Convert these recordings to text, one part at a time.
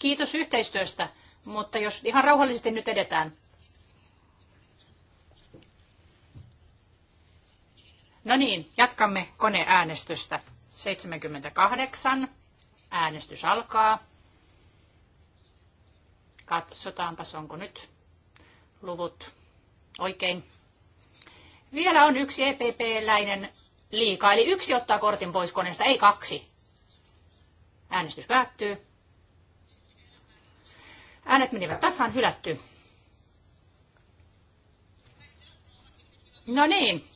Kiitos yhteistyöstä, mutta jos ihan rauhallisesti nyt edetään. No niin, jatkamme koneäänestystä. 78. Äänestys alkaa. Katsotaanpas, onko nyt luvut oikein. Vielä on yksi EPP-läinen liikaa, eli yksi ottaa kortin pois koneesta, ei kaksi. Äänestys päättyy. Äänet menivät tasan, hylätty. No niin.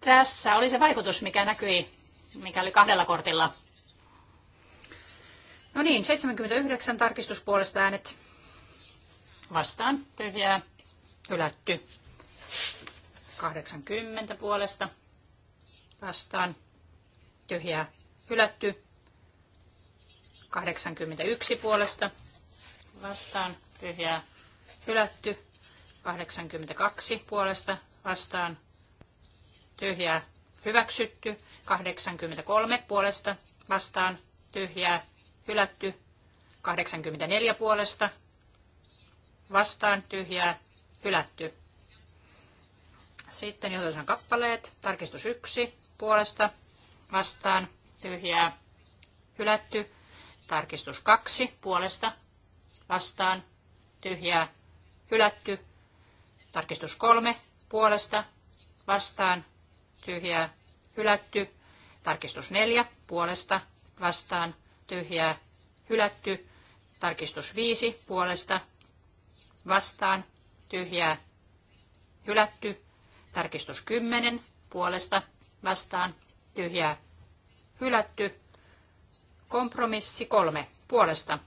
Tässä oli se vaikutus, mikä näkyi, mikä oli kahdella kortilla. No niin, 79 tarkistuspuolesta äänet vastaan, tyhjää, hylätty. 80 puolesta vastaan, tyhjää, hylätty. 81 puolesta vastaan tyhjää hylätty. 82 puolesta vastaan tyhjää hyväksytty. 83 puolesta vastaan tyhjää hylätty. 84 puolesta vastaan tyhjää hylätty. Sitten johtosan kappaleet. Tarkistus 1 puolesta vastaan tyhjää hylätty. Tarkistus 2 puolesta vastaan, tyhjää, hylätty. Tarkistus kolme puolesta, vastaan, tyhjää, hylätty. Tarkistus neljä puolesta, vastaan, tyhjää, hylätty. Tarkistus viisi puolesta, vastaan, tyhjää, hylätty. Tarkistus kymmenen puolesta, vastaan, tyhjää, hylätty. Kompromissi kolme puolesta,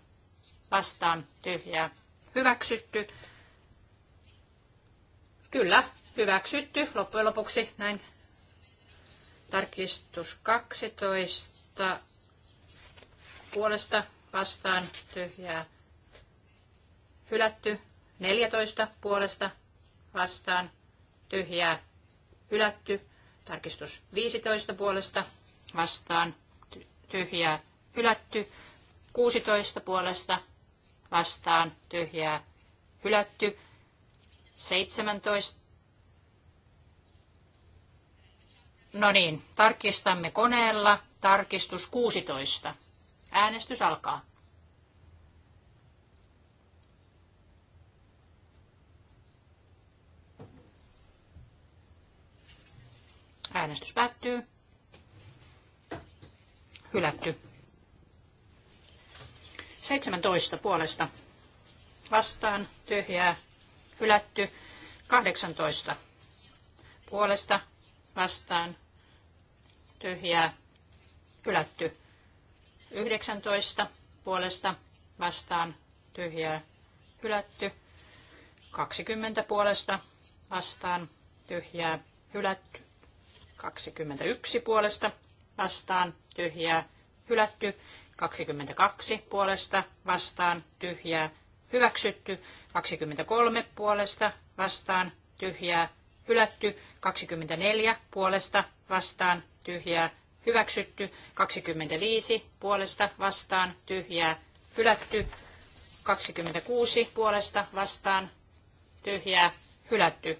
vastaan tyhjää hyväksytty. Kyllä, hyväksytty loppujen lopuksi näin. Tarkistus 12 puolesta vastaan tyhjää hylätty. 14 puolesta vastaan tyhjää hylätty. Tarkistus 15 puolesta vastaan tyhjää hylätty. 16 puolesta vastaan tyhjää hylätty. 17. No niin, tarkistamme koneella. Tarkistus 16. Äänestys alkaa. Äänestys päättyy. Hylätty. 17 puolesta vastaan, tyhjää, hylätty. 18 puolesta vastaan, tyhjää, hylätty. 19 puolesta vastaan, tyhjää, hylätty. 20 puolesta vastaan, tyhjää, hylätty. 21 puolesta vastaan, tyhjää, hylätty. 22 puolesta vastaan tyhjää hyväksytty, 23 puolesta vastaan tyhjää hylätty, 24 puolesta vastaan tyhjää hyväksytty, 25 puolesta vastaan tyhjää hylätty, 26 puolesta vastaan tyhjää hylätty.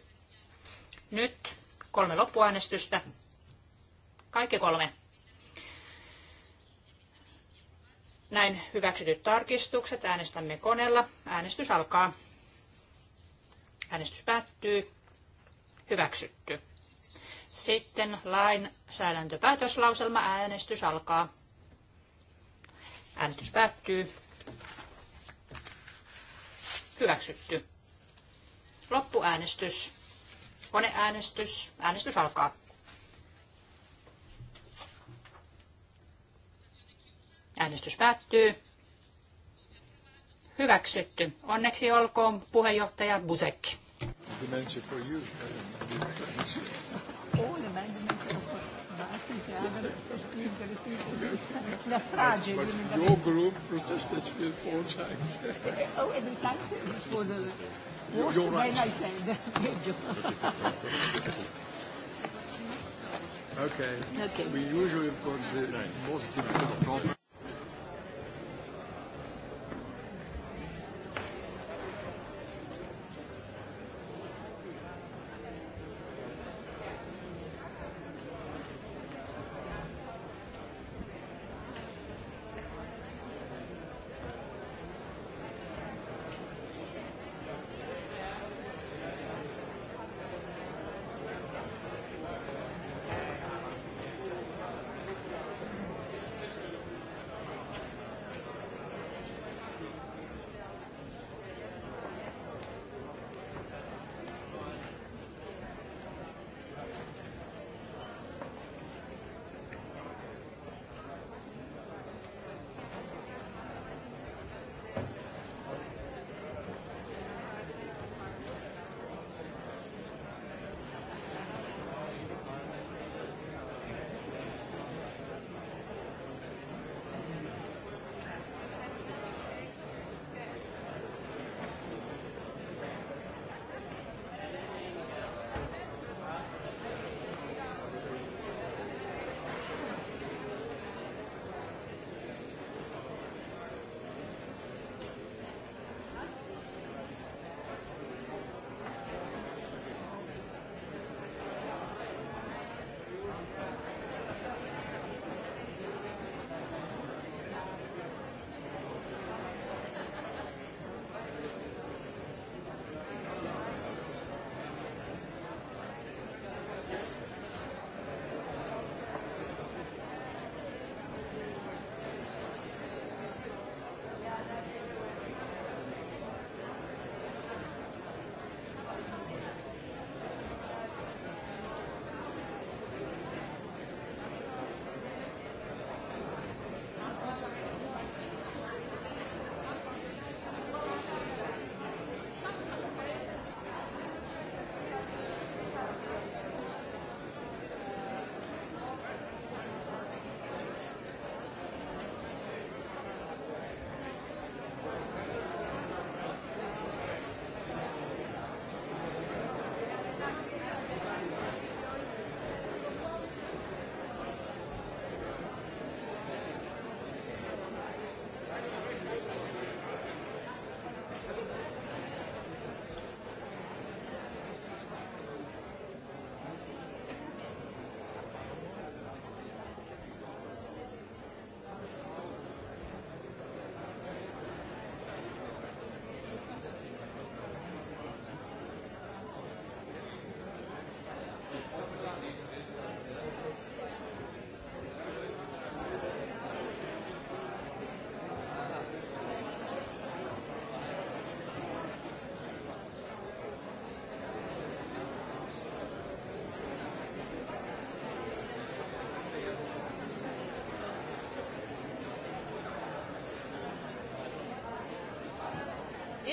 Nyt kolme loppuäänestystä. Kaikki kolme. Näin hyväksytyt tarkistukset äänestämme koneella. Äänestys alkaa. Äänestys päättyy. Hyväksytty. Sitten lainsäädäntöpäätöslauselma äänestys alkaa. Äänestys päättyy. Hyväksytty. Loppuäänestys. Koneäänestys. Äänestys alkaa. Äänestys päättyy. Hyväksytty. Onneksi olkoon puheenjohtaja Busek. La strage. But, but group protested four times. oh, every time it was a worse You're right. I said. okay. okay. We usually put the most difficult problem.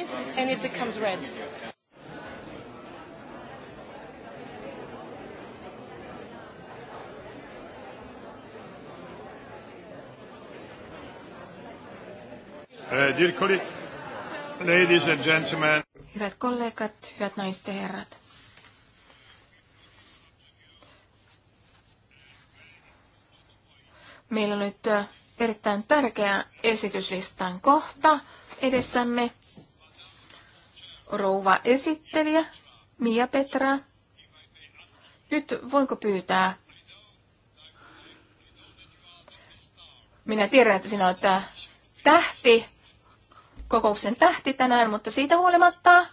is and it becomes red. Uh, ladies and gentlemen. Hyvät kollegat, hyvät naiset ja herrat. Meillä on nyt äh, erittäin tärkeä esityslistan kohta edessämme rouva esittelijä Mia Petra. Nyt voinko pyytää? Minä tiedän, että sinä olet äh, tähti, kokouksen tähti tänään, mutta siitä huolimatta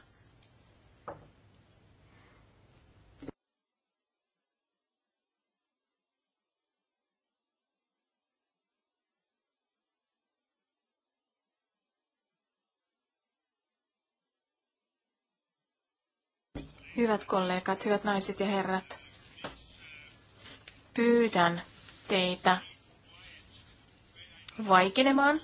Hyvät kollegat, hyvät naiset ja herrat, pyydän teitä vaikenemaan.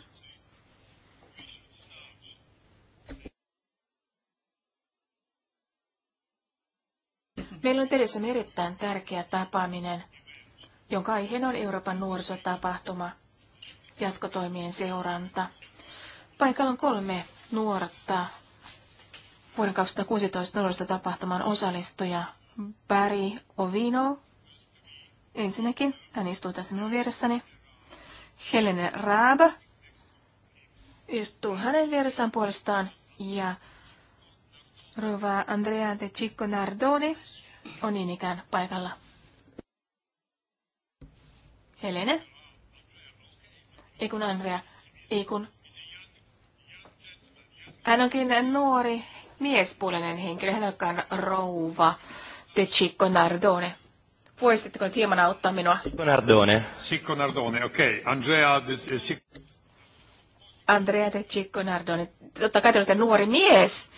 Meillä on edessä erittäin tärkeä tapaaminen, jonka aiheena on Euroopan nuorisotapahtuma, jatkotoimien seuranta. Paikalla on kolme nuorta vuoden 2016 taloudellista tapahtuman osallistuja Barry Ovino. Ensinnäkin hän istuu tässä minun vieressäni. Helene Raab istuu hänen vieressään puolestaan ja Rova Andrea de Chico Nardoni on niin ikään paikalla. Helene? Ei kun Andrea, ei kun... Hän onkin nuori miespuolinen henkilö, hän on rouva De Chico Nardone. Voisitteko nyt hieman auttaa minua? Chico Nardone. Chico Nardone, okei. Okay. Andrea de eh, Chico. Andrea de Chico Nardone. Totta kai te olette nuori mies.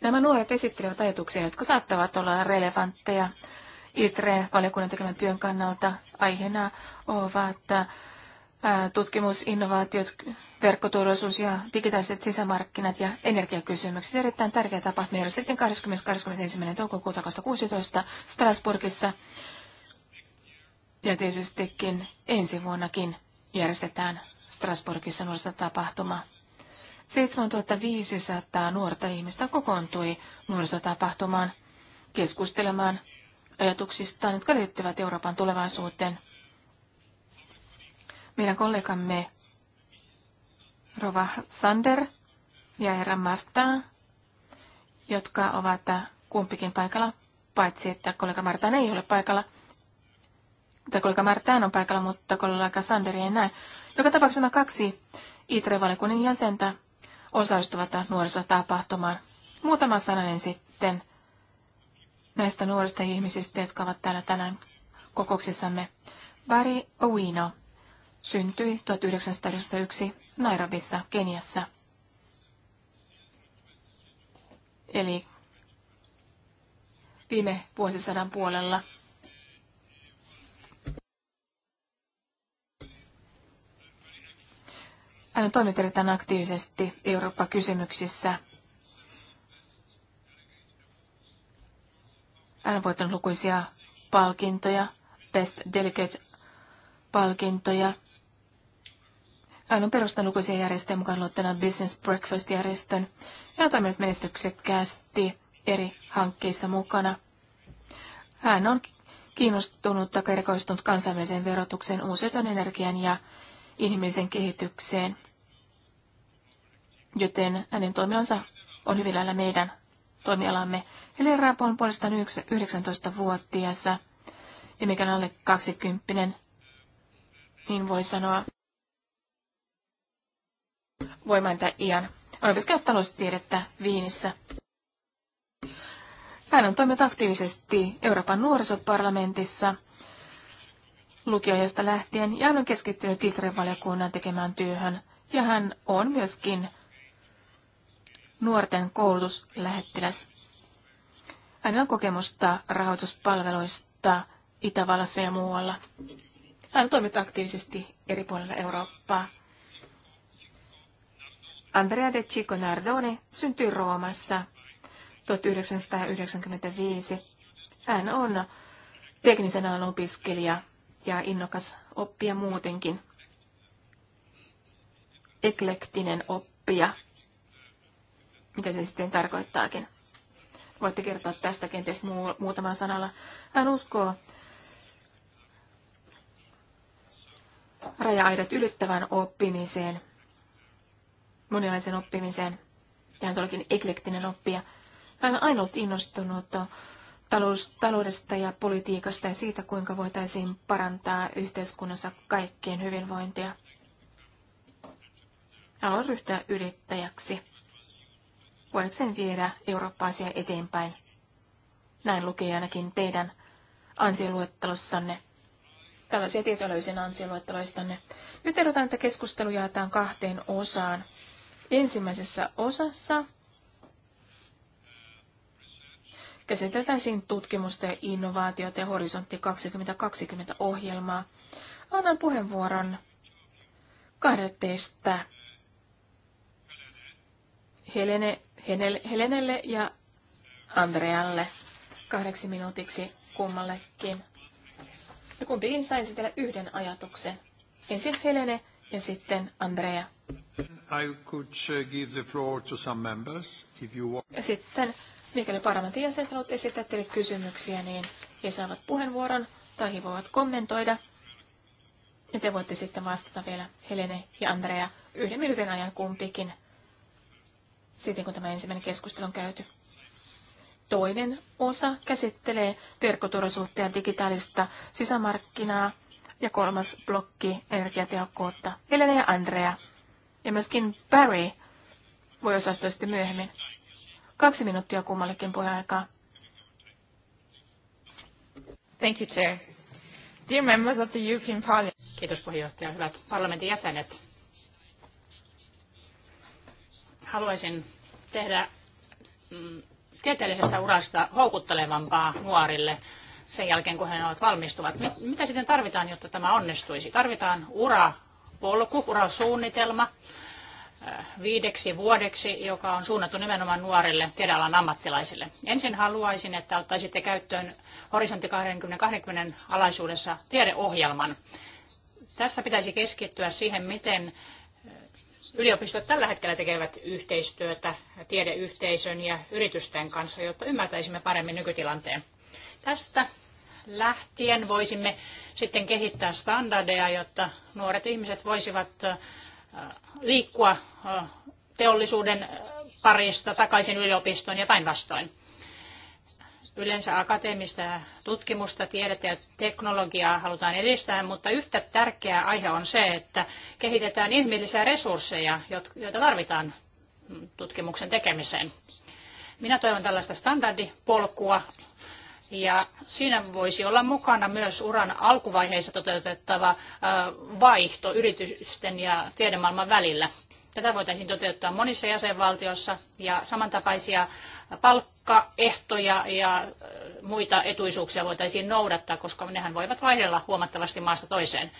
Nämä nuoret esittelevät ajatuksia, jotka saattavat olla relevantteja ITRE-valiokunnan tekemän työn kannalta. Aiheena ovat äh, tutkimusinnovaatiot, verkkoturvallisuus ja digitaaliset sisämarkkinat ja energiakysymykset. Erittäin tärkeä tapahtuma järjestettiin 20. 21. toukokuuta 2016 Strasbourgissa. Ja tietystikin ensi vuonnakin järjestetään Strasbourgissa tapahtuma. 7500 nuorta ihmistä kokoontui nuorisotapahtumaan keskustelemaan ajatuksistaan, jotka liittyvät Euroopan tulevaisuuteen. Meidän kollegamme Rova Sander ja herra Marta, jotka ovat kumpikin paikalla, paitsi että kollega Marta ei ole paikalla. Tai kollega Marta on paikalla, mutta kollega Sander ei näe. Joka tapauksessa kaksi ITRE-valikunnan jäsentä osallistuvat nuorisotapahtumaan. Muutama sananen sitten näistä nuorista ihmisistä, jotka ovat täällä tänään kokouksissamme. Bari Owino syntyi 1991 Nairobissa, Keniassa. Eli viime vuosisadan puolella. Hän on toiminut erittäin aktiivisesti Eurooppa-kysymyksissä. Hän on voittanut lukuisia palkintoja, Best Delegate-palkintoja, hän on perustanut lukuisia järjestöjä mukaan luottana Business Breakfast-järjestön ja on toiminut menestyksekkäästi eri hankkeissa mukana. Hän on kiinnostunut tai erikoistunut kansainväliseen verotukseen, uusiutuvan energian ja inhimillisen kehitykseen, joten hänen toimialansa on hyvin lailla meidän toimialamme. Eli Raapo on puolestaan 19-vuotias ja mikä on alle 20 niin voi sanoa, voi mainita Ian. On opiskellut taloustiedettä Viinissä. Hän on toiminut aktiivisesti Euroopan nuorisoparlamentissa lukiohjelmasta lähtien ja hän on keskittynyt ITRE-valiokunnan tekemään työhön. Ja hän on myöskin nuorten koulutuslähettiläs. Hänellä on kokemusta rahoituspalveluista Itävallassa ja muualla. Hän on toiminut aktiivisesti eri puolilla Eurooppaa. Andrea de Chico Nardone syntyi Roomassa 1995. Hän on teknisen alan opiskelija ja innokas oppija muutenkin. Eklektinen oppija, mitä se sitten tarkoittaakin. Voitte kertoa tästä kenties muu, muutaman sanalla. Hän uskoo raja-aidat ylittävän oppimiseen – monialaisen oppimiseen. Ja hän olikin eklektinen oppija. Hän on ainut innostunut talous, taloudesta ja politiikasta ja siitä, kuinka voitaisiin parantaa yhteiskunnassa kaikkien hyvinvointia. Hän on ryhtyä yrittäjäksi. Voidakseen viedä eurooppaisia eteenpäin. Näin lukee ainakin teidän ansioluettelossanne. Tällaisia tietoja löysin ansioluetteloistanne. Nyt ehdotan, että keskustelu jaetaan kahteen osaan. Ensimmäisessä osassa käsiteltäisiin tutkimusta ja innovaatiota ja horisontti 2020 ohjelmaa. Annan puheenvuoron kahdelle teistä Helene, Henel, Helenelle ja Andrealle kahdeksi minuutiksi kummallekin. Ja kumpikin saisi esitellä yhden ajatuksen. Ensin Helene ja sitten Andrea. I could uh, give the floor to some members, if you want. Ja sitten, mikäli parlamentin jäsenet haluavat esittää teille kysymyksiä, niin he saavat puheenvuoron tai he voivat kommentoida. Ja te voitte sitten vastata vielä Helene ja Andrea yhden minuutin ajan kumpikin, sitten kun tämä ensimmäinen keskustelu on käyty. Toinen osa käsittelee verkkoturvallisuutta ja digitaalista sisämarkkinaa ja kolmas blokki energiatehokkuutta. Elena ja Andrea ja myöskin Barry voi osallistua sitten myöhemmin. Kaksi minuuttia kummallekin puheaikaa. Thank you, Chair. Dear members of the European Parliament. Kiitos puheenjohtaja. Hyvät parlamentin jäsenet. Haluaisin tehdä mm, tieteellisestä urasta houkuttelevampaa nuorille sen jälkeen, kun he ovat valmistuvat. Mitä sitten tarvitaan, jotta tämä onnistuisi? Tarvitaan ura, polku, urasuunnitelma äh, viideksi vuodeksi, joka on suunnattu nimenomaan nuorille tiedealan ammattilaisille. Ensin haluaisin, että ottaisitte käyttöön Horisontti 2020 alaisuudessa tiedeohjelman. Tässä pitäisi keskittyä siihen, miten äh, yliopistot tällä hetkellä tekevät yhteistyötä tiedeyhteisön ja yritysten kanssa, jotta ymmärtäisimme paremmin nykytilanteen. Tästä lähtien voisimme sitten kehittää standardeja, jotta nuoret ihmiset voisivat liikkua teollisuuden parista takaisin yliopistoon ja päinvastoin. Yleensä akateemista tutkimusta, tiedettä ja teknologiaa halutaan edistää, mutta yhtä tärkeä aihe on se, että kehitetään inhimillisiä resursseja, joita tarvitaan tutkimuksen tekemiseen. Minä toivon tällaista standardipolkua, ja siinä voisi olla mukana myös uran alkuvaiheessa toteutettava vaihto yritysten ja tiedemaailman välillä. Tätä voitaisiin toteuttaa monissa jäsenvaltioissa ja samantapaisia palkkaehtoja ja muita etuisuuksia voitaisiin noudattaa, koska nehän voivat vaihdella huomattavasti maasta toiseen.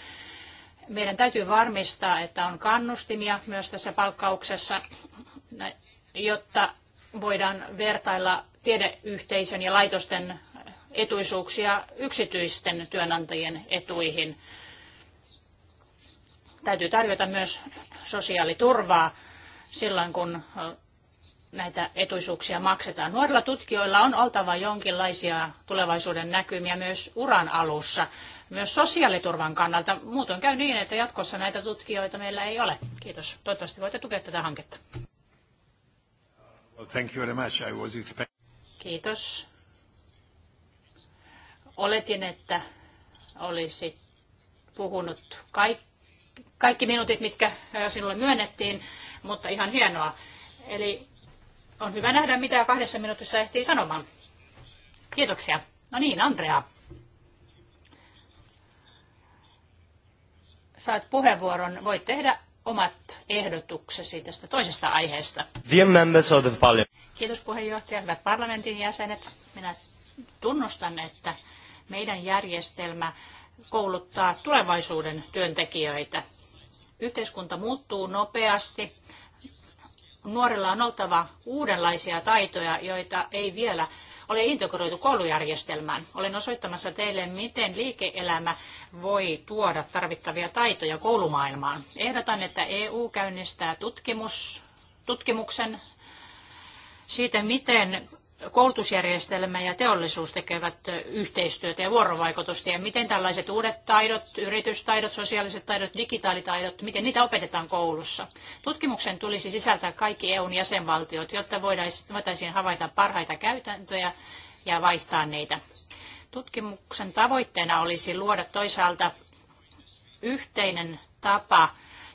Meidän täytyy varmistaa, että on kannustimia myös tässä palkkauksessa, jotta voidaan vertailla tiedeyhteisön ja laitosten etuisuuksia yksityisten työnantajien etuihin. Täytyy tarjota myös sosiaaliturvaa silloin, kun näitä etuisuuksia maksetaan. Nuorilla tutkijoilla on oltava jonkinlaisia tulevaisuuden näkymiä myös uran alussa, myös sosiaaliturvan kannalta. Muutoin käy niin, että jatkossa näitä tutkijoita meillä ei ole. Kiitos. Toivottavasti voitte tukea tätä hanketta. Kiitos. Oletin, että olisi puhunut kaikki, kaikki minuutit, mitkä sinulle myönnettiin, mutta ihan hienoa. Eli on hyvä nähdä, mitä kahdessa minuutissa ehtii sanomaan. Kiitoksia. No niin, Andrea. Saat puheenvuoron. Voit tehdä omat ehdotuksesi tästä toisesta aiheesta. Kiitos puheenjohtaja, hyvät parlamentin jäsenet. Minä tunnustan, että meidän järjestelmä kouluttaa tulevaisuuden työntekijöitä. Yhteiskunta muuttuu nopeasti. Nuorilla on oltava uudenlaisia taitoja, joita ei vielä ole integroitu koulujärjestelmään. Olen osoittamassa teille, miten liike-elämä voi tuoda tarvittavia taitoja koulumaailmaan. Ehdotan, että EU käynnistää tutkimus, tutkimuksen siitä, miten koulutusjärjestelmä ja teollisuus tekevät yhteistyötä ja vuorovaikutusta ja miten tällaiset uudet taidot, yritystaidot, sosiaaliset taidot, digitaalitaidot, miten niitä opetetaan koulussa. Tutkimuksen tulisi sisältää kaikki EUn jäsenvaltiot, jotta voitaisiin havaita parhaita käytäntöjä ja vaihtaa niitä. Tutkimuksen tavoitteena olisi luoda toisaalta yhteinen tapa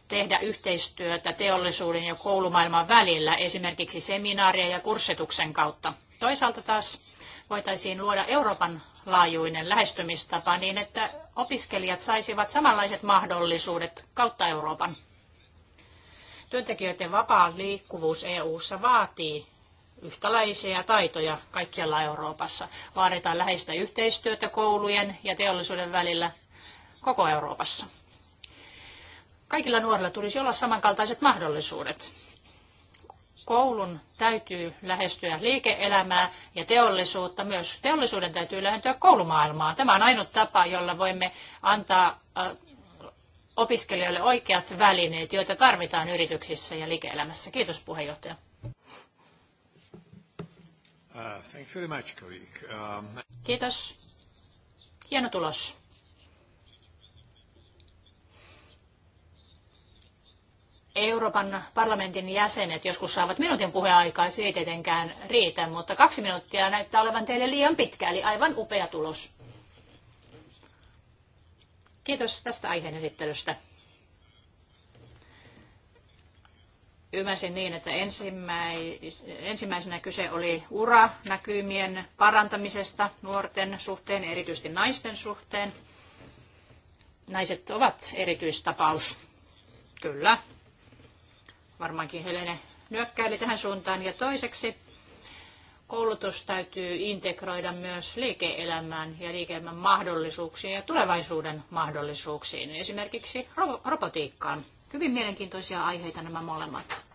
tehdä yhteistyötä teollisuuden ja koulumaailman välillä, esimerkiksi seminaarien ja kurssituksen kautta. Toisaalta taas voitaisiin luoda Euroopan laajuinen lähestymistapa niin, että opiskelijat saisivat samanlaiset mahdollisuudet kautta Euroopan. Työntekijöiden vapaa liikkuvuus EU:ssa vaatii yhtäläisiä taitoja kaikkialla Euroopassa. Vaaditaan läheistä yhteistyötä koulujen ja teollisuuden välillä koko Euroopassa. Kaikilla nuorilla tulisi olla samankaltaiset mahdollisuudet koulun täytyy lähestyä liike-elämää ja teollisuutta. Myös teollisuuden täytyy lähentyä koulumaailmaan. Tämä on ainut tapa, jolla voimme antaa äh, opiskelijoille oikeat välineet, joita tarvitaan yrityksissä ja liike-elämässä. Kiitos puheenjohtaja. Uh, um, Kiitos. Hieno tulos. Euroopan parlamentin jäsenet joskus saavat minuutin puheaikaa, se ei tietenkään riitä, mutta kaksi minuuttia näyttää olevan teille liian pitkä, eli aivan upea tulos. Kiitos tästä aiheen esittelystä. Ymmärsin niin, että ensimmäisenä kyse oli uranäkymien parantamisesta nuorten suhteen, erityisesti naisten suhteen. Naiset ovat erityistapaus. Kyllä, Varmaankin Helene nyökkäili tähän suuntaan. Ja toiseksi koulutus täytyy integroida myös liike-elämään ja liike-elämän mahdollisuuksiin ja tulevaisuuden mahdollisuuksiin, esimerkiksi robotiikkaan. Hyvin mielenkiintoisia aiheita nämä molemmat.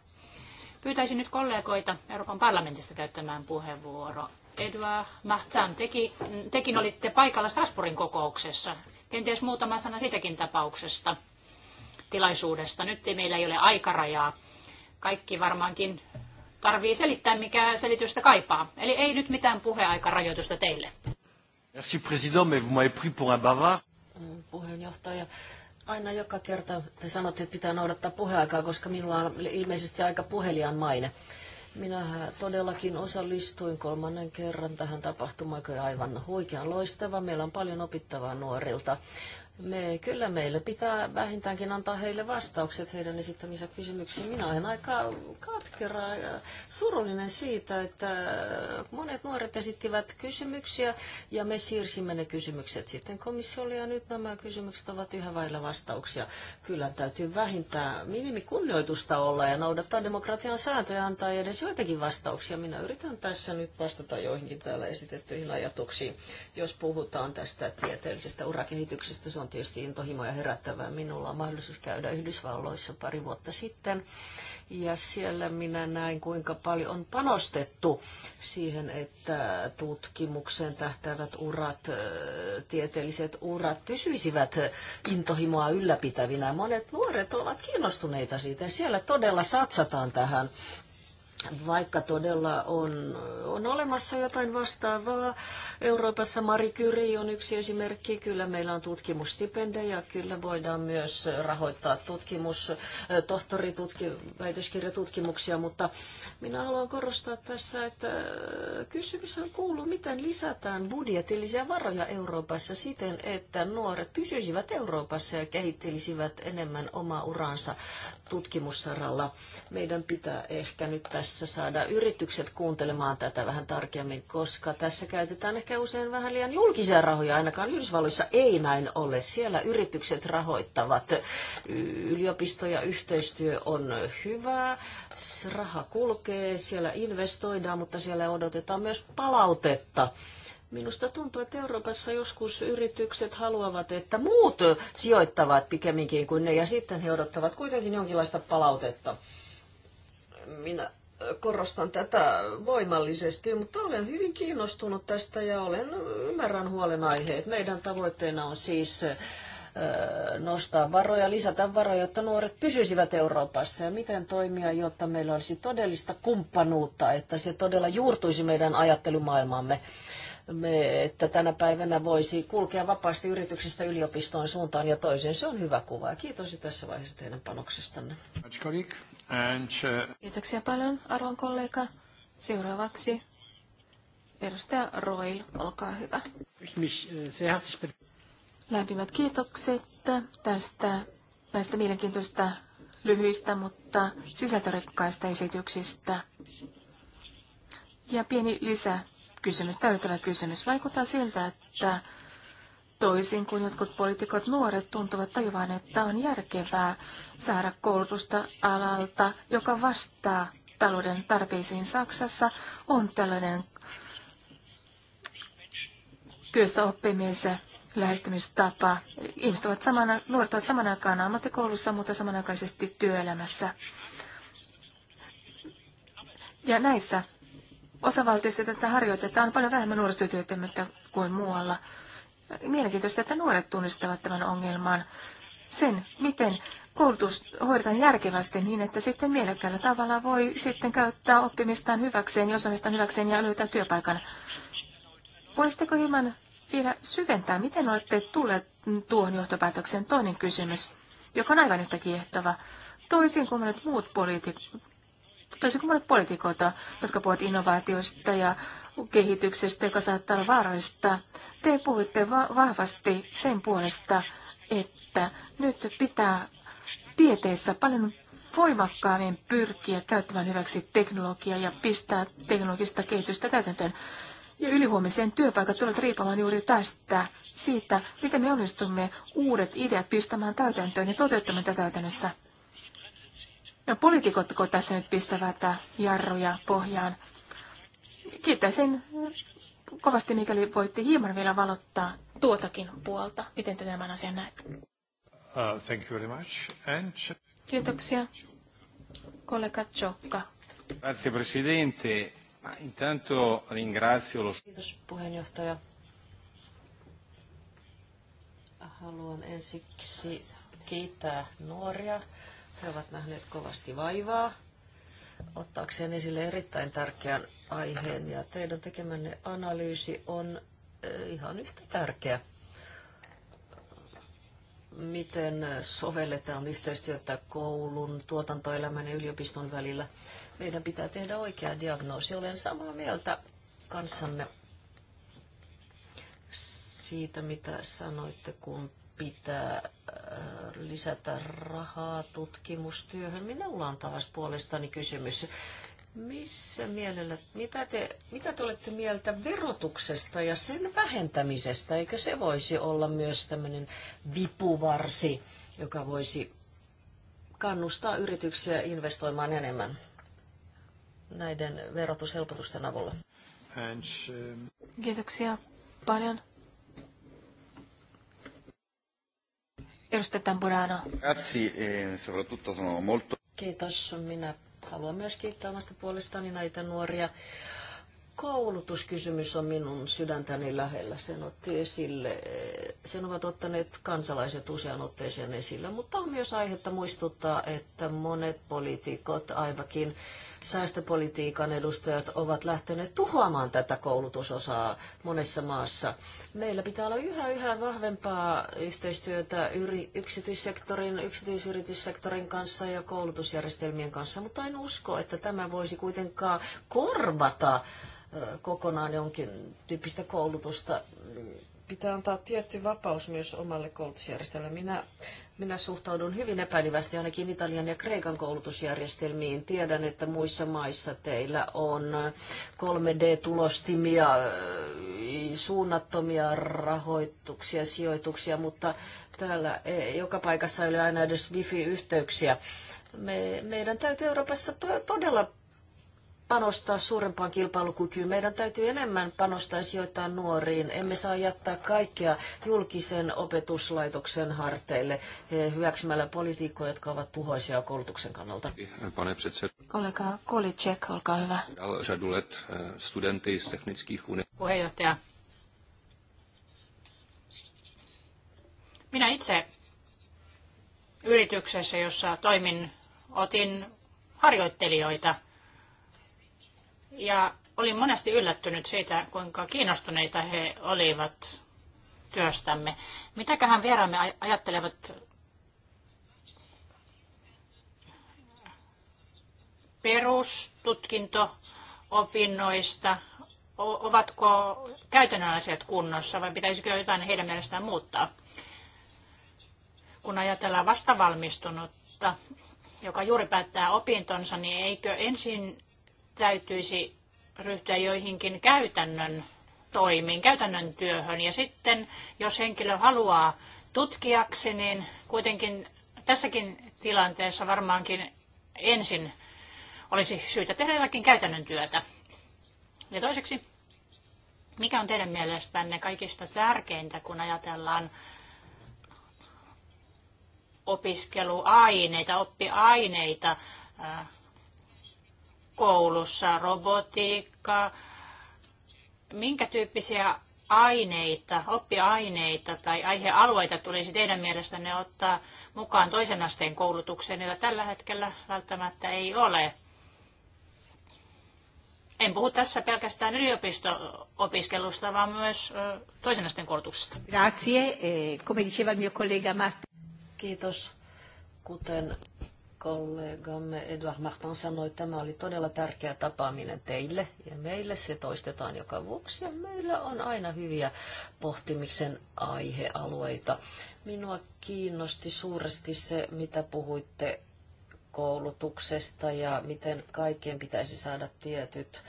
Pyytäisin nyt kollegoita Euroopan parlamentista käyttämään puheenvuoro. Edouard Martin, teki, tekin olitte paikalla Strasbourgin kokouksessa. Kenties muutama sana sitäkin tapauksesta, tilaisuudesta. Nyt meillä ei ole aikarajaa kaikki varmaankin tarvii selittää, mikä selitystä kaipaa. Eli ei nyt mitään puheaikarajoitusta teille. Merci président, mais vous m'avez pris pour un bavard. Puheenjohtaja, aina joka kerta te sanotte, että pitää noudattaa puheaikaa, koska minulla on ilmeisesti aika puhelian maine. Minä todellakin osallistuin kolmannen kerran tähän tapahtumaan, joka on aivan huikean loistava. Meillä on paljon opittavaa nuorilta. Me, kyllä meillä pitää vähintäänkin antaa heille vastaukset heidän esittäminsä kysymyksiin. Minä olen aika katkera ja surullinen siitä, että monet nuoret esittivät kysymyksiä ja me siirsimme ne kysymykset sitten komissiolle ja nyt nämä kysymykset ovat yhä vailla vastauksia. Kyllä täytyy vähintään minimikunnioitusta olla ja noudattaa demokratian sääntöjä antaa edes joitakin vastauksia. Minä yritän tässä nyt vastata joihinkin täällä esitettyihin ajatuksiin, jos puhutaan tästä tieteellisestä urakehityksestä. Se on tietysti intohimoja herättävää. Minulla on mahdollisuus käydä Yhdysvalloissa pari vuotta sitten. Ja siellä minä näin, kuinka paljon on panostettu siihen, että tutkimukseen tähtävät urat, tieteelliset urat pysyisivät intohimoa ylläpitävinä. Monet nuoret ovat kiinnostuneita siitä. Siellä todella satsataan tähän vaikka todella on, on olemassa jotain vastaavaa, Euroopassa Marie Curie on yksi esimerkki, kyllä meillä on tutkimustipendejä, kyllä voidaan myös rahoittaa tutkimus, tohtoritutki, väitöskirjatutkimuksia, mutta minä haluan korostaa tässä, että kysymys on kuuluu, miten lisätään budjetillisia varoja Euroopassa siten, että nuoret pysyisivät Euroopassa ja kehittelisivät enemmän omaa uransa tutkimussaralla. Meidän pitää ehkä nyt tässä tässä saada yritykset kuuntelemaan tätä vähän tarkemmin, koska tässä käytetään ehkä usein vähän liian julkisia rahoja. Ainakaan Yhdysvalloissa ei näin ole. Siellä yritykset rahoittavat. Yliopisto ja yhteistyö on hyvää. Raha kulkee, siellä investoidaan, mutta siellä odotetaan myös palautetta. Minusta tuntuu, että Euroopassa joskus yritykset haluavat, että muut sijoittavat pikemminkin kuin ne, ja sitten he odottavat kuitenkin jonkinlaista palautetta. Minä korostan tätä voimallisesti, mutta olen hyvin kiinnostunut tästä ja olen, ymmärrän huolenaiheet. Meidän tavoitteena on siis nostaa varoja, lisätä varoja, jotta nuoret pysyisivät Euroopassa ja miten toimia, jotta meillä olisi todellista kumppanuutta, että se todella juurtuisi meidän ajattelumaailmaamme. Me, että tänä päivänä voisi kulkea vapaasti yrityksestä yliopistoon suuntaan ja toiseen. Se on hyvä kuva. Kiitos tässä vaiheessa teidän panoksestanne. Uh, Kiitoksia paljon, arvon kollega. Seuraavaksi edustaja Roil, olkaa hyvä. Äh, Lämpimät kiitokset tästä näistä mielenkiintoista lyhyistä, mutta sisältörikkaista esityksistä. Ja pieni lisäkysymys, täydentävä kysymys. Vaikuttaa siltä, että Toisin kuin jotkut poliitikot nuoret tuntuvat tajuvan, että on järkevää saada koulutusta alalta, joka vastaa talouden tarpeisiin Saksassa, on tällainen työssä oppimisen lähestymistapa. Ihmiset ovat samana, nuoret ovat saman aikaan ammattikoulussa, mutta samanaikaisesti työelämässä. Ja näissä osavaltioissa tätä harjoitetaan paljon vähemmän nuorisotyöttömyyttä kuin muualla mielenkiintoista, että nuoret tunnistavat tämän ongelman. Sen, miten koulutus hoidetaan järkevästi niin, että sitten mielekkäällä tavalla voi sitten käyttää oppimistaan hyväkseen ja osaamistaan hyväkseen ja löytää työpaikan. Voisitteko hieman vielä syventää, miten olette tulleet tuohon johtopäätökseen. toinen kysymys, joka on aivan yhtä kiehtova. Toisin kuin monet muut poliitikot, Tosi kuin monet poliitikoita, jotka puhuvat innovaatioista ja kehityksestä, joka saattaa olla vaarallista. Te puhuitte va- vahvasti sen puolesta, että nyt pitää tieteessä paljon voimakkaammin pyrkiä käyttämään hyväksi teknologiaa ja pistää teknologista kehitystä täytäntöön. Ja ylihuomiseen työpaikat tulevat riippumaan juuri tästä, siitä, miten me onnistumme uudet ideat pistämään täytäntöön ja toteuttamaan tätä No poliitikotko tässä nyt pistävät jarruja pohjaan? Kiittäisin kovasti, mikäli voitte hieman vielä valottaa tuotakin puolta. Miten te tämän asian näet? Uh, thank you very much. And... Kiitoksia. Kollega Tjokka. Grazie Presidente. Intanto ringrazio lo... Kiitos puheenjohtaja. Haluan ensiksi kiittää nuoria he ovat nähneet kovasti vaivaa ottaakseen esille erittäin tärkeän aiheen ja teidän tekemänne analyysi on eh, ihan yhtä tärkeä. Miten sovelletaan yhteistyötä koulun, tuotantoelämän ja yliopiston välillä? Meidän pitää tehdä oikea diagnoosi. Olen samaa mieltä kanssanne siitä, mitä sanoitte, kun pitää äh, lisätä rahaa tutkimustyöhön. Minulla on taas puolestani kysymys. Missä mielellä, mitä te, mitä te olette mieltä verotuksesta ja sen vähentämisestä? Eikö se voisi olla myös tämmöinen vipuvarsi, joka voisi kannustaa yrityksiä investoimaan enemmän näiden verotushelpotusten avulla? Kiitoksia paljon. Edustaja Tamburano. E Kiitos. Minä haluan myös kiittää omasta puolestani näitä nuoria. Koulutuskysymys on minun sydäntäni lähellä. Sen, otti esille, sen ovat ottaneet kansalaiset usean otteeseen esille, mutta on myös aihetta muistuttaa, että monet poliitikot aivakin säästöpolitiikan edustajat ovat lähteneet tuhoamaan tätä koulutusosaa monessa maassa. Meillä pitää olla yhä yhä vahvempaa yhteistyötä yri, yksityissektorin, yksityisyrityssektorin kanssa ja koulutusjärjestelmien kanssa, mutta en usko, että tämä voisi kuitenkaan korvata kokonaan jonkin tyyppistä koulutusta. Pitää antaa tietty vapaus myös omalle koulutusjärjestelmälle. Minä minä suhtaudun hyvin epäilevästi ainakin Italian ja Kreikan koulutusjärjestelmiin. Tiedän, että muissa maissa teillä on 3D-tulostimia, äh, suunnattomia rahoituksia, sijoituksia, mutta täällä e, joka paikassa ei ole aina edes wifi-yhteyksiä. Me, meidän täytyy Euroopassa to, todella panostaa suurempaan kilpailukykyyn. Meidän täytyy enemmän panostaa ja sijoittaa nuoriin. Emme saa jättää kaikkea julkisen opetuslaitoksen harteille eh, hyväksymällä politiikkoja, jotka ovat tuhoisia koulutuksen kannalta. Kollega Kolicek, olkaa hyvä. Eh, Puheenjohtaja. Minä itse yrityksessä, jossa toimin, otin harjoittelijoita – ja olin monesti yllättynyt siitä, kuinka kiinnostuneita he olivat työstämme. Mitäköhän vieraamme ajattelevat perustutkinto-opinnoista? Ovatko käytännön asiat kunnossa vai pitäisikö jotain heidän mielestään muuttaa? Kun ajatellaan vastavalmistunutta, joka juuri päättää opintonsa, niin eikö ensin täytyisi ryhtyä joihinkin käytännön toimiin, käytännön työhön. Ja sitten, jos henkilö haluaa tutkijaksi, niin kuitenkin tässäkin tilanteessa varmaankin ensin olisi syytä tehdä jotakin käytännön työtä. Ja toiseksi, mikä on teidän mielestänne kaikista tärkeintä, kun ajatellaan opiskeluaineita, oppiaineita koulussa, robotiikka, minkä tyyppisiä aineita, oppiaineita tai aihealueita tulisi teidän mielestänne ottaa mukaan toisen asteen koulutukseen, jota tällä hetkellä välttämättä ei ole? En puhu tässä pelkästään yliopisto-opiskelusta, vaan myös toisen asteen koulutuksesta. Grazie, e come diceva il mio collega Martin. Kiitos. Kuten kollegamme Eduard Martin sanoi, että tämä oli todella tärkeä tapaaminen teille ja meille. Se toistetaan joka vuosi ja meillä on aina hyviä pohtimisen aihealueita. Minua kiinnosti suuresti se, mitä puhuitte koulutuksesta ja miten kaikkien pitäisi saada tietyt äh,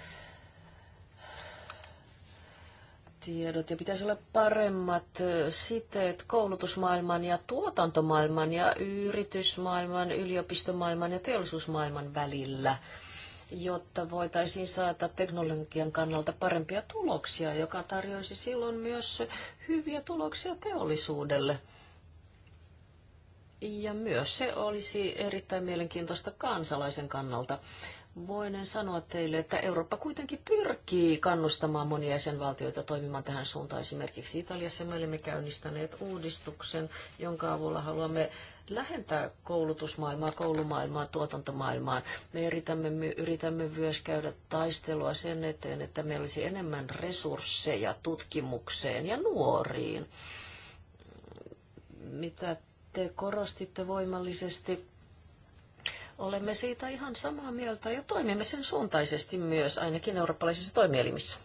tiedot ja pitäisi olla paremmat siteet koulutusmaailman ja tuotantomaailman ja yritysmaailman, yliopistomaailman ja teollisuusmaailman välillä, jotta voitaisiin saada teknologian kannalta parempia tuloksia, joka tarjoisi silloin myös hyviä tuloksia teollisuudelle. Ja myös se olisi erittäin mielenkiintoista kansalaisen kannalta voinen sanoa teille, että Eurooppa kuitenkin pyrkii kannustamaan monia jäsenvaltioita toimimaan tähän suuntaan. Esimerkiksi Italiassa me olemme käynnistäneet uudistuksen, jonka avulla haluamme lähentää koulutusmaailmaa, koulumaailmaa, tuotantomaailmaa. Me yritämme, me yritämme myös käydä taistelua sen eteen, että meillä olisi enemmän resursseja tutkimukseen ja nuoriin. Mitä te korostitte voimallisesti Olemme siitä ihan samaa mieltä ja toimimme sen suuntaisesti myös, ainakin eurooppalaisissa toimielimissä.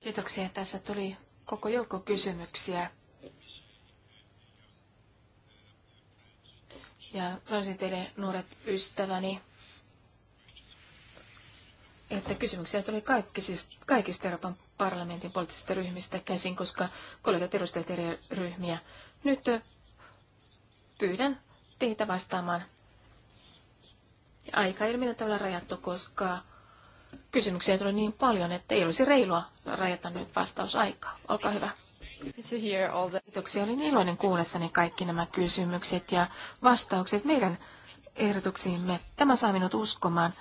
Kiitoksia. Tässä tuli koko joukko kysymyksiä. Ja sanoisin teille nuoret ystäväni, että kysymyksiä tuli kaikki, siis kaikista Euroopan parlamentin poliittisista ryhmistä käsin, koska kollegat edustajat eri ryhmiä. Nyt pyydän teitä vastaamaan aika ei ole millään tavalla rajattu, koska kysymyksiä tuli niin paljon, että ei olisi reilua rajata nyt vastausaikaa. Olkaa hyvä. Kiitoksia. Olin iloinen kuullessani kaikki nämä kysymykset ja vastaukset meidän ehdotuksiimme. Tämä saa minut uskomaan,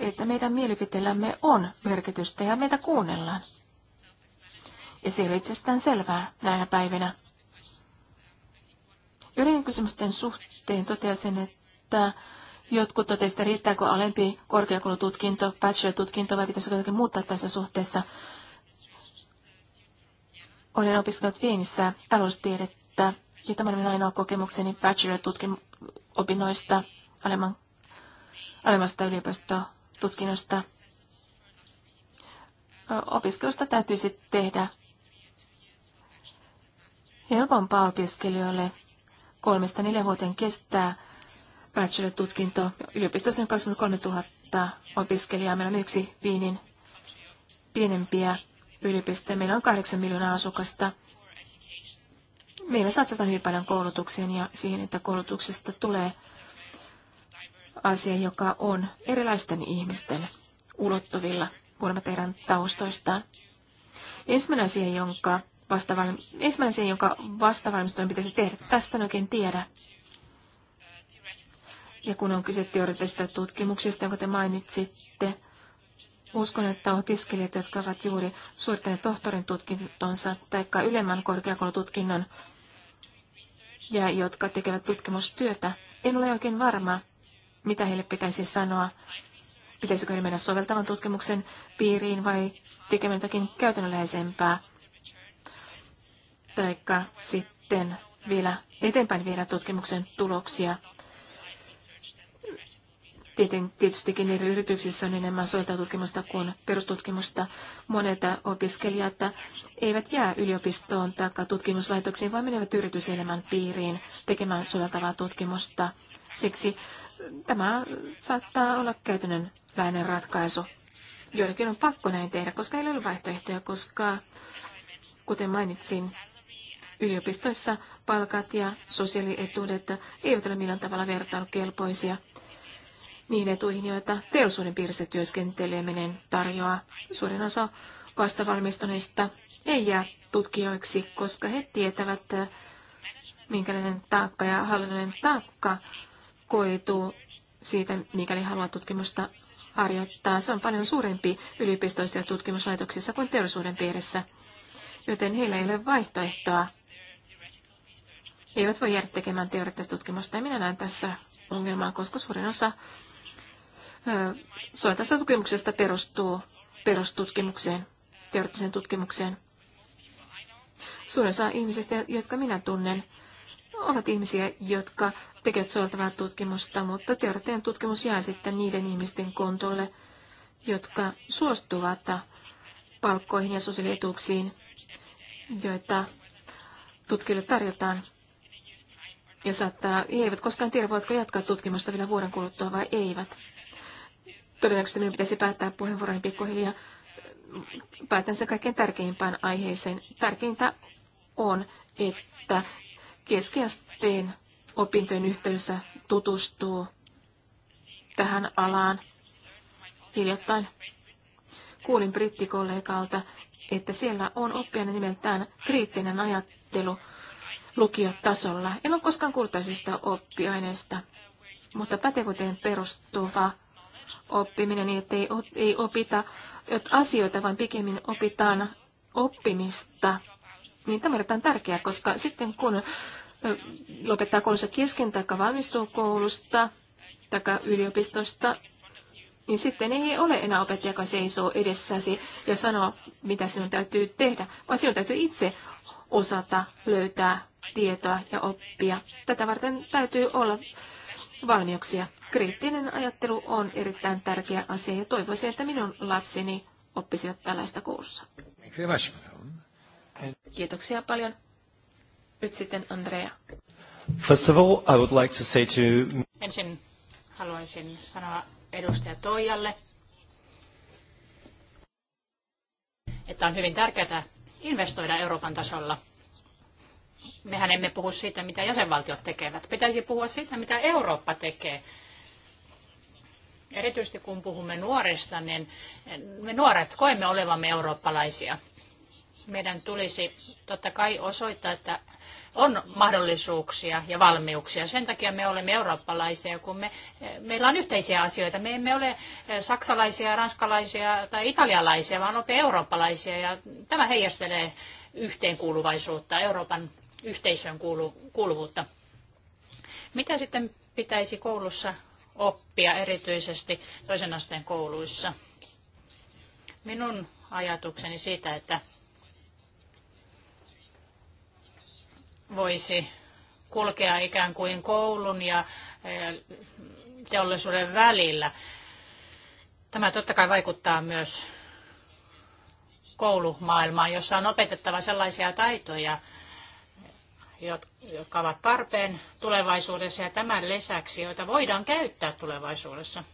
että meidän mielipiteellämme on merkitystä ja meitä kuunnellaan. Ja se on itsestään selvää näinä päivinä. Joidenkin kysymysten suhteen toteaisin, että Jotkut totesivat, että riittääkö alempi korkeakoulututkinto, bachelor-tutkinto vai pitäisikö jotakin muuttaa tässä suhteessa. Olen opiskellut Viinissä taloustiedettä ja tämä on minun ainoa kokemukseni bachelor-opinnoista alemman, alemmasta yliopistotutkinnosta. Opiskelusta täytyisi tehdä helpompaa opiskelijoille. Kolmesta neljä vuoteen kestää bachelor-tutkinto. Yliopistossa on kasvanut 3000 opiskelijaa. Meillä on yksi Viinin pienempiä yliopistoja. Meillä on 8 miljoonaa asukasta. Meillä satsataan hyvin paljon koulutukseen ja siihen, että koulutuksesta tulee asia, joka on erilaisten ihmisten ulottuvilla huolimatta heidän taustoistaan. Ensimmäinen asia, jonka vastavalm... Ensimmäinen asia, jonka pitäisi tehdä, tästä en oikein tiedä. Ja kun on kyse teoreettisesta tutkimuksesta, jonka te mainitsitte, uskon, että opiskelijat, jotka ovat juuri suorittaneet tohtorin tutkintonsa tai ylemmän korkeakoulututkinnon ja jotka tekevät tutkimustyötä, en ole oikein varma, mitä heille pitäisi sanoa. Pitäisikö heidän mennä soveltavan tutkimuksen piiriin vai tekemään jotakin käytännönläheisempää? Taikka sitten vielä eteenpäin viedä tutkimuksen tuloksia Tieten, tietystikin eri yrityksissä on enemmän suojeltatutkimusta kuin perustutkimusta. Monet opiskelijat eivät jää yliopistoon tai tutkimuslaitoksiin, vaan menevät yrityselämän piiriin tekemään suojeltavaa tutkimusta. Siksi tämä saattaa olla käytännön läheinen ratkaisu. Joidenkin on pakko näin tehdä, koska ei ole vaihtoehtoja, koska kuten mainitsin, yliopistoissa palkat ja sosiaalietuudet eivät ole millään tavalla vertailukelpoisia. Niin etuihin, joita teollisuuden piirissä työskenteleminen tarjoaa. Suurin osa vastavalmistuneista ei jää tutkijoiksi, koska he tietävät, minkälainen taakka ja hallinnollinen taakka koituu siitä, mikäli haluaa tutkimusta harjoittaa. Se on paljon suurempi yliopistoissa ja tutkimuslaitoksissa kuin teollisuuden piirissä, joten heillä ei ole vaihtoehtoa. He eivät voi jäädä tekemään teoreettista tutkimusta, ja minä näen tässä ongelmaa, koska suurin osa Soin tutkimuksesta perustuu perustutkimukseen, teoreettiseen tutkimukseen. Suurin osa ihmisistä, jotka minä tunnen, ovat ihmisiä, jotka tekevät soveltavaa tutkimusta, mutta teoreettinen tutkimus jää sitten niiden ihmisten kontolle, jotka suostuvat palkkoihin ja sosiaalietuuksiin, joita tutkijoille tarjotaan. Ja saattaa, he eivät koskaan tiedä, voitko jatkaa tutkimusta vielä vuoden kuluttua vai eivät. Todennäköisesti minun pitäisi päättää puheenvuoroni pikkuhiljaa. Päätän sen kaikkein tärkeimpään aiheeseen. Tärkeintä on, että keskiasteen opintojen yhteydessä tutustuu tähän alaan hiljattain. Kuulin brittikollegalta, että siellä on oppijana nimeltään kriittinen ajattelu lukiotasolla. En ole koskaan kuullut tällaisesta oppiaineesta, mutta pätevyyteen perustuva oppiminen, niin että ei opita asioita, vaan pikemmin opitaan oppimista. Niin tämä on tärkeää, koska sitten kun lopettaa koulussa kesken tai valmistuu koulusta tai yliopistosta, niin sitten ei ole enää opettaja, joka seisoo edessäsi ja sanoo, mitä sinun täytyy tehdä, vaan sinun täytyy itse osata löytää tietoa ja oppia. Tätä varten täytyy olla valmiuksia. Kriittinen ajattelu on erittäin tärkeä asia ja toivoisin, että minun lapseni oppisivat tällaista kurssia. Kiitoksia paljon. Nyt sitten Andrea. First of all, I would like to say to... Ensin haluaisin sanoa edustaja Toijalle, että on hyvin tärkeää investoida Euroopan tasolla. Mehän emme puhu siitä, mitä jäsenvaltiot tekevät. Pitäisi puhua siitä, mitä Eurooppa tekee. Erityisesti kun puhumme nuorista, niin me nuoret koemme olevamme eurooppalaisia. Meidän tulisi totta kai osoittaa, että on mahdollisuuksia ja valmiuksia. Sen takia me olemme eurooppalaisia, kun me, meillä on yhteisiä asioita. Me emme ole saksalaisia, ranskalaisia tai italialaisia, vaan olemme eurooppalaisia ja tämä heijastelee yhteenkuuluvaisuutta, Euroopan yhteisön kuulu, kuuluvuutta. Mitä sitten pitäisi koulussa oppia erityisesti toisen asteen kouluissa. Minun ajatukseni siitä, että voisi kulkea ikään kuin koulun ja eh, teollisuuden välillä. Tämä totta kai vaikuttaa myös koulumaailmaan, jossa on opetettava sellaisia taitoja, jotka ovat tarpeen tulevaisuudessa ja tämän lisäksi, joita voidaan käyttää tulevaisuudessa.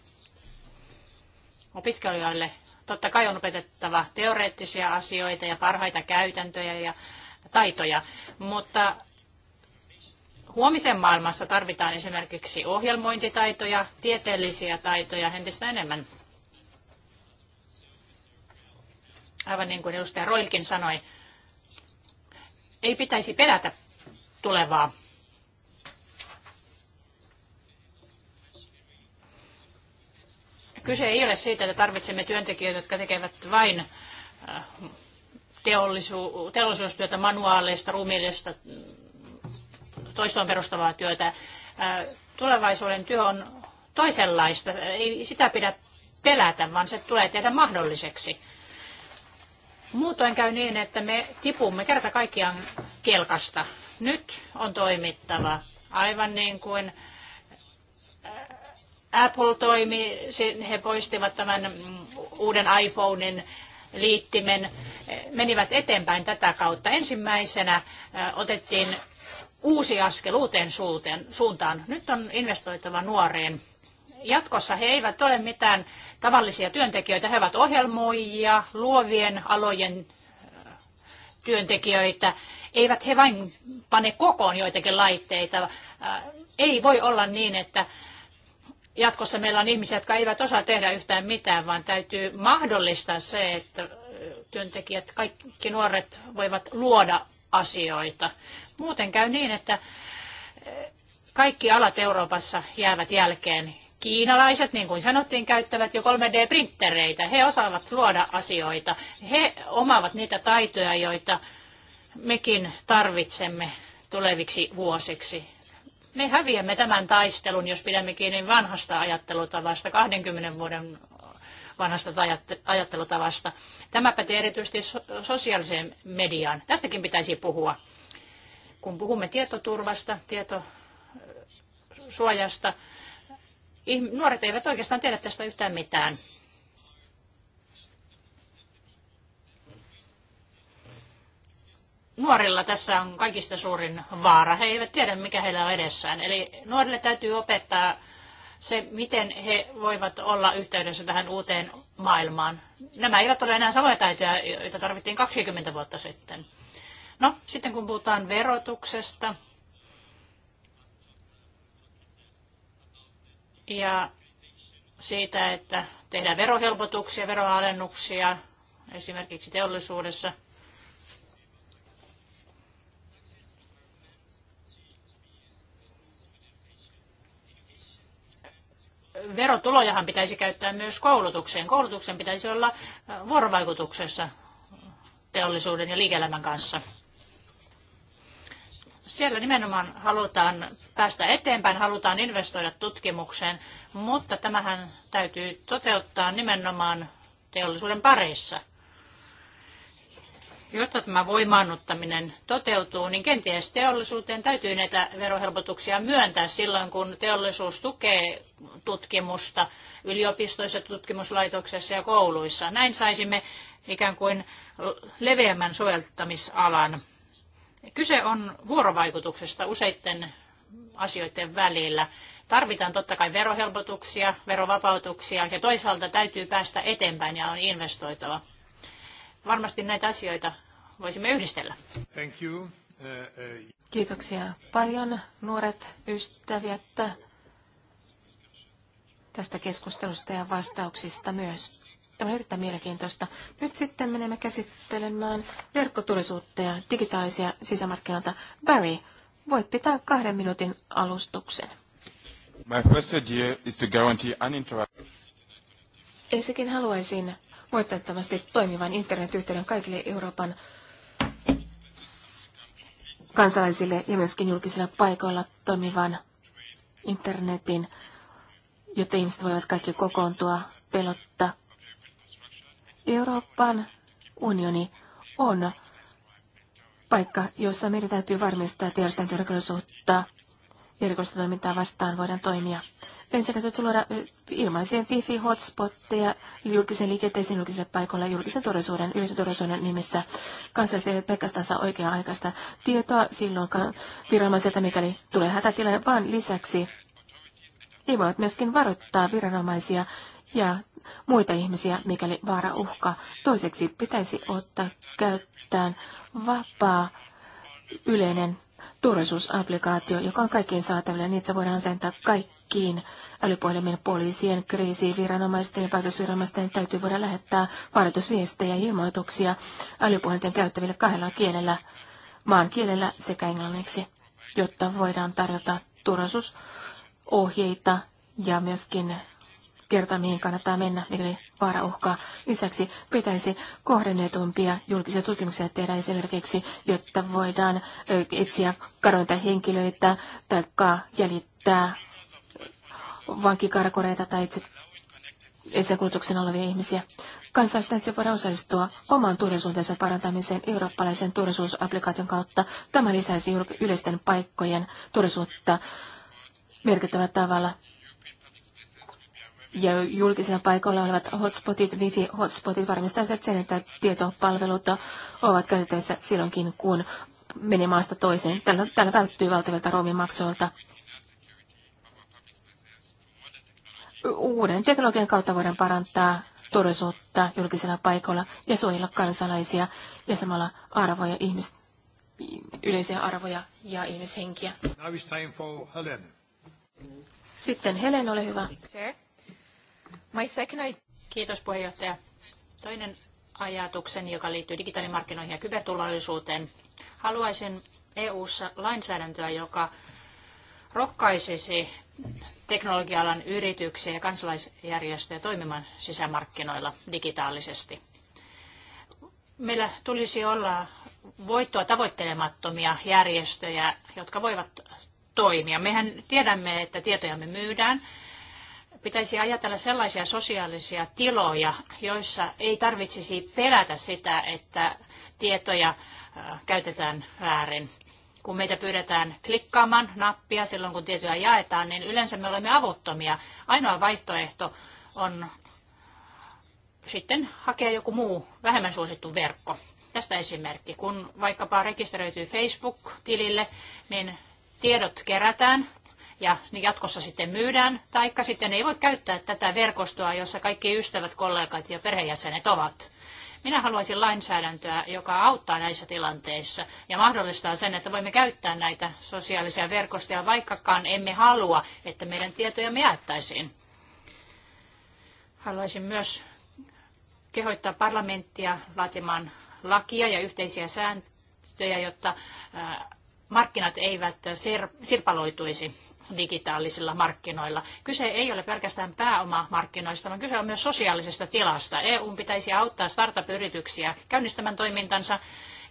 Opiskelijoille totta kai on opetettava teoreettisia asioita ja parhaita käytäntöjä ja taitoja, mutta huomisen maailmassa tarvitaan esimerkiksi ohjelmointitaitoja, tieteellisiä taitoja entistä enemmän. Aivan niin kuin edustaja Roilkin sanoi, ei pitäisi pelätä tulevaa. Kyse ei ole siitä, että tarvitsemme työntekijöitä, jotka tekevät vain äh, teollisu- teollisuustyötä, manuaalista, ruumiillista, toistoon perustavaa työtä. Äh, tulevaisuuden työ on toisenlaista. Ei sitä pidä pelätä, vaan se tulee tehdä mahdolliseksi. Muutoin käy niin, että me tipumme kerta kaikkiaan kelkasta. Nyt on toimittava, aivan niin kuin äh, Apple toimi, he poistivat tämän mm, uuden iPhonein liittimen, menivät eteenpäin tätä kautta. Ensimmäisenä äh, otettiin uusi askel uuteen suuntaan. Nyt on investoitava nuoreen. Jatkossa he eivät ole mitään tavallisia työntekijöitä, he ovat ohjelmoijia, luovien alojen äh, työntekijöitä. Eivät he vain pane kokoon joitakin laitteita. Äh, ei voi olla niin, että jatkossa meillä on ihmisiä, jotka eivät osaa tehdä yhtään mitään, vaan täytyy mahdollistaa se, että äh, työntekijät, kaikki nuoret voivat luoda asioita. Muuten käy niin, että äh, kaikki alat Euroopassa jäävät jälkeen. Kiinalaiset, niin kuin sanottiin, käyttävät jo 3D-printtereitä. He osaavat luoda asioita. He omaavat niitä taitoja, joita mekin tarvitsemme tuleviksi vuosiksi. Me häviämme tämän taistelun, jos pidämme kiinni vanhasta ajattelutavasta, 20 vuoden vanhasta ajattelutavasta. Tämä pätee erityisesti sosiaaliseen mediaan. Tästäkin pitäisi puhua. Kun puhumme tietoturvasta, tietosuojasta, nuoret eivät oikeastaan tiedä tästä yhtään mitään. nuorilla tässä on kaikista suurin vaara. He eivät tiedä, mikä heillä on edessään. Eli nuorille täytyy opettaa se, miten he voivat olla yhteydessä tähän uuteen maailmaan. Nämä eivät ole enää samoja taitoja, joita tarvittiin 20 vuotta sitten. No, sitten kun puhutaan verotuksesta ja siitä, että tehdään verohelpotuksia, veroalennuksia esimerkiksi teollisuudessa – verotulojahan pitäisi käyttää myös koulutukseen. Koulutuksen pitäisi olla vuorovaikutuksessa teollisuuden ja liike kanssa. Siellä nimenomaan halutaan päästä eteenpäin, halutaan investoida tutkimukseen, mutta tämähän täytyy toteuttaa nimenomaan teollisuuden parissa – Jotta tämä voimaannuttaminen toteutuu, niin kenties teollisuuteen täytyy näitä verohelpotuksia myöntää silloin, kun teollisuus tukee tutkimusta yliopistoissa, tutkimuslaitoksessa ja kouluissa. Näin saisimme ikään kuin leveämmän soveltamisalan. Kyse on vuorovaikutuksesta useiden asioiden välillä. Tarvitaan totta kai verohelpotuksia, verovapautuksia ja toisaalta täytyy päästä eteenpäin ja on investoitava varmasti näitä asioita voisimme yhdistellä. Thank you. Kiitoksia paljon nuoret ystävät tästä keskustelusta ja vastauksista myös. Tämä on erittäin mielenkiintoista. Nyt sitten menemme käsittelemään verkkoturvallisuutta ja digitaalisia sisämarkkinoita. Barry, voit pitää kahden minuutin alustuksen. My first idea is to guarantee uninterrupted. Ensinnäkin haluaisin voittamattomasti toimivan internetyhteyden kaikille Euroopan kansalaisille ja myöskin julkisilla paikoilla toimivan internetin, jotta ihmiset voivat kaikki kokoontua pelotta. Euroopan unioni on paikka, jossa meidän täytyy varmistaa tiedostan rikollisuutta ja rikostoimintaa vastaan voidaan toimia. Ensinnäkin täytyy luoda ilmaisia wifi hotspotteja julkisen liikenteeseen julkiselle paikalle julkisen turvallisuuden, yleisen turvallisuuden nimissä. Kansalaiset eivät pelkästään saa oikea-aikaista tietoa silloin viranomaisilta, mikäli tulee hätätilanne, vaan lisäksi he voivat myöskin varoittaa viranomaisia ja muita ihmisiä, mikäli vaara uhka. Toiseksi pitäisi ottaa käyttöön vapaa yleinen turvallisuusapplikaatio, joka on kaikkien saatavilla, niin että se voidaan asentaa kaikkiin älypuhelimen poliisien, kriisiin, viranomaisten ja paikallisviranomaisten täytyy voida lähettää varoitusviestejä ja ilmoituksia älypuhelinten käyttäville kahdella kielellä, maan kielellä sekä englanniksi, jotta voidaan tarjota turvallisuusohjeita ja myöskin kertoa, mihin kannattaa mennä, mikäli vaarauhka. Lisäksi pitäisi kohdennetumpia julkisia tutkimuksia tehdä esimerkiksi, jotta voidaan etsiä kadonta henkilöitä tai jäljittää vankikarkureita tai itse kulutuksen olevia ihmisiä. Kansalaiset täytyy voida osallistua oman turvallisuutensa parantamiseen eurooppalaisen turvallisuusapplikaation kautta. Tämä lisäisi yleisten paikkojen turvallisuutta merkittävällä tavalla ja julkisilla paikoilla olevat hotspotit, wifi-hotspotit varmistaisivat sen, että tietopalvelut ovat käytettävissä silloinkin, kun menee maasta toiseen. Tällä, tällä välttyy valtavilta roomimaksoilta. Uuden teknologian kautta voidaan parantaa turvallisuutta julkisilla paikoilla ja suojella kansalaisia ja samalla arvoja ihmis, yleisiä arvoja ja ihmishenkiä. Sitten Helen, ole hyvä. Sure. My second Kiitos puheenjohtaja. Toinen ajatukseni, joka liittyy digitaalimarkkinoihin ja kyberturvallisuuteen. Haluaisin EU-ssa lainsäädäntöä, joka rohkaisisi teknologialan yrityksiä ja kansalaisjärjestöjä toimimaan sisämarkkinoilla digitaalisesti. Meillä tulisi olla voittoa tavoittelemattomia järjestöjä, jotka voivat toimia. Mehän tiedämme, että tietojamme myydään pitäisi ajatella sellaisia sosiaalisia tiloja, joissa ei tarvitsisi pelätä sitä, että tietoja käytetään väärin. Kun meitä pyydetään klikkaamaan nappia silloin, kun tietoja jaetaan, niin yleensä me olemme avuttomia. Ainoa vaihtoehto on sitten hakea joku muu vähemmän suosittu verkko. Tästä esimerkki. Kun vaikkapa rekisteröityy Facebook-tilille, niin tiedot kerätään ja ne jatkossa sitten myydään, taikka sitten ei voi käyttää tätä verkostoa, jossa kaikki ystävät, kollegat ja perhejäsenet ovat. Minä haluaisin lainsäädäntöä, joka auttaa näissä tilanteissa ja mahdollistaa sen, että voimme käyttää näitä sosiaalisia verkostoja, vaikkakaan emme halua, että meidän me jaettaisiin. Haluaisin myös kehoittaa parlamenttia laatimaan lakia ja yhteisiä sääntöjä, jotta markkinat eivät sirpaloituisi digitaalisilla markkinoilla. Kyse ei ole pelkästään pääomamarkkinoista, vaan kyse on myös sosiaalisesta tilasta. EUn pitäisi auttaa startup-yrityksiä käynnistämään toimintansa.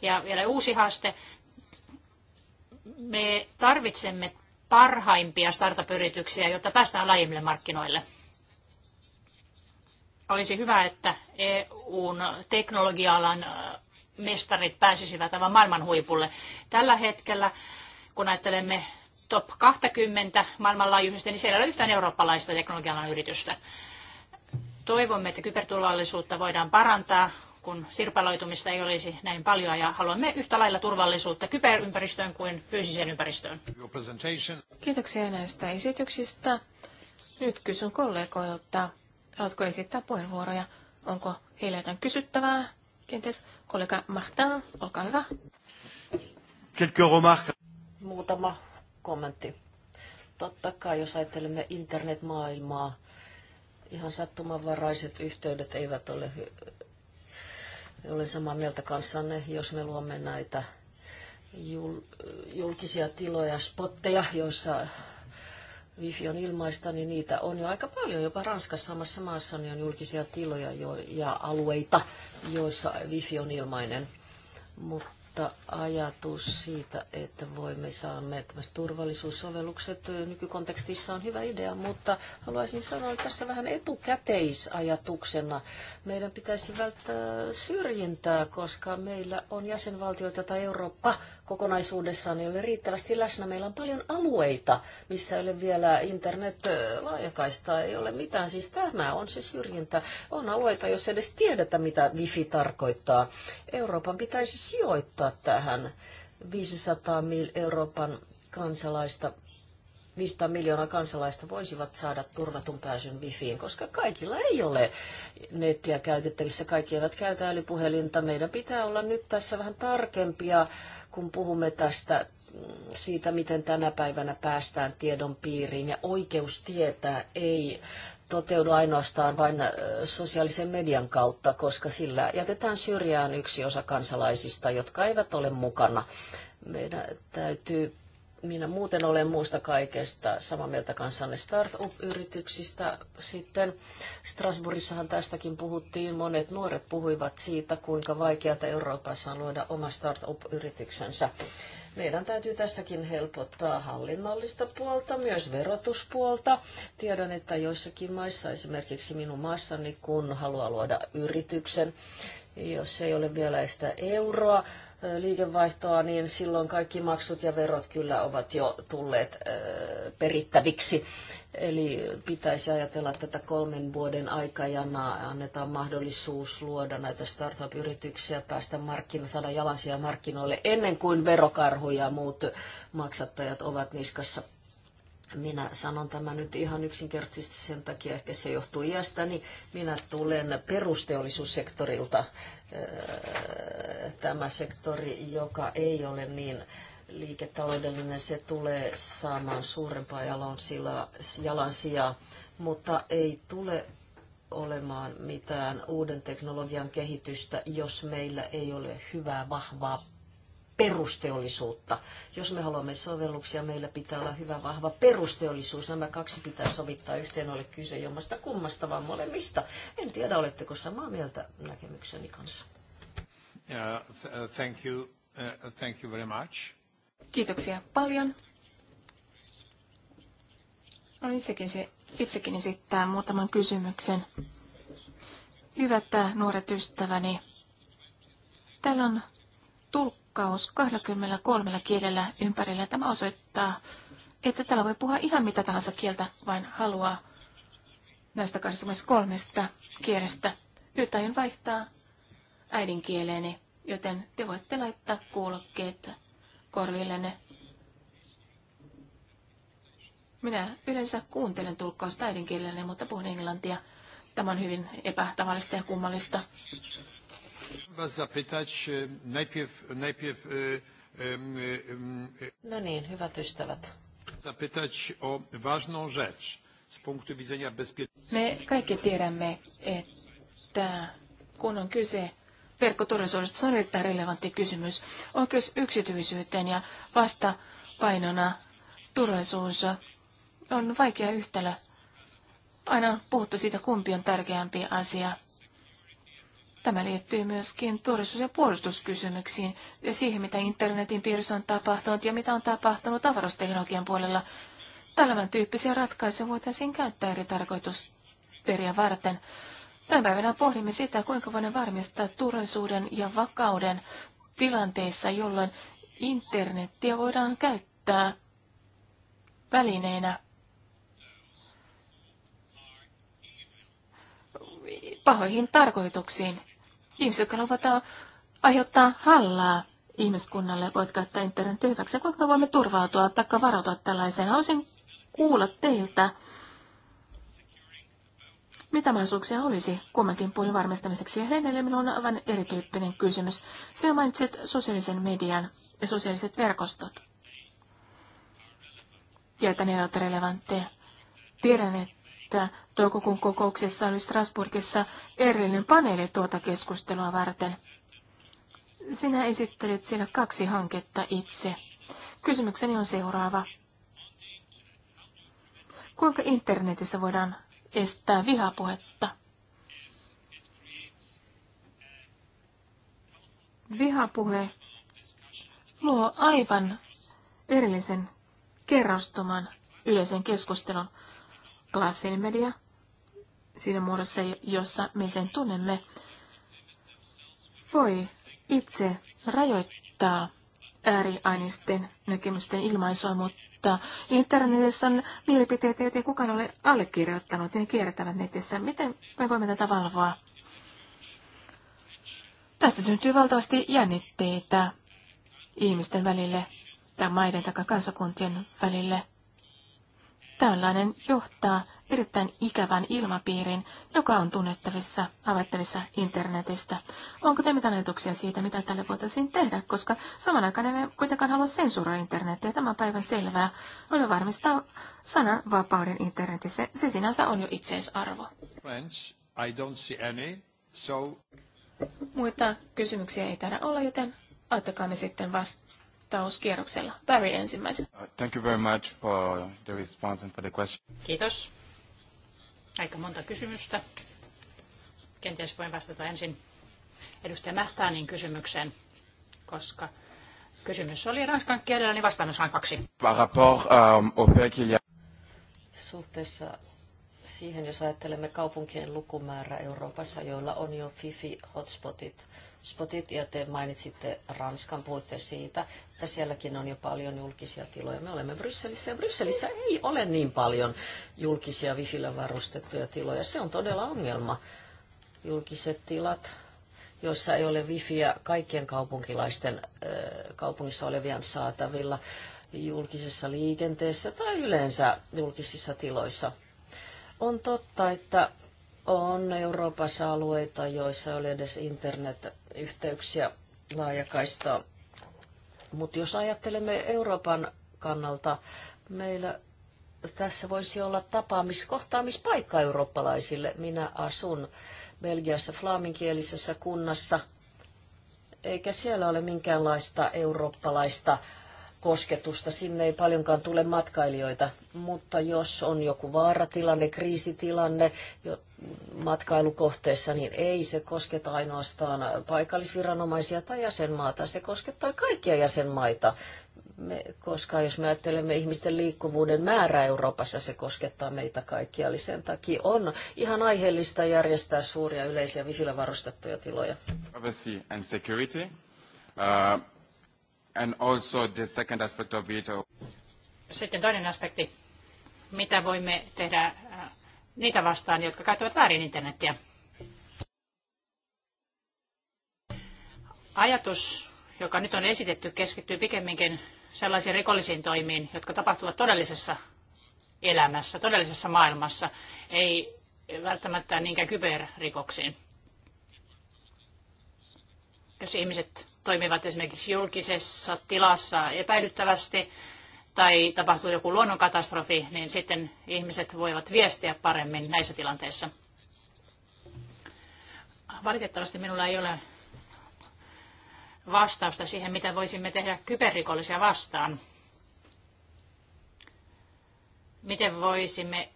Ja vielä uusi haaste. Me tarvitsemme parhaimpia startup-yrityksiä, jotta päästään laajemmille markkinoille. Olisi hyvä, että EUn teknologia-alan mestarit pääsisivät aivan maailman huipulle. Tällä hetkellä, kun ajattelemme top 20 maailmanlaajuisesti, niin siellä ei ole yhtään eurooppalaista teknologialan yritystä. Toivomme, että kyberturvallisuutta voidaan parantaa, kun sirpaloitumista ei olisi näin paljon ja haluamme yhtä lailla turvallisuutta kyberympäristöön kuin fyysiseen ympäristöön. Kiitoksia näistä esityksistä. Nyt kysyn kollegoilta, haluatko esittää puheenvuoroja? Onko heillä jotain kysyttävää? Kenties kollega Martin, olkaa hyvä. Muutama kommentti. Totta kai, jos ajattelemme internetmaailmaa, ihan sattumanvaraiset yhteydet eivät ole... Olen samaa mieltä kanssanne, jos me luomme näitä jul, julkisia tiloja, spotteja, joissa wifi on ilmaista, niin niitä on jo aika paljon. Jopa Ranskassa samassa maassa niin on julkisia tiloja jo, ja alueita, joissa wifi on ilmainen. Mutta mutta ajatus siitä, että voimme saamme turvallisuussovellukset nykykontekstissa on hyvä idea, mutta haluaisin sanoa tässä vähän etukäteisajatuksena. Meidän pitäisi välttää syrjintää, koska meillä on jäsenvaltioita tai Eurooppa kokonaisuudessaan ei ole riittävästi läsnä. Meillä on paljon alueita, missä ei ole vielä internet-laajakaista, ei ole mitään. Siis tämä on se syrjintä. On alueita, jos ei edes tiedetä, mitä wifi tarkoittaa. Euroopan pitäisi sijoittaa tähän 500 mil Euroopan kansalaista 500 miljoonaa kansalaista voisivat saada turvatun pääsyn wifiin, koska kaikilla ei ole nettiä käytettävissä, kaikki eivät käytä älypuhelinta. Meidän pitää olla nyt tässä vähän tarkempia kun puhumme tästä mm, siitä, miten tänä päivänä päästään tiedon piiriin ja oikeus tietää ei toteudu ainoastaan vain sosiaalisen median kautta, koska sillä jätetään syrjään yksi osa kansalaisista, jotka eivät ole mukana. Meidän täytyy minä muuten olen muusta kaikesta samaa mieltä kanssanne startup-yrityksistä. Sitten Strasbourgissahan tästäkin puhuttiin. Monet nuoret puhuivat siitä, kuinka vaikeata Euroopassa on luoda oma startup-yrityksensä. Meidän täytyy tässäkin helpottaa hallinnollista puolta, myös verotuspuolta. Tiedän, että joissakin maissa, esimerkiksi minun maassani, kun haluaa luoda yrityksen, jos ei ole vielä sitä euroa, liikevaihtoa, niin silloin kaikki maksut ja verot kyllä ovat jo tulleet perittäviksi. Eli pitäisi ajatella tätä kolmen vuoden aikajana, annetaan mahdollisuus luoda näitä startup-yrityksiä, päästä markkino, saada jalansia markkinoille ennen kuin verokarhu ja muut maksattajat ovat niskassa minä sanon tämän nyt ihan yksinkertaisesti sen takia, ehkä se johtuu iästäni. Niin minä tulen perusteollisuussektorilta, äh, tämä sektori, joka ei ole niin liiketaloudellinen, se tulee saamaan suurempaa jalansijaa, mutta ei tule olemaan mitään uuden teknologian kehitystä, jos meillä ei ole hyvää, vahvaa perusteollisuutta. Jos me haluamme sovelluksia, meillä pitää olla hyvä vahva perusteollisuus. Nämä kaksi pitää sovittaa yhteen, ole kyse jommasta kummasta, vaan molemmista. En tiedä, oletteko samaa mieltä näkemykseni kanssa. Yeah, thank you. Uh, thank you very much. Kiitoksia paljon. No, itsekin, se, itsekin esittää muutaman kysymyksen. Hyvät nuoret ystäväni, täällä on tulkki tulkkaus 23 kielellä ympärillä. Tämä osoittaa, että täällä voi puhua ihan mitä tahansa kieltä vain haluaa näistä 23 kielestä. Nyt aion vaihtaa äidinkieleeni, joten te voitte laittaa kuulokkeet korvillenne. Minä yleensä kuuntelen tulkkausta äidinkielelläni, mutta puhun englantia. Tämä on hyvin epätavallista ja kummallista. Was zapytać e, najpierw, najpierw e, e, No niin, hyvät ystävät. Zapytać o ważną rzecz z punktu widzenia bezpieczeństwa. Me kaikki tiedämme, että kun on kyse verkkoturvallisuudesta, se on erittäin relevantti kysymys. Oikeus yksityisyyteen ja vastapainona turvallisuus on vaikea yhtälö. Aina on puhuttu siitä, kumpi on tärkeämpi asia. Tämä liittyy myöskin turvallisuus- ja puolustuskysymyksiin ja siihen, mitä internetin piirissä on tapahtunut ja mitä on tapahtunut avaruusteknologian puolella. Tällainen tyyppisiä ratkaisuja voitaisiin käyttää eri tarkoitusperiä varten. Tämän päivänä pohdimme sitä, kuinka voidaan varmistaa turvallisuuden ja vakauden tilanteissa, jolloin internettiä voidaan käyttää välineenä pahoihin tarkoituksiin Ihmiset, jotka haluavat äh, aiheuttaa hallaa ihmiskunnalle, voit käyttää internetin hyväksi. Kuinka me voimme turvautua tai varautua tällaiseen? Haluaisin kuulla teiltä, mitä mahdollisuuksia olisi kummankin puolin varmistamiseksi? Ja Hennelle minulla on aivan erityyppinen kysymys. Sinä mainitsit sosiaalisen median ja sosiaaliset verkostot. Ja että ne ovat relevantteja. Tiedän, että että toukokuun kokouksessa oli Strasbourgissa erillinen paneeli tuota keskustelua varten. Sinä esittelet siellä kaksi hanketta itse. Kysymykseni on seuraava. Kuinka internetissä voidaan estää vihapuhetta? Vihapuhe luo aivan erillisen kerrostuman yleisen keskustelun klassinen media siinä muodossa, jossa me sen tunnemme, voi itse rajoittaa ääriainisten näkemysten ilmaisua, mutta internetissä on mielipiteitä, joita ei kukaan ole allekirjoittanut, ja ne kiertävät netissä. Miten me voimme tätä valvoa? Tästä syntyy valtavasti jännitteitä ihmisten välille tai maiden tai kansakuntien välille. Tällainen johtaa erittäin ikävän ilmapiirin, joka on tunnettavissa, havaittavissa internetistä. Onko te mitään ajatuksia siitä, mitä tälle voitaisiin tehdä, koska saman aikaan emme kuitenkaan halua sensuroida internetiä, tämä päivän selvää. Olemme varmistaa vapauden internetissä, se sinänsä on jo itseisarvo. French, I don't see any, so... Muita kysymyksiä ei täällä olla, joten me sitten vastaan vastauskierroksella. Barry ensimmäisenä. Uh, thank you very much for the response and for the question. Kiitos. Aika monta kysymystä. Kenties voin vastata ensin edustaja Mähtäänin kysymykseen, koska kysymys oli ranskan kielellä, niin vastaan osaan kaksi. Par rapport, um, au fait qu'il y a... Suhteessa siihen, jos ajattelemme kaupunkien lukumäärä Euroopassa, joilla on jo FIFI-hotspotit, spotit, ja te mainitsitte Ranskan, puhuitte siitä, että sielläkin on jo paljon julkisia tiloja. Me olemme Brysselissä, ja Brysselissä ei ole niin paljon julkisia wifillä varustettuja tiloja. Se on todella ongelma. Julkiset tilat, joissa ei ole wifiä kaikkien kaupunkilaisten kaupungissa olevien saatavilla julkisessa liikenteessä tai yleensä julkisissa tiloissa. On totta, että on Euroopassa alueita, joissa ei ole edes internetyhteyksiä laajakaistaa. Mutta jos ajattelemme Euroopan kannalta, meillä tässä voisi olla tapaamiskohtaamispaikka eurooppalaisille. Minä asun Belgiassa flaaminkielisessä kunnassa, eikä siellä ole minkäänlaista eurooppalaista kosketusta. Sinne ei paljonkaan tule matkailijoita, mutta jos on joku vaaratilanne, kriisitilanne, matkailukohteessa, niin ei se kosketa ainoastaan paikallisviranomaisia tai jäsenmaata, se koskettaa kaikkia jäsenmaita. Me, koska jos me ajattelemme ihmisten liikkuvuuden määrää Euroopassa, se koskettaa meitä kaikkia. Eli sen takia on ihan aiheellista järjestää suuria yleisiä wifillä varustettuja tiloja. Privacy and security. Uh, and also the second aspect of it. Uh, Sitten toinen aspekti, mitä voimme tehdä niitä vastaan, jotka käyttävät väärin internettiä. Ajatus, joka nyt on esitetty, keskittyy pikemminkin sellaisiin rikollisiin toimiin, jotka tapahtuvat todellisessa elämässä, todellisessa maailmassa, ei välttämättä niinkään kyberrikoksiin. Jos ihmiset toimivat esimerkiksi julkisessa tilassa epäilyttävästi, tai tapahtuu joku luonnonkatastrofi, niin sitten ihmiset voivat viestiä paremmin näissä tilanteissa. Valitettavasti minulla ei ole vastausta siihen, mitä voisimme tehdä kyberrikollisia vastaan. Miten voisimme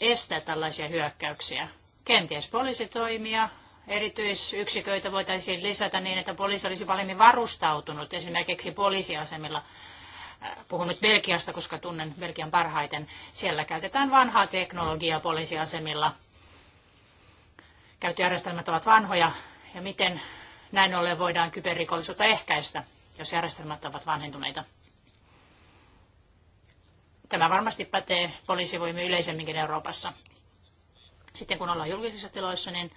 estää tällaisia hyökkäyksiä? Kenties poliisitoimia, erityisyksiköitä voitaisiin lisätä niin, että poliisi olisi paremmin varustautunut esimerkiksi poliisiasemilla – Puhun nyt Belgiasta, koska tunnen Belgian parhaiten. Siellä käytetään vanhaa teknologiaa poliisiasemilla. Käyttöjärjestelmät ovat vanhoja ja miten näin ollen voidaan kyberrikollisuutta ehkäistä, jos järjestelmät ovat vanhentuneita. Tämä varmasti pätee poliisivoimia yleisemminkin Euroopassa. Sitten kun ollaan julkisissa tiloissa, niin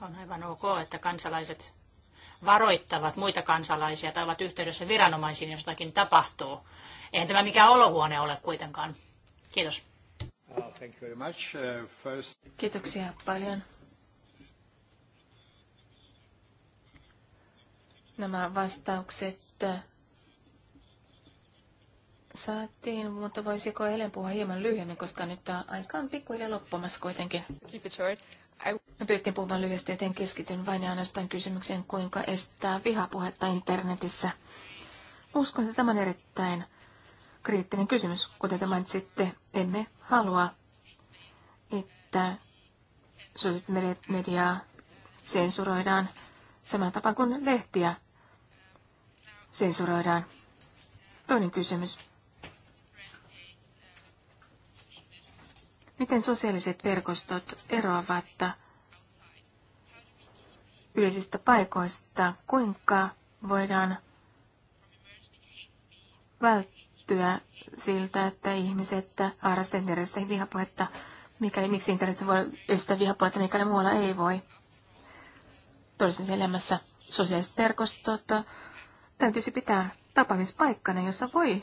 on aivan ok, että kansalaiset varoittavat muita kansalaisia tai ovat yhteydessä viranomaisiin, jos jotakin tapahtuu. Eihän tämä mikään olohuone ole kuitenkaan. Kiitos. Uh, Kiitoksia paljon. Nämä vastaukset äh, saatiin, mutta voisiko Helen puhua hieman lyhyemmin, koska nyt aika on pikkuhiljaa loppumassa kuitenkin. Keep it short. No, pyytin puhumaan lyhyesti, joten keskityn vain ja ainoastaan kysymykseen, kuinka estää vihapuhetta internetissä. Uskon, että tämä on erittäin kriittinen kysymys. Kuten te mainitsitte, emme halua, että sosiaalista mediaa sensuroidaan samalla tapaan kuin lehtiä sensuroidaan. Toinen kysymys. Miten sosiaaliset verkostot eroavat yleisistä paikoista? Kuinka voidaan välttyä siltä, että ihmiset harrastavat internetin vihapuhetta, mikäli miksi internetissä voi estää vihapuhetta, mikäli muualla ei voi. Toisessa elämässä sosiaaliset verkostot täytyisi pitää tapaamispaikkana, jossa voi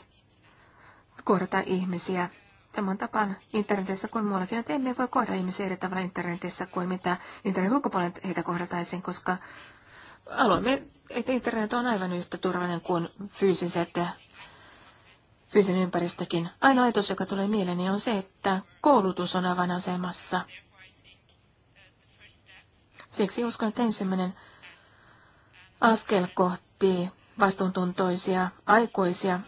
kohdata ihmisiä Saman tapaan internetissä kuin muuallakin, että emme voi kohdata ihmisiä eri tavalla internetissä kuin mitä internetin ulkopuolella heitä kohdataisiin, koska haluamme, että internet on aivan yhtä turvallinen kuin fyysiset fyysinen ympäristökin. Ainoa ajatus, joka tulee mieleeni, niin on se, että koulutus on aivan asemassa. Siksi uskon, että ensimmäinen askel kohti vastuuntuntoisia aikuisia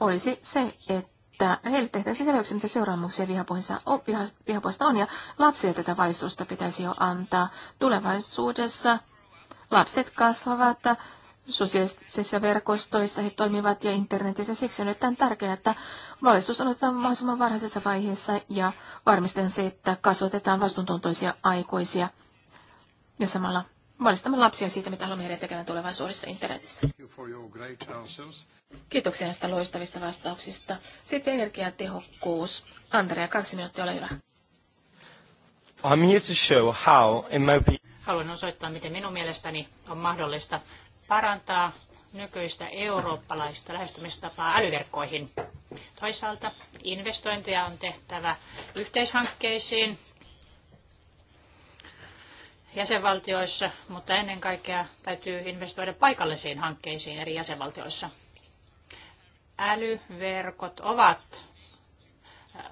olisi se, että että heille tehtäisiin selväksi, mitä seuraamuksia vihapuheessa on, vihapuheesta on, ja lapsille tätä valistusta pitäisi jo antaa. Tulevaisuudessa lapset kasvavat sosiaalisissa verkostoissa, he toimivat ja internetissä. Siksi on erittäin tärkeää, että valistus on otettava mahdollisimman varhaisessa vaiheessa ja varmistetaan se, että kasvatetaan vastuuntuntoisia aikuisia ja samalla mahdollistamme lapsia siitä, mitä haluamme heidän tekemään tulevaisuudessa internetissä. Kiitoksia näistä loistavista vastauksista. Sitten energiatehokkuus. Andrea, kaksi minuuttia, ole hyvä. I'm here to show how MOP... Haluan osoittaa, miten minun mielestäni on mahdollista parantaa nykyistä eurooppalaista lähestymistapaa älyverkkoihin. Toisaalta investointeja on tehtävä yhteishankkeisiin, jäsenvaltioissa, mutta ennen kaikkea täytyy investoida paikallisiin hankkeisiin eri jäsenvaltioissa. Älyverkot ovat äh,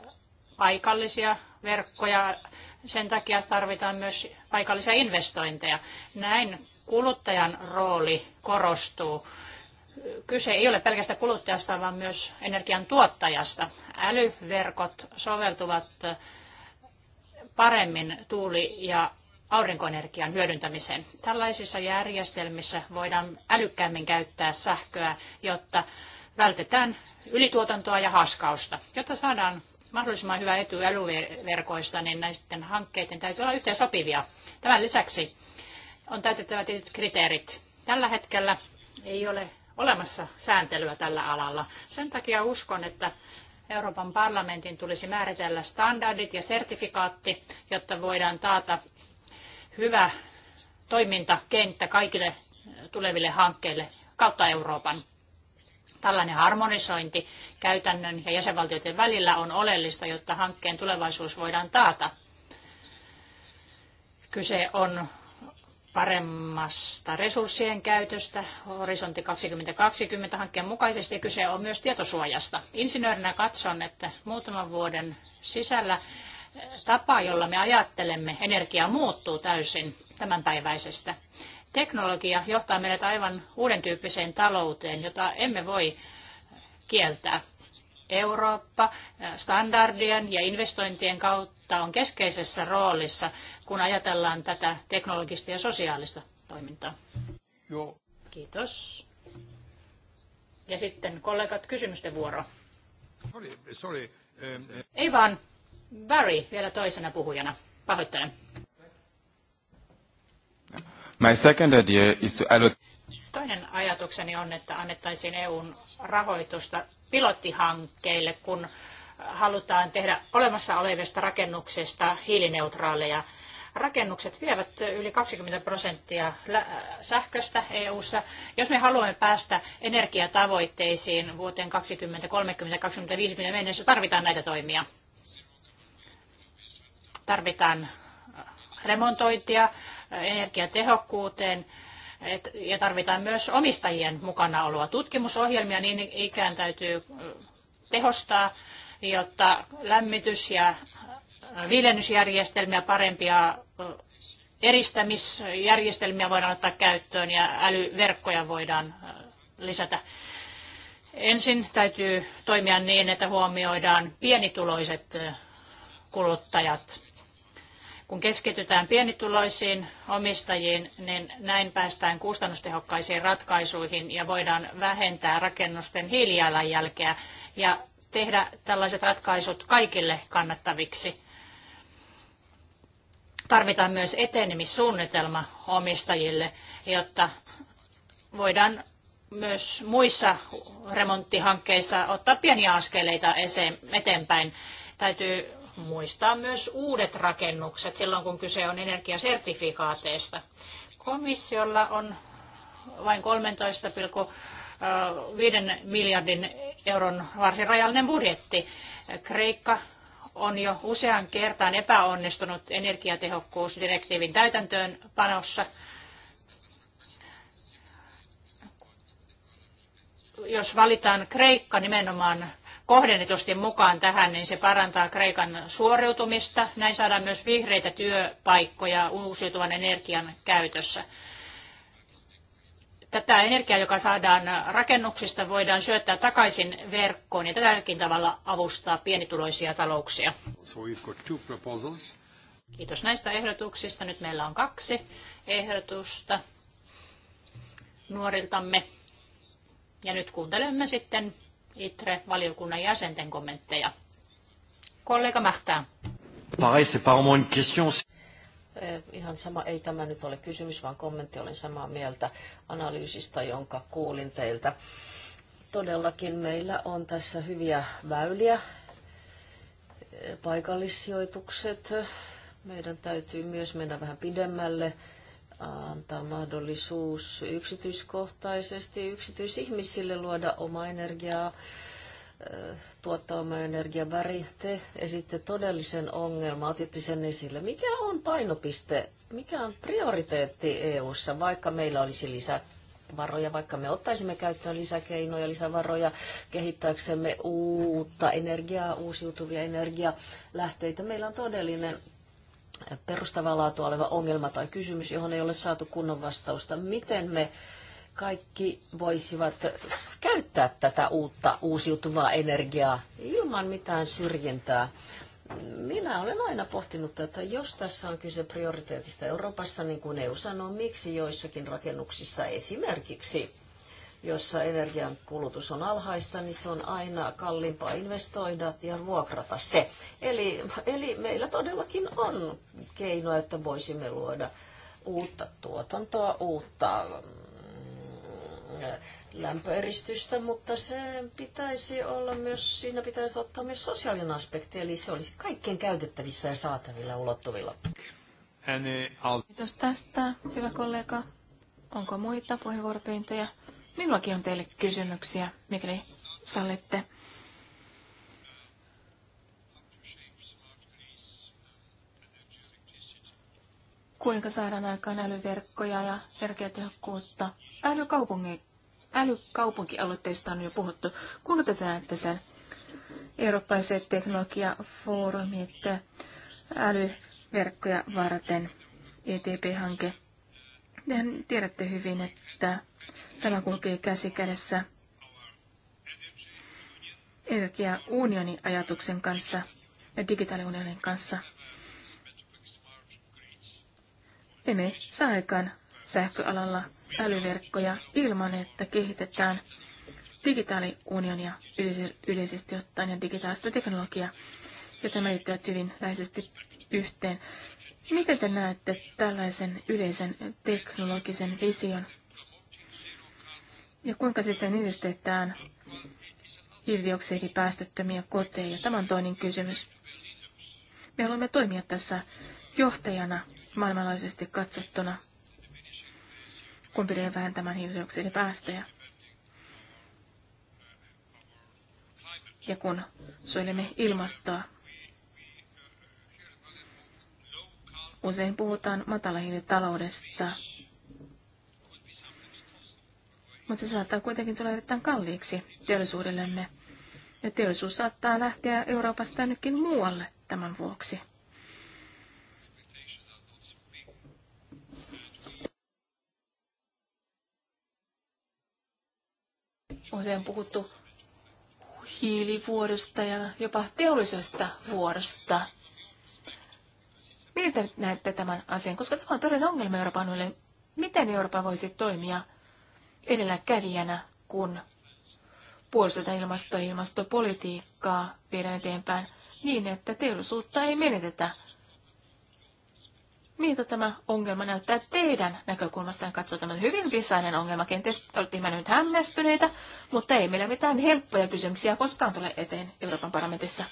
paikallisia verkkoja. Sen takia tarvitaan myös paikallisia investointeja. Näin kuluttajan rooli korostuu. Kyse ei ole pelkästään kuluttajasta, vaan myös energian tuottajasta. Älyverkot soveltuvat äh, paremmin tuuli- ja aurinkoenergian hyödyntämiseen. Tällaisissa järjestelmissä voidaan älykkäämmin käyttää sähköä, jotta vältetään ylituotantoa ja haskausta. Jotta saadaan mahdollisimman hyvä etu älyverkoista, niin näiden hankkeiden täytyy olla yhteen sopivia. Tämän lisäksi on täytettävä tietyt kriteerit. Tällä hetkellä ei ole olemassa sääntelyä tällä alalla. Sen takia uskon, että Euroopan parlamentin tulisi määritellä standardit ja sertifikaatti, jotta voidaan taata hyvä toimintakenttä kaikille tuleville hankkeille kautta Euroopan. Tällainen harmonisointi käytännön ja jäsenvaltioiden välillä on oleellista, jotta hankkeen tulevaisuus voidaan taata. Kyse on paremmasta resurssien käytöstä Horisontti 2020 hankkeen mukaisesti. Kyse on myös tietosuojasta. Insinöörinä katson, että muutaman vuoden sisällä tapa, jolla me ajattelemme energia muuttuu täysin tämänpäiväisestä. Teknologia johtaa meidät aivan uuden tyyppiseen talouteen, jota emme voi kieltää. Eurooppa standardien ja investointien kautta on keskeisessä roolissa, kun ajatellaan tätä teknologista ja sosiaalista toimintaa. Joo. Kiitos. Ja sitten kollegat, kysymysten vuoro. Sorry, sorry. Ei vaan. Barry vielä toisena puhujana. Pahoittelen. My second idea is to allocate... Toinen ajatukseni on, että annettaisiin EUn rahoitusta pilottihankkeille, kun halutaan tehdä olemassa olevista rakennuksista hiilineutraaleja. Rakennukset vievät yli 20 prosenttia sähköstä EU:ssa. Jos me haluamme päästä energiatavoitteisiin vuoteen 2030-2050 mennessä, tarvitaan näitä toimia tarvitaan remontointia energiatehokkuuteen ja tarvitaan myös omistajien mukanaoloa. Tutkimusohjelmia niin ikään täytyy tehostaa, jotta lämmitys- ja viilennysjärjestelmiä, parempia eristämisjärjestelmiä voidaan ottaa käyttöön ja älyverkkoja voidaan lisätä. Ensin täytyy toimia niin, että huomioidaan pienituloiset kuluttajat. Kun keskitytään pienituloisiin omistajiin, niin näin päästään kustannustehokkaisiin ratkaisuihin ja voidaan vähentää rakennusten hiilijalanjälkeä ja tehdä tällaiset ratkaisut kaikille kannattaviksi. Tarvitaan myös etenemissuunnitelma omistajille, jotta voidaan myös muissa remonttihankkeissa ottaa pieniä askeleita eteenpäin. Täytyy muistaa myös uudet rakennukset silloin, kun kyse on energiasertifikaateista. Komissiolla on vain 13,5 miljardin euron varsin rajallinen budjetti. Kreikka on jo usean kertaan epäonnistunut energiatehokkuusdirektiivin täytäntöönpanossa. Jos valitaan Kreikka nimenomaan kohdennetusti mukaan tähän, niin se parantaa Kreikan suoriutumista. Näin saadaan myös vihreitä työpaikkoja uusiutuvan energian käytössä. Tätä energiaa, joka saadaan rakennuksista, voidaan syöttää takaisin verkkoon ja tälläkin tavalla avustaa pienituloisia talouksia. Kiitos näistä ehdotuksista. Nyt meillä on kaksi ehdotusta nuoriltamme. Ja nyt kuuntelemme sitten ITRE-valiokunnan jäsenten kommentteja. Kollega Mähtää. Pareil, c'est pas vraiment une question. Ihan sama, ei tämä nyt ole kysymys, vaan kommentti. Olen samaa mieltä analyysistä, jonka kuulin teiltä. Todellakin meillä on tässä hyviä väyliä, paikallissijoitukset. Meidän täytyy myös mennä vähän pidemmälle antaa mahdollisuus yksityiskohtaisesti yksityisihmisille luoda oma energiaa, äh, tuottaa oma energiaa. väri. Te esitte todellisen ongelman, otitte sen esille. Mikä on painopiste, mikä on prioriteetti EU:ssa, vaikka meillä olisi lisää varoja, vaikka me ottaisimme käyttöön lisäkeinoja, lisävaroja kehittääksemme uutta energiaa, uusiutuvia energialähteitä. Meillä on todellinen perustavaa laatua oleva ongelma tai kysymys, johon ei ole saatu kunnon vastausta. Miten me kaikki voisivat käyttää tätä uutta uusiutuvaa energiaa ilman mitään syrjintää? Minä olen aina pohtinut tätä, jos tässä on kyse prioriteetista Euroopassa, niin kuin EU sanoo, miksi joissakin rakennuksissa esimerkiksi jossa energian kulutus on alhaista, niin se on aina kalliimpaa investoida ja vuokrata se. Eli, eli meillä todellakin on keino, että voisimme luoda uutta tuotantoa, uutta mm, lämpöeristystä, mutta se pitäisi olla myös, siinä pitäisi ottaa myös sosiaalinen aspekti, eli se olisi kaikkien käytettävissä ja saatavilla ulottuvilla. Kiitos tästä, hyvä kollega. Onko muita puheenvuoropyyntöjä? Minullakin on teille kysymyksiä, mikäli sallitte. Kuinka saadaan aikaan älyverkkoja ja energiatehokkuutta? Älykaupunki, älykaupunkialoitteista on jo puhuttu. Kuinka te näette sen? Eurooppalaiset että älyverkkoja varten, ETP-hanke. Tehän tiedätte hyvin, että Tämä kulkee käsi kädessä energiaunionin ajatuksen kanssa ja digitaaliunionin kanssa. Emme saa aikaan sähköalalla älyverkkoja ilman, että kehitetään digitaaliunionia yleisesti ottaen ja digitaalista teknologiaa, ja tämä liittyy hyvin läheisesti yhteen. Miten te näette tällaisen yleisen teknologisen vision? Ja kuinka sitten yhdistetään hiilidioksidipäästöttömiä koteja? Tämä on toinen kysymys. Me haluamme toimia tässä johtajana maailmanlaajuisesti katsottuna, kun pyrimme vähentämään hiilidioksidipäästöjä. Ja kun suojelemme ilmastoa, usein puhutaan matalahiilitaloudesta. taloudesta mutta se saattaa kuitenkin tulla erittäin kalliiksi teollisuudellemme. Ja teollisuus saattaa lähteä Euroopasta nytkin muualle tämän vuoksi. Usein puhuttu hiilivuodosta ja jopa teollisesta vuodosta. Miten näette tämän asian? Koska tämä on todella ongelma Euroopan Miten Eurooppa voisi toimia edelläkävijänä, kun puolustetaan ilmasto- ja ilmastopolitiikkaa viedään eteenpäin niin, että teollisuutta ei menetetä. Miltä tämä ongelma näyttää teidän näkökulmastaan katsotaan? Hyvin visainen ongelma, kenties olette nyt hämmästyneitä, mutta ei meillä mitään helppoja kysymyksiä koskaan tule eteen Euroopan parlamentissa.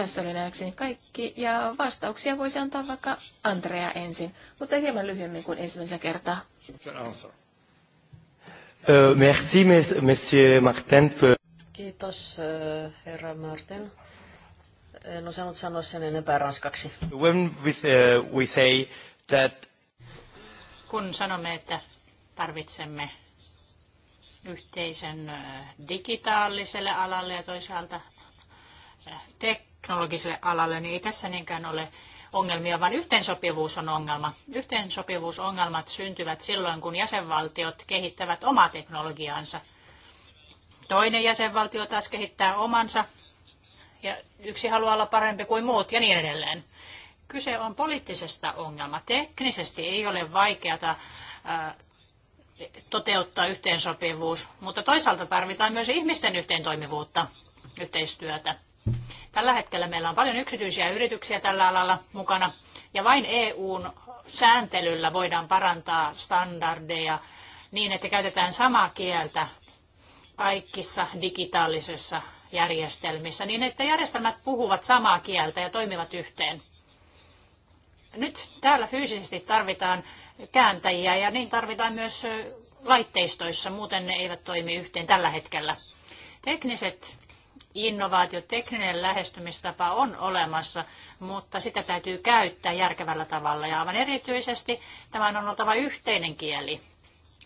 Tässä oli nähdäkseni kaikki, ja vastauksia voisi antaa vaikka Andrea ensin, mutta hieman lyhyemmin kuin ensimmäisen kertaa. Euh, merci, monsieur Martin. Kiitos, äh, herra Martin. En osannut sanoa sen enempää ranskaksi. When uh, we say that... Kun sanomme, että tarvitsemme yhteisen äh, digitaaliselle alalle ja toisaalta äh, tech teknologiselle alalle, niin ei tässä niinkään ole ongelmia, vaan yhteensopivuus on ongelma. Yhteensopivuusongelmat syntyvät silloin, kun jäsenvaltiot kehittävät omaa teknologiaansa. Toinen jäsenvaltio taas kehittää omansa ja yksi haluaa olla parempi kuin muut ja niin edelleen. Kyse on poliittisesta ongelma. Teknisesti ei ole vaikeata äh, toteuttaa yhteensopivuus, mutta toisaalta tarvitaan myös ihmisten yhteentoimivuutta, yhteistyötä. Tällä hetkellä meillä on paljon yksityisiä yrityksiä tällä alalla mukana ja vain EUn sääntelyllä voidaan parantaa standardeja niin, että käytetään samaa kieltä kaikissa digitaalisissa järjestelmissä, niin että järjestelmät puhuvat samaa kieltä ja toimivat yhteen. Nyt täällä fyysisesti tarvitaan kääntäjiä ja niin tarvitaan myös laitteistoissa, muuten ne eivät toimi yhteen tällä hetkellä. Tekniset innovaatiotekninen lähestymistapa on olemassa, mutta sitä täytyy käyttää järkevällä tavalla. Ja aivan erityisesti tämän on oltava yhteinen kieli.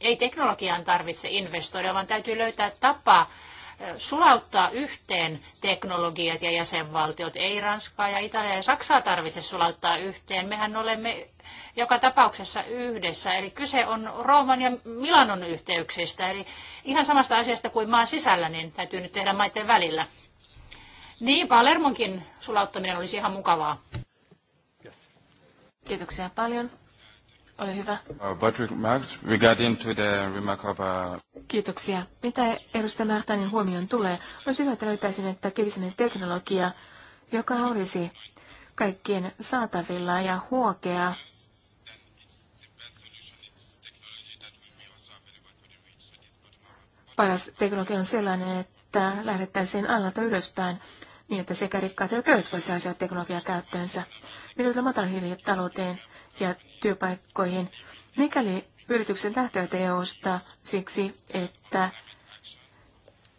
Ei teknologiaan tarvitse investoida, vaan täytyy löytää tapa sulauttaa yhteen teknologiat ja jäsenvaltiot. Ei Ranskaa ja Italiaa ja Saksaa tarvitse sulauttaa yhteen. Mehän olemme joka tapauksessa yhdessä. Eli kyse on Rooman ja Milanon yhteyksistä. Eli ihan samasta asiasta kuin maan sisällä, niin täytyy nyt tehdä maiden välillä. Niin, Palermonkin sulauttaminen olisi ihan mukavaa. Yes. Kiitoksia paljon. Ole hyvä. But uh, remarks regarding to the remark of, uh... Kiitoksia. Mitä edustaja Märtänin huomioon tulee, olisi hyvä, että löytäisimme, että kekisimme teknologia, joka olisi kaikkien saatavilla ja huokea paras teknologia on sellainen, että lähdettäisiin alalta ylöspäin niin, että sekä rikkaat että köyhät voisivat saada teknologiaa käyttöönsä. Mitä tulee matalahiilitalouteen ja työpaikkoihin? Mikäli yrityksen lähtevät EU-sta siksi, että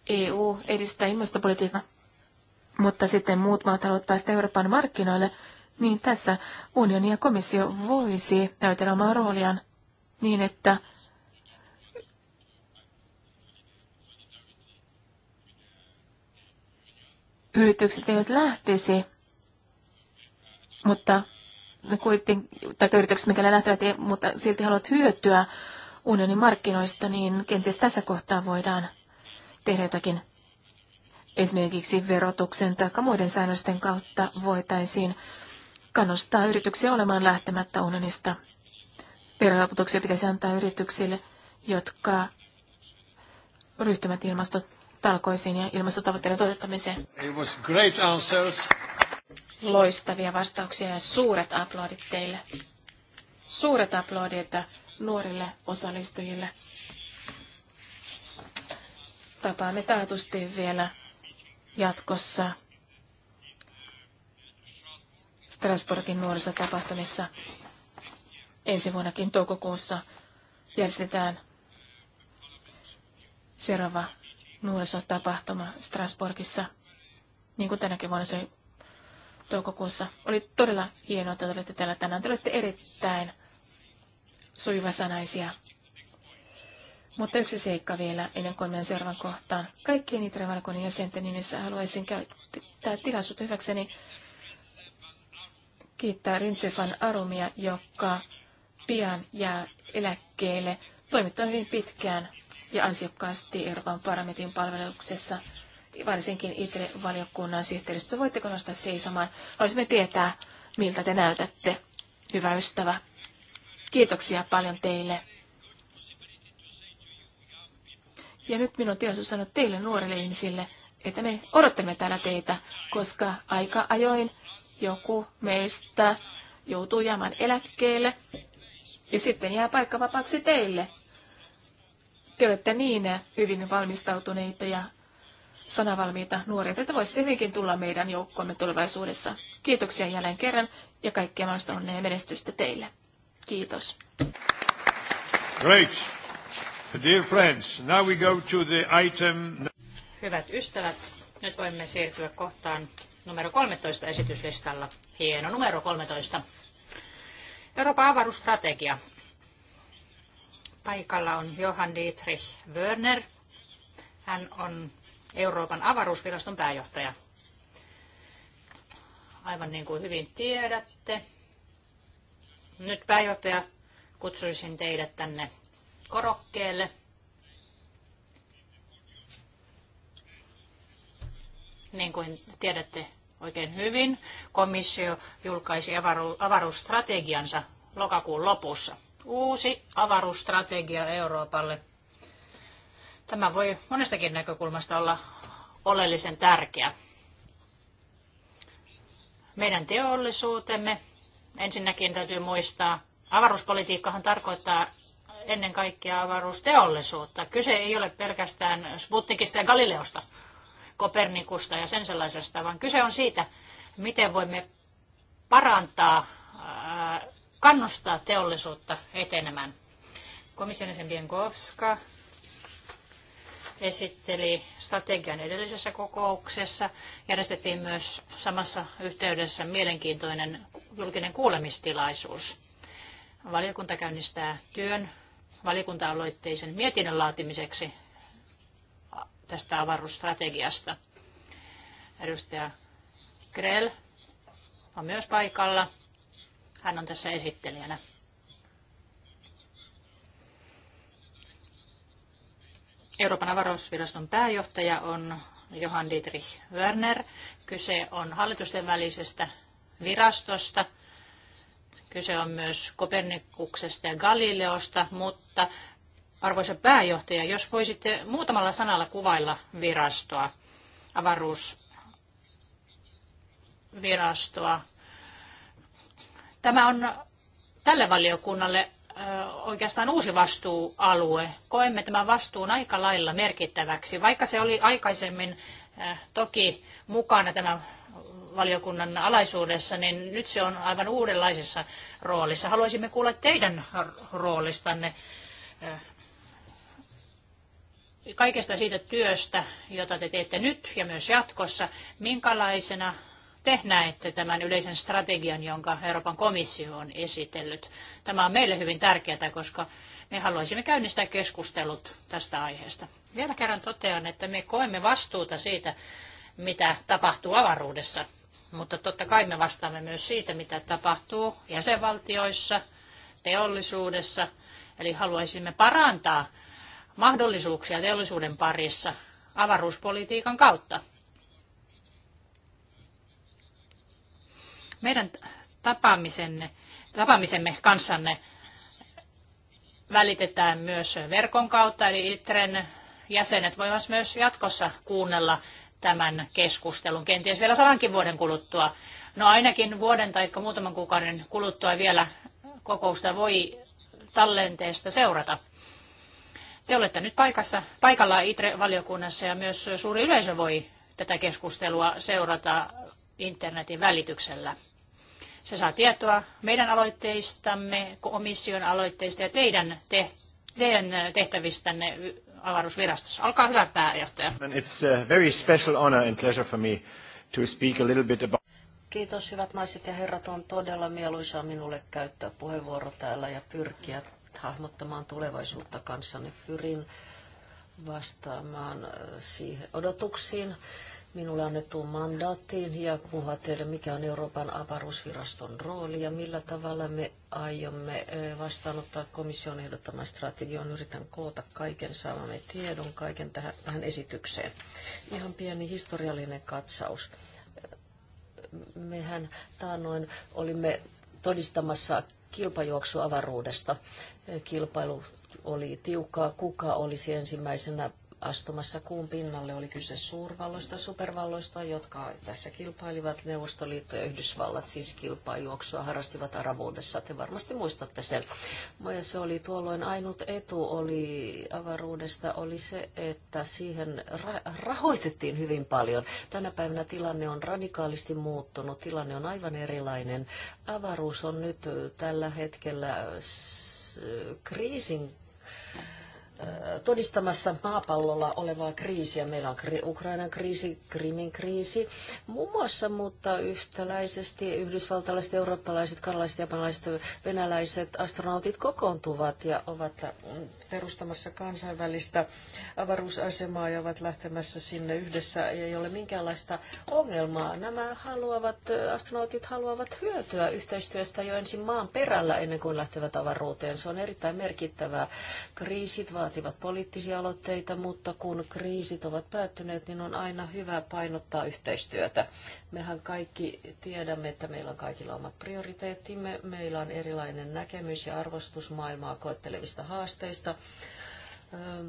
EU edistää ilmastopolitiikkaa, mutta sitten muut maat haluavat päästä Euroopan markkinoille, niin tässä unioni ja komissio voisi näytellä omaa rooliaan niin, että yritykset eivät lähtisi, mutta ne kuitenkin, tai yritykset, mikä ne lähtevät, mutta silti haluat hyötyä unionin markkinoista, niin kenties tässä kohtaa voidaan tehdä jotakin. Esimerkiksi verotuksen tai muiden säännösten kautta voitaisiin kannustaa yrityksiä olemaan lähtemättä unionista. Verohelpotuksia pitäisi antaa yrityksille, jotka ryhtymät ilmastot talkoisiin ja ilmastotavoitteiden toteuttamiseen. It was great answers. Loistavia vastauksia ja suuret aplodit teille. Suuret aplodit nuorille osallistujille. Tapaamme taatusti vielä jatkossa Strasbourgin nuorisotapahtumissa ensi vuonnakin toukokuussa järjestetään seuraava nuorisotapahtuma Strasbourgissa, niin kuin tänäkin vuonna se toukokuussa. Oli todella hienoa, että olette täällä tänään. Te olette erittäin sujuvasanaisia. Mutta yksi seikka vielä ennen kuin menen seuraavan kohtaan. Kaikkien Itre valkoinen jäsenten nimissä haluaisin käyttää tilaisuutta hyväkseni kiittää Rinsefan Arumia, joka pian jää eläkkeelle. Toimittu on hyvin pitkään ja ansiokkaasti Euroopan parlamentin palveluksessa, varsinkin itse valiokunnan sihteeristössä. Voitteko nostaa seisomaan? Haluaisimme tietää, miltä te näytätte, hyvä ystävä. Kiitoksia paljon teille. Ja nyt minun tilaisuus sanoa teille nuorille ihmisille, että me odottamme täällä teitä, koska aika ajoin joku meistä joutuu jäämään eläkkeelle ja sitten jää paikka vapaaksi teille te olette niin hyvin valmistautuneita ja sanavalmiita nuoria, että voisitte hyvinkin tulla meidän joukkomme tulevaisuudessa. Kiitoksia jälleen kerran ja kaikkea mahdollista onnea ja menestystä teille. Kiitos. Great. Dear friends, now we go to the item... Hyvät ystävät, nyt voimme siirtyä kohtaan numero 13 esityslistalla. Hieno numero 13. Euroopan avaruusstrategia. Paikalla on Johan Dietrich Wörner. Hän on Euroopan avaruusviraston pääjohtaja. Aivan niin kuin hyvin tiedätte. Nyt pääjohtaja, kutsuisin teidät tänne korokkeelle. Niin kuin tiedätte oikein hyvin, komissio julkaisi avaruusstrategiansa lokakuun lopussa uusi avaruusstrategia Euroopalle. Tämä voi monestakin näkökulmasta olla oleellisen tärkeä. Meidän teollisuutemme ensinnäkin täytyy muistaa, avaruuspolitiikkahan tarkoittaa ennen kaikkea avaruusteollisuutta. Kyse ei ole pelkästään Sputnikista ja Galileosta, Kopernikusta ja sen sellaisesta, vaan kyse on siitä, miten voimme parantaa kannustaa teollisuutta etenemään. Komission jäsen Bienkovska esitteli strategian edellisessä kokouksessa. Järjestettiin myös samassa yhteydessä mielenkiintoinen julkinen kuulemistilaisuus. Valiokunta käynnistää työn valiokunta-aloitteisen mietinnön laatimiseksi tästä avaruusstrategiasta. Edustaja Grell on myös paikalla. Hän on tässä esittelijänä. Euroopan avaruusviraston pääjohtaja on Johan Dietrich Werner. Kyse on hallitusten välisestä virastosta. Kyse on myös Kopernikuksesta ja Galileosta, mutta arvoisa pääjohtaja, jos voisitte muutamalla sanalla kuvailla virastoa, avaruusvirastoa, Tämä on tälle valiokunnalle oikeastaan uusi vastuualue. Koemme tämän vastuun aika lailla merkittäväksi, vaikka se oli aikaisemmin toki mukana tämä valiokunnan alaisuudessa, niin nyt se on aivan uudenlaisessa roolissa. Haluaisimme kuulla teidän roolistanne kaikesta siitä työstä, jota te teette nyt ja myös jatkossa. Minkälaisena te näette tämän yleisen strategian, jonka Euroopan komissio on esitellyt? Tämä on meille hyvin tärkeää, koska me haluaisimme käynnistää keskustelut tästä aiheesta. Vielä kerran totean, että me koemme vastuuta siitä, mitä tapahtuu avaruudessa. Mutta totta kai me vastaamme myös siitä, mitä tapahtuu jäsenvaltioissa, teollisuudessa. Eli haluaisimme parantaa mahdollisuuksia teollisuuden parissa avaruuspolitiikan kautta. Meidän tapaamisenne, tapaamisemme kanssanne välitetään myös verkon kautta, eli ITREN jäsenet voivat myös jatkossa kuunnella tämän keskustelun, kenties vielä sadankin vuoden kuluttua. No ainakin vuoden tai muutaman kuukauden kuluttua vielä kokousta voi tallenteesta seurata. Te olette nyt paikassa, paikalla ITRE-valiokunnassa ja myös suuri yleisö voi tätä keskustelua seurata internetin välityksellä. Se saa tietoa meidän aloitteistamme, komission aloitteista ja teidän, te, teidän äh, tehtävistänne avaruusvirastossa. Olkaa hyvä pääjohtaja. Kiitos hyvät naiset ja herrat. On todella mieluisaa minulle käyttää puheenvuoro täällä ja pyrkiä hahmottamaan tulevaisuutta kanssanne. Pyrin vastaamaan äh, siihen odotuksiin minulle annettuun mandaattiin ja puhua teille, mikä on Euroopan avaruusviraston rooli ja millä tavalla me aiomme eh, vastaanottaa komission ehdottamaan strategian. Yritän koota kaiken saamamme tiedon, kaiken tähän, tähän esitykseen. Ihan pieni historiallinen katsaus. Mehän taannoin olimme todistamassa kilpajuoksu avaruudesta. Kilpailu oli tiukkaa, kuka olisi ensimmäisenä astumassa kuun pinnalle. Oli kyse suurvalloista, supervalloista, jotka tässä kilpailivat. Neuvostoliitto ja Yhdysvallat siis kilpaijuoksua harrastivat arabuudessa. Te varmasti muistatte sen. Ja se oli tuolloin ainut etu oli avaruudesta oli se, että siihen ra- rahoitettiin hyvin paljon. Tänä päivänä tilanne on radikaalisti muuttunut. Tilanne on aivan erilainen. Avaruus on nyt tällä hetkellä kriisin todistamassa maapallolla olevaa kriisiä. Meillä on Ukrainan kriisi, Krimin kriisi muun muassa, mutta yhtäläisesti yhdysvaltalaiset, eurooppalaiset, kanalaiset, japanilaiset, venäläiset astronautit kokoontuvat ja ovat mm, perustamassa kansainvälistä avaruusasemaa ja ovat lähtemässä sinne yhdessä. Ei ole minkäänlaista ongelmaa. Nämä haluavat, astronautit haluavat hyötyä yhteistyöstä jo ensin maan perällä ennen kuin lähtevät avaruuteen. Se on erittäin merkittävää. Kriisit, vaativat poliittisia aloitteita, mutta kun kriisit ovat päättyneet, niin on aina hyvä painottaa yhteistyötä. Mehän kaikki tiedämme, että meillä on kaikilla omat prioriteettimme, meillä on erilainen näkemys ja arvostus maailmaa koettelevista haasteista öö,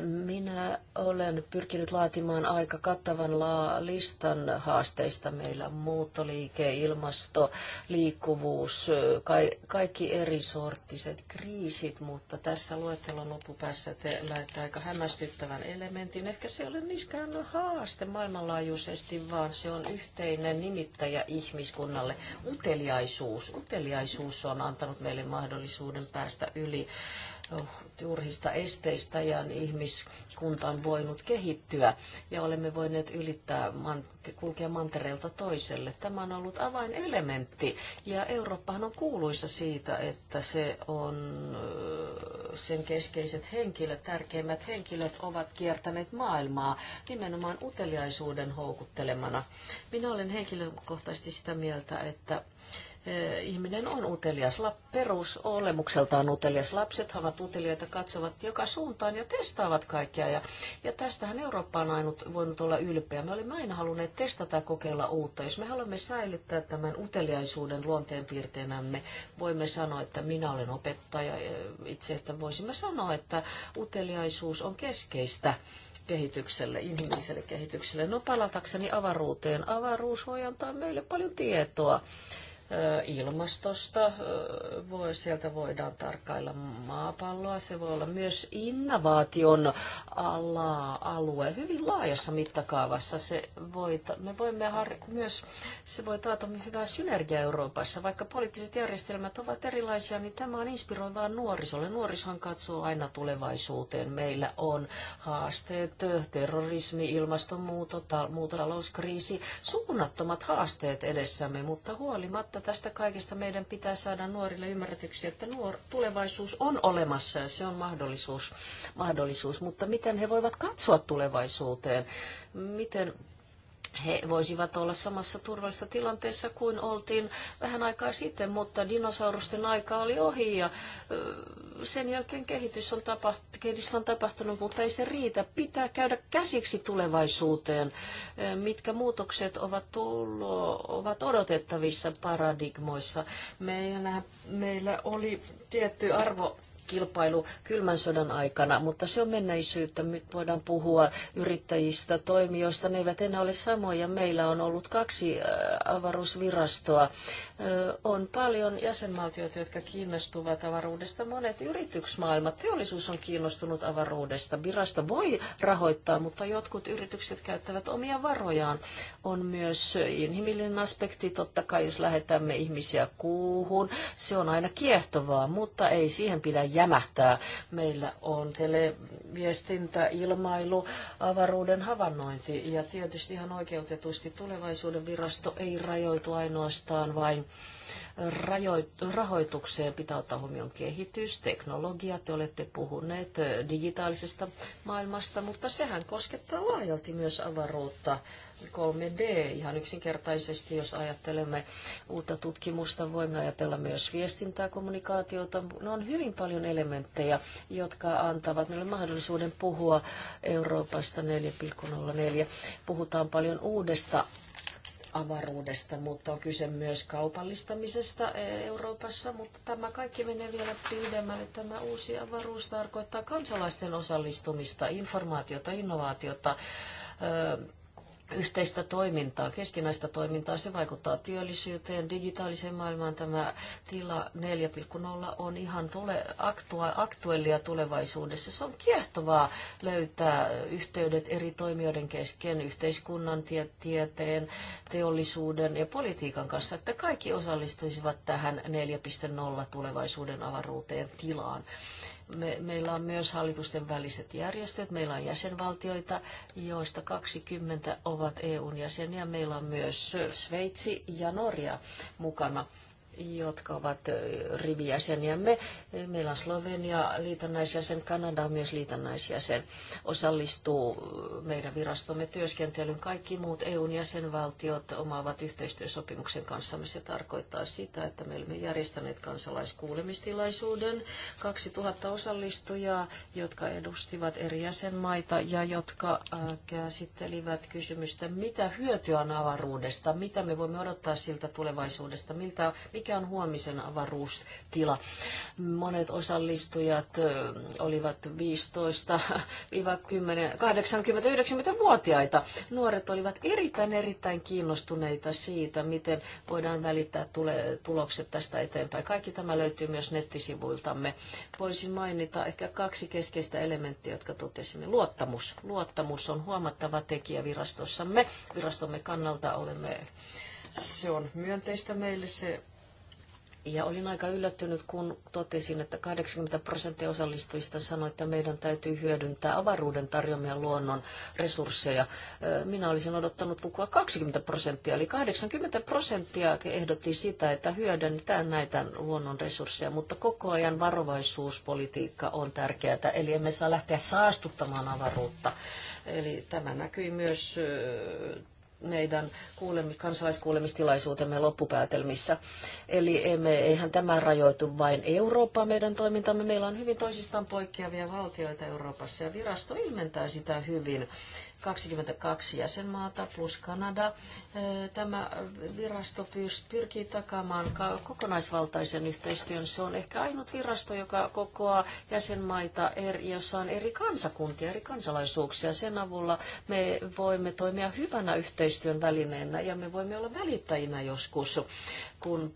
minä olen pyrkinyt laatimaan aika kattavan laa listan haasteista. Meillä on muuttoliike, ilmasto, liikkuvuus, ka- kaikki eri sorttiset kriisit, mutta tässä luettelon loppupäässä te näette aika hämmästyttävän elementin. Ehkä se ei ole niiskään haaste maailmanlaajuisesti, vaan se on yhteinen nimittäjä ihmiskunnalle. Uteliaisuus. Uteliaisuus on antanut meille mahdollisuuden päästä yli turhista esteistä ja ihmiskunta on voinut kehittyä ja olemme voineet ylittää man, kulkea mantereelta toiselle. Tämä on ollut avainelementti ja Eurooppahan on kuuluisa siitä, että se on sen keskeiset henkilöt, tärkeimmät henkilöt ovat kiertäneet maailmaa nimenomaan uteliaisuuden houkuttelemana. Minä olen henkilökohtaisesti sitä mieltä, että Eh, ihminen on utelias. Perusolemukseltaan utelias. Lapset ovat uteliaita, katsovat joka suuntaan ja testaavat kaikkea. Ja, ja tästähän Eurooppa on ainut voinut olla ylpeä. Me olemme aina halunneet testata ja kokeilla uutta. Jos me haluamme säilyttää tämän uteliaisuuden luonteenpiirteenämme, voimme sanoa, että minä olen opettaja itse, että voisimme sanoa, että uteliaisuus on keskeistä kehitykselle, inhimilliselle kehitykselle. No palatakseni avaruuteen. Avaruus voi antaa meille paljon tietoa ilmastosta. Voi, sieltä voidaan tarkkailla maapalloa. Se voi olla myös innovaation ala, alue hyvin laajassa mittakaavassa. Se voi, me voimme har- myös, se voi taata hyvää synergiaa Euroopassa. Vaikka poliittiset järjestelmät ovat erilaisia, niin tämä on inspiroivaa nuorisolle. Nuorisohan katsoo aina tulevaisuuteen. Meillä on haasteet, terrorismi, ilmastonmuutos, talouskriisi, suunnattomat haasteet edessämme, mutta huolimatta mutta tästä kaikesta meidän pitää saada nuorille ymmärretyksi, että nuor- tulevaisuus on olemassa ja se on mahdollisuus, mahdollisuus. Mutta miten he voivat katsoa tulevaisuuteen? Miten he voisivat olla samassa turvallisessa tilanteessa kuin oltiin vähän aikaa sitten, mutta dinosaurusten aika oli ohi ja sen jälkeen kehitys on, tapaht- kehitys on tapahtunut, mutta ei se riitä. Pitää käydä käsiksi tulevaisuuteen, mitkä muutokset ovat, tullut, ovat odotettavissa paradigmoissa. Meillä, meillä oli tietty arvo kilpailu kylmän sodan aikana, mutta se on menneisyyttä. Nyt voidaan puhua yrittäjistä, toimijoista. Ne eivät enää ole samoja. Meillä on ollut kaksi äh, avaruusvirastoa. Äh, on paljon jäsenvaltioita, jotka kiinnostuvat avaruudesta. Monet yrityksmaailma, teollisuus on kiinnostunut avaruudesta. Virasto voi rahoittaa, mutta jotkut yritykset käyttävät omia varojaan. On myös inhimillinen aspekti, totta kai jos lähetämme ihmisiä kuuhun, se on aina kiehtovaa, mutta ei siihen pidä jämähtää. Meillä on televiestintä, ilmailu, avaruuden havainnointi ja tietysti ihan oikeutetusti tulevaisuuden virasto ei rajoitu ainoastaan vain rahoitukseen pitää ottaa huomioon kehitys, teknologia, te olette puhuneet eh, digitaalisesta maailmasta, mutta sehän koskettaa laajalti myös avaruutta, 3D. Ihan yksinkertaisesti, jos ajattelemme uutta tutkimusta, voimme ajatella myös viestintää, kommunikaatiota. Ne no, on hyvin paljon elementtejä, jotka antavat meille mahdollisuuden puhua Euroopasta 4.04. Puhutaan paljon uudesta avaruudesta, mutta on kyse myös kaupallistamisesta e, Euroopassa, mutta tämä kaikki menee vielä pidemmälle. Tämä uusi avaruus tarkoittaa kansalaisten osallistumista, informaatiota, innovaatiota, yhteistä toimintaa, keskinäistä toimintaa. Se vaikuttaa työllisyyteen, digitaaliseen maailmaan. Tämä tila 4.0 on ihan tule, aktua, aktuellia tulevaisuudessa. Se on kiehtovaa löytää yhteydet eri toimijoiden kesken, yhteiskunnan, tie, tieteen, teollisuuden ja politiikan kanssa, että kaikki osallistuisivat tähän 4.0 tulevaisuuden avaruuteen tilaan me, meillä on myös hallitusten väliset järjestöt, meillä on jäsenvaltioita, joista 20 ovat EUn jäseniä. Meillä on myös Sveitsi ja Norja mukana jotka ovat rivijäseniämme. Meillä on Slovenia liitännäisjäsen, Kanada on myös liitännäisjäsen. Osallistuu meidän virastomme työskentelyyn. Kaikki muut EUn jäsenvaltiot omaavat yhteistyösopimuksen kanssamme. Se tarkoittaa sitä, että me olemme järjestäneet kansalaiskuulemistilaisuuden. 2000 osallistujaa, jotka edustivat eri jäsenmaita ja jotka käsittelivät kysymystä, mitä hyötyä on avaruudesta, mitä me voimme odottaa siltä tulevaisuudesta, miltä, mikä on huomisen avaruustila. Monet osallistujat olivat 15-80-90-vuotiaita. Nuoret olivat erittäin, erittäin kiinnostuneita siitä, miten voidaan välittää tule- tulokset tästä eteenpäin. Kaikki tämä löytyy myös nettisivuiltamme. Voisin mainita ehkä kaksi keskeistä elementtiä, jotka totesimme. Luottamus. Luottamus on huomattava tekijä virastossamme. Virastomme kannalta olemme se on myönteistä meille, se ja olin aika yllättynyt, kun totesin, että 80 prosenttia osallistujista sanoi, että meidän täytyy hyödyntää avaruuden tarjoamia luonnon resursseja. Minä olisin odottanut lukua 20 prosenttia, eli 80 prosenttia ehdotti sitä, että hyödynnetään näitä luonnon resursseja, mutta koko ajan varovaisuuspolitiikka on tärkeää, eli emme saa lähteä saastuttamaan avaruutta. Eli tämä näkyy myös meidän kuulemi, kansalaiskuulemistilaisuutemme loppupäätelmissä. Eli emme, eihän tämä rajoitu vain Eurooppaan meidän toimintamme. Meillä on hyvin toisistaan poikkeavia valtioita Euroopassa ja virasto ilmentää sitä hyvin 22 jäsenmaata plus Kanada. Tämä virasto pyrkii takaamaan kokonaisvaltaisen yhteistyön. Se on ehkä ainut virasto, joka kokoaa jäsenmaita, eri, jossa on eri kansakuntia, eri kansalaisuuksia. Sen avulla me voimme toimia hyvänä yhteistyön välineenä ja me voimme olla välittäjinä joskus kun,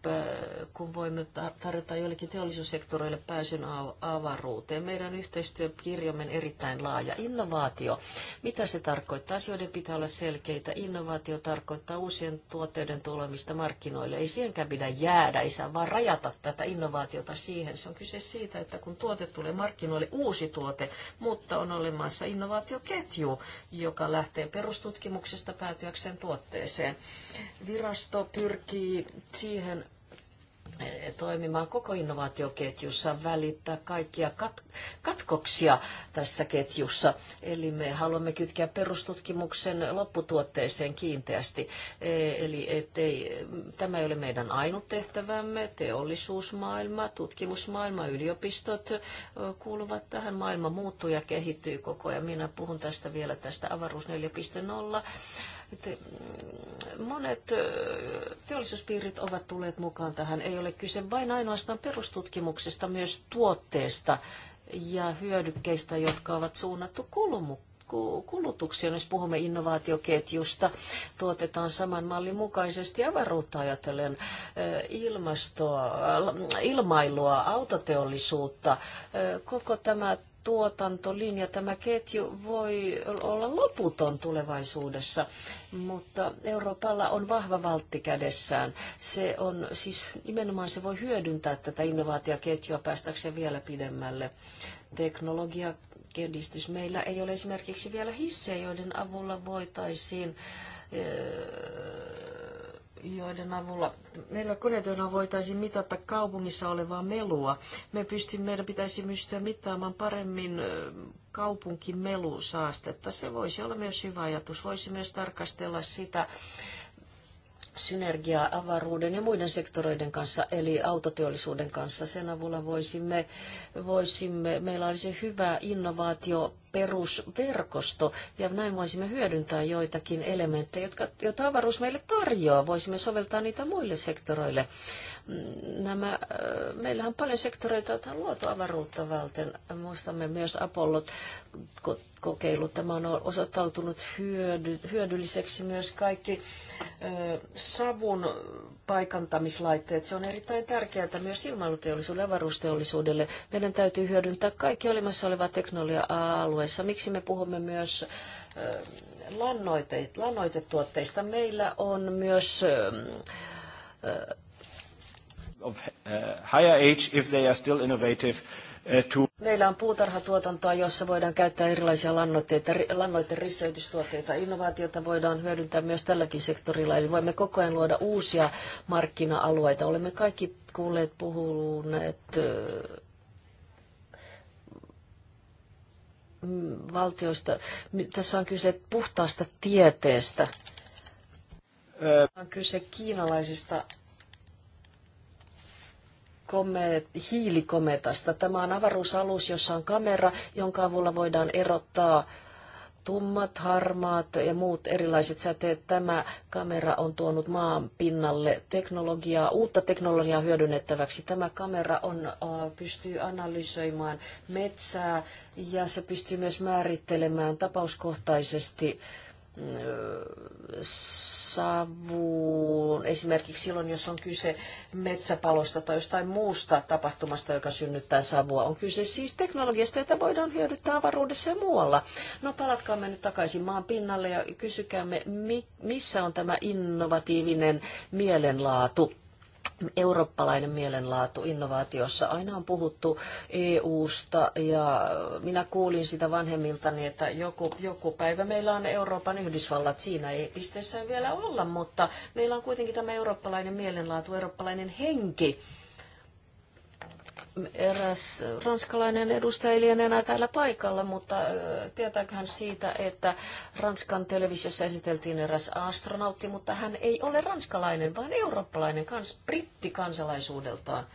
kun voimme tarjota joillekin teollisuussektoreille pääsyn avaruuteen. Meidän yhteistyökirjomme on erittäin laaja. Innovaatio. Mitä se tarkoittaa? Asioiden pitää olla selkeitä. Innovaatio tarkoittaa uusien tuotteiden tulemista markkinoille. Ei siihenkään pidä jäädä, ei saa vaan rajata tätä innovaatiota siihen. Se on kyse siitä, että kun tuote tulee markkinoille, uusi tuote, mutta on olemassa innovaatioketju, joka lähtee perustutkimuksesta päätyäkseen tuotteeseen. Virasto pyrkii siihen, siihen eh, toimimaan koko innovaatioketjussa, välittää kaikkia kat- katkoksia tässä ketjussa. Eli me haluamme kytkeä perustutkimuksen lopputuotteeseen kiinteästi. Eh, eli ettei, tämä ei ole meidän ainut tehtävämme. Teollisuusmaailma, tutkimusmaailma, yliopistot eh, kuuluvat tähän. Maailma muuttuu ja kehittyy koko ajan. Minä puhun tästä vielä tästä avaruus 4.0 monet teollisuuspiirit ovat tulleet mukaan tähän. Ei ole kyse vain ainoastaan perustutkimuksesta, myös tuotteesta ja hyödykkeistä, jotka ovat suunnattu kulumukaan kulutuksia, jos puhumme innovaatioketjusta, tuotetaan saman mallin mukaisesti avaruutta ajatellen ilmastoa, ilmailua, autoteollisuutta. Koko tämä tuotantolinja, tämä ketju voi olla loputon tulevaisuudessa, mutta Euroopalla on vahva valtti kädessään. Se on, siis nimenomaan se voi hyödyntää tätä innovaatioketjua päästäkseen vielä pidemmälle. Teknologia Kedistys. Meillä ei ole esimerkiksi vielä hissejä, joiden avulla voitaisiin eh, joiden avulla, meillä koneet, voitaisiin mitata kaupungissa olevaa melua. Me pystymme, meidän pitäisi pystyä mittaamaan paremmin kaupunkimelusaastetta. Se voisi olla myös hyvä ajatus. Voisi myös tarkastella sitä, synergiaa avaruuden ja muiden sektoreiden kanssa, eli autoteollisuuden kanssa. Sen avulla voisimme, voisimme meillä olisi hyvä innovaatio perusverkosto, ja näin voisimme hyödyntää joitakin elementtejä, jotka, joita avaruus meille tarjoaa. Voisimme soveltaa niitä muille sektoreille nämä, äh, meillä on paljon sektoreita, joita on luotu avaruutta valten. Muistamme myös apollot kokeilut Tämä on osoittautunut hyödy, hyödylliseksi myös kaikki ö, savun paikantamislaitteet. Se on erittäin tärkeää myös ilmailuteollisuudelle ja avaruusteollisuudelle. Meidän täytyy hyödyntää kaikki olemassa oleva teknologia alueessa. Miksi me puhumme myös ö, lannoite, lannoitetuotteista? Meillä on myös... Ö, of uh, higher age if they are still innovative uh, to Meillä on puutarhatuotantoa, jossa voidaan käyttää erilaisia lannoitteita, lannoitteiden risteytystuotteita. Innovaatiota voidaan hyödyntää myös tälläkin sektorilla, eli voimme koko ajan luoda uusia markkina-alueita. Olemme kaikki kuulleet puhuneet mm, valtioista. Tässä on kyse puhtaasta tieteestä. On kyse kiinalaisista kome, hiilikometasta. Tämä on avaruusalus, jossa on kamera, jonka avulla voidaan erottaa tummat, harmaat ja muut erilaiset säteet. Tämä kamera on tuonut maan pinnalle teknologiaa, uutta teknologiaa hyödynnettäväksi. Tämä kamera on, pystyy analysoimaan metsää ja se pystyy myös määrittelemään tapauskohtaisesti äh, savuun, esimerkiksi silloin, jos on kyse metsäpalosta tai jostain muusta tapahtumasta, joka synnyttää savua. On kyse siis teknologiasta, jota voidaan hyödyntää avaruudessa ja muualla. No palatkaamme nyt takaisin maan pinnalle ja kysykäämme, missä on tämä innovatiivinen mielenlaatu eurooppalainen mielenlaatu innovaatiossa. Aina on puhuttu EU-sta ja minä kuulin sitä vanhemmiltani, että joku, joku päivä meillä on Euroopan Yhdysvallat. Siinä ei pisteessä vielä olla, mutta meillä on kuitenkin tämä eurooppalainen mielenlaatu, eurooppalainen henki eräs ranskalainen edustaja ei liene enää täällä paikalla, mutta tietääkö hän siitä, että Ranskan televisiossa esiteltiin eräs astronautti, mutta hän ei ole ranskalainen, vaan eurooppalainen, kans brittikansalaisuudeltaan. kansalaisuudeltaan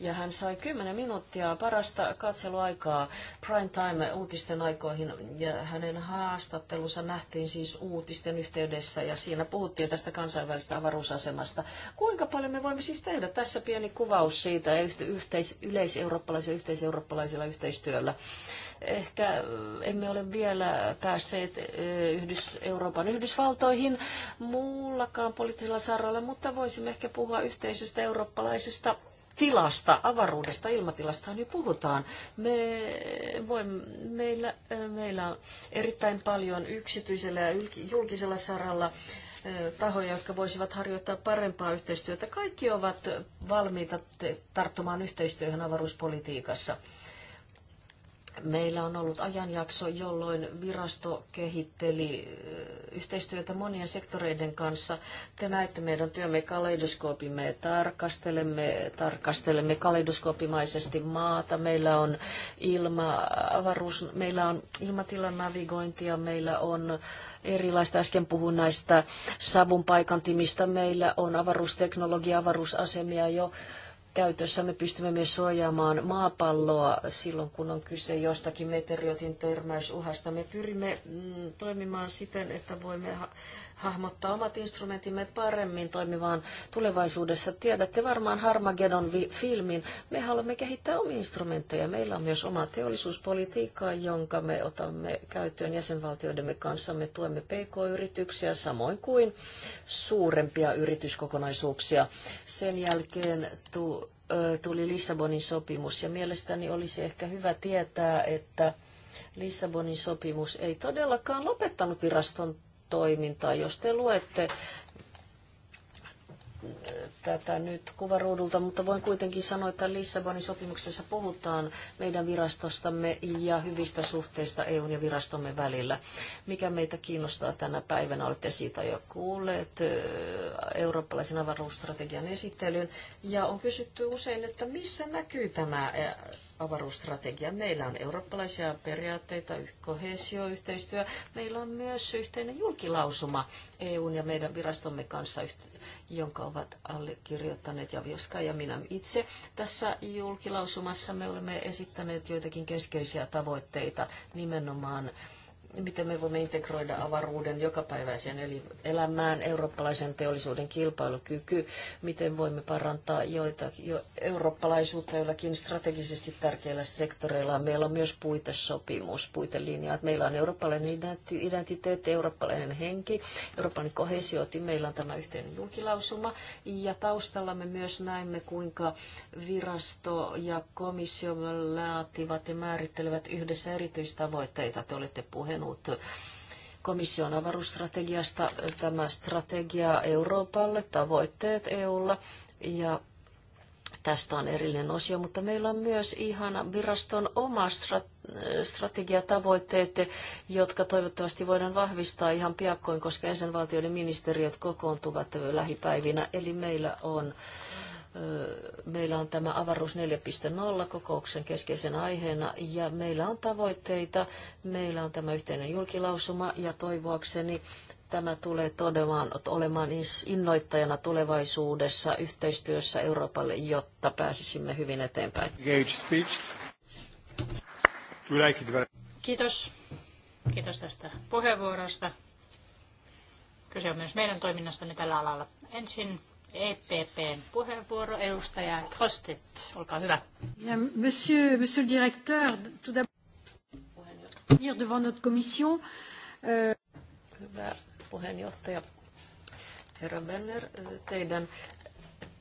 ja hän sai 10 minuuttia parasta katseluaikaa prime time uutisten aikoihin ja hänen haastattelunsa nähtiin siis uutisten yhteydessä ja siinä puhuttiin tästä kansainvälistä avaruusasemasta. Kuinka paljon me voimme siis tehdä tässä pieni kuvaus siitä yhteis- yleiseurooppalaisella yhteiseurooppalaisella yhteistyöllä? ehkä äh, emme ole vielä päässeet äh, Yhdys, Euroopan Yhdysvaltoihin muullakaan poliittisella saralla, mutta voisimme ehkä puhua yhteisestä eurooppalaisesta tilasta, avaruudesta, ilmatilasta niin puhutaan. Me voimme, meillä, meillä on erittäin paljon yksityisellä ja julkisella saralla tahoja, jotka voisivat harjoittaa parempaa yhteistyötä. Kaikki ovat valmiita tarttumaan yhteistyöhön avaruuspolitiikassa. Meillä on ollut ajanjakso, jolloin virasto kehitteli yhteistyötä monien sektoreiden kanssa. Te näette meidän työmme kaleidoskoopimme, tarkastelemme, tarkastelemme kaleidoskoopimaisesti maata. Meillä on, ilma, avaruus, meillä on ilmatilan navigointia, meillä on erilaista, äsken puhun näistä savun paikantimista, meillä on avaruusteknologia, avaruusasemia jo käytössä me pystymme myös suojaamaan maapalloa silloin, kun on kyse jostakin meteoriotin törmäysuhasta. Me pyrimme mm, toimimaan siten, että voimme hahmottaa omat instrumentimme paremmin toimivaan tulevaisuudessa. Tiedätte varmaan Harmagedon filmin. Me haluamme kehittää omia instrumentteja. Meillä on myös oma teollisuuspolitiikka, jonka me otamme käyttöön jäsenvaltioidemme kanssa. Me tuemme PK-yrityksiä samoin kuin suurempia yrityskokonaisuuksia. Sen jälkeen tu, tuli Lissabonin sopimus ja mielestäni olisi ehkä hyvä tietää, että Lissabonin sopimus ei todellakaan lopettanut viraston toimintaa. Jos te luette tätä nyt kuvaruudulta, mutta voin kuitenkin sanoa, että Lissabonin sopimuksessa puhutaan meidän virastostamme ja hyvistä suhteista EUn ja virastomme välillä. Mikä meitä kiinnostaa tänä päivänä, olette siitä jo kuulleet eurooppalaisen avaruusstrategian esittelyn. Ja on kysytty usein, että missä näkyy tämä avaruusstrategia. Meillä on eurooppalaisia periaatteita, kohesioyhteistyö. Meillä on myös yhteinen julkilausuma EUn ja meidän virastomme kanssa, jonka ovat allekirjoittaneet Javioska ja minä itse. Tässä julkilausumassa me olemme esittäneet joitakin keskeisiä tavoitteita nimenomaan miten me voimme integroida avaruuden jokapäiväiseen eli elämään, eurooppalaisen teollisuuden kilpailukyky, miten voimme parantaa joita, jo, eurooppalaisuutta joillakin strategisesti tärkeillä sektoreilla. Meillä on myös puitesopimus, puitelinja, että meillä on eurooppalainen identiteetti, eurooppalainen henki, eurooppalainen kohesioti, meillä on tämä yhteinen julkilausuma ja taustalla me myös näemme, kuinka virasto ja komissio laativat ja määrittelevät yhdessä erityistavoitteita. Te olette puheen puhunut komission avaruusstrategiasta, tämä strategia Euroopalle, tavoitteet EUlla ja tästä on erillinen osio, mutta meillä on myös ihan viraston oma strategiatavoitteet, jotka toivottavasti voidaan vahvistaa ihan piakkoin, koska jäsenvaltioiden ministeriöt kokoontuvat lähipäivinä. Eli meillä on meillä on tämä avaruus 4.0 kokouksen keskeisen aiheena ja meillä on tavoitteita, meillä on tämä yhteinen julkilausuma ja toivoakseni tämä tulee todemaan, olemaan innoittajana tulevaisuudessa yhteistyössä Euroopalle, jotta pääsisimme hyvin eteenpäin. Kiitos. Kiitos tästä puheenvuorosta. Kyse on myös meidän toiminnastamme tällä alalla. Ensin EPPn puheenvuoro, edustaja Krostet, olkaa hyvä. Monsieur, monsieur le directeur, tout d'abord, devant notre commission. Euh- hyvä puheenjohtaja. Herra Benner, teidän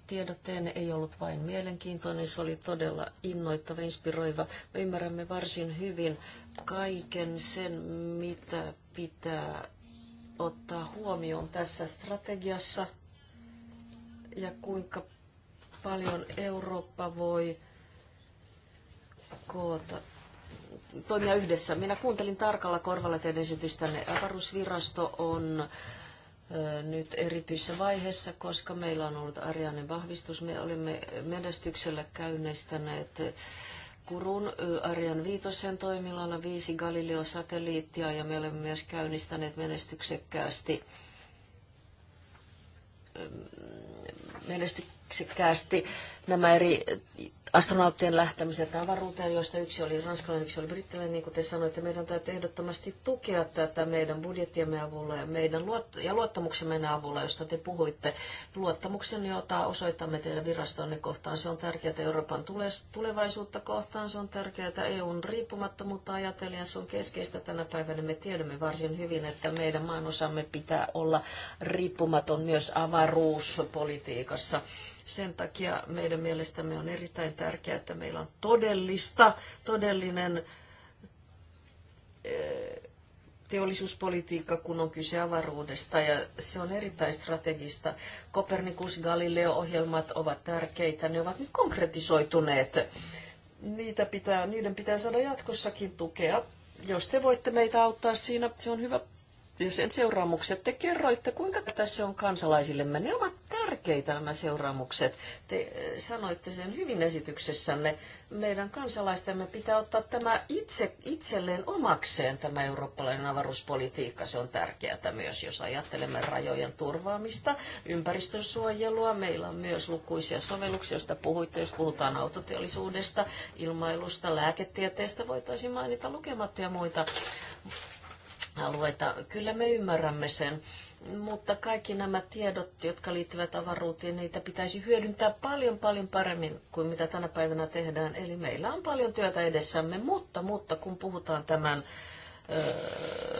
tiedotteenne ei ollut vain mielenkiintoinen, se oli todella innoittava, inspiroiva. Me ymmärrämme varsin hyvin kaiken sen, mitä pitää ottaa huomioon tässä strategiassa – ja kuinka paljon Eurooppa voi koota, toimia yhdessä. Minä kuuntelin tarkalla korvalla teidän esitystänne. Avaruusvirasto on nyt erityisessä vaiheessa, koska meillä on ollut Arianen vahvistus. Me olimme menestyksellä käynnistäneet Kurun Arian viitosen toimilalla viisi Galileo-satelliittia ja me olemme myös käynnistäneet menestyksekkäästi menestyksekkäästi nämä eri astronauttien lähtemiset avaruuteen, joista yksi oli ranskalainen, yksi oli brittiläinen, niin kuin te sanoitte, meidän täytyy ehdottomasti tukea tätä meidän budjettiemme avulla ja, meidän luot- ja luottamuksemme avulla, josta te puhuitte. Luottamuksen, jota osoitamme teidän virastonne kohtaan, se on tärkeää Euroopan tulevaisuutta kohtaan, se on tärkeää EUn riippumattomuutta ajatellen, se on keskeistä tänä päivänä. Me tiedämme varsin hyvin, että meidän maanosamme pitää olla riippumaton myös avaruuspolitiikassa sen takia meidän mielestämme on erittäin tärkeää, että meillä on todellista, todellinen eh, teollisuuspolitiikka, kun on kyse avaruudesta, ja se on erittäin strategista. Kopernikus, Galileo-ohjelmat ovat tärkeitä, ne ovat nyt konkretisoituneet. Niitä pitää, niiden pitää saada jatkossakin tukea. Jos te voitte meitä auttaa siinä, se on hyvä ja sen seuraamukset. Te kerroitte, kuinka tässä on kansalaisillemme. Ne ovat tärkeitä nämä seuraamukset. Te eh, sanoitte sen hyvin esityksessänne. Meidän kansalaistemme pitää ottaa tämä itse, itselleen omakseen, tämä eurooppalainen avaruuspolitiikka. Se on tärkeää myös, jos ajattelemme rajojen turvaamista, ympäristön suojelua. Meillä on myös lukuisia sovelluksia, joista puhuitte, jos puhutaan autoteollisuudesta, ilmailusta, lääketieteestä. Voitaisiin mainita lukemattomia muita alueita. Kyllä me ymmärrämme sen, mutta kaikki nämä tiedot, jotka liittyvät avaruuteen, niitä pitäisi hyödyntää paljon paljon paremmin kuin mitä tänä päivänä tehdään. Eli meillä on paljon työtä edessämme, mutta, mutta kun puhutaan tämän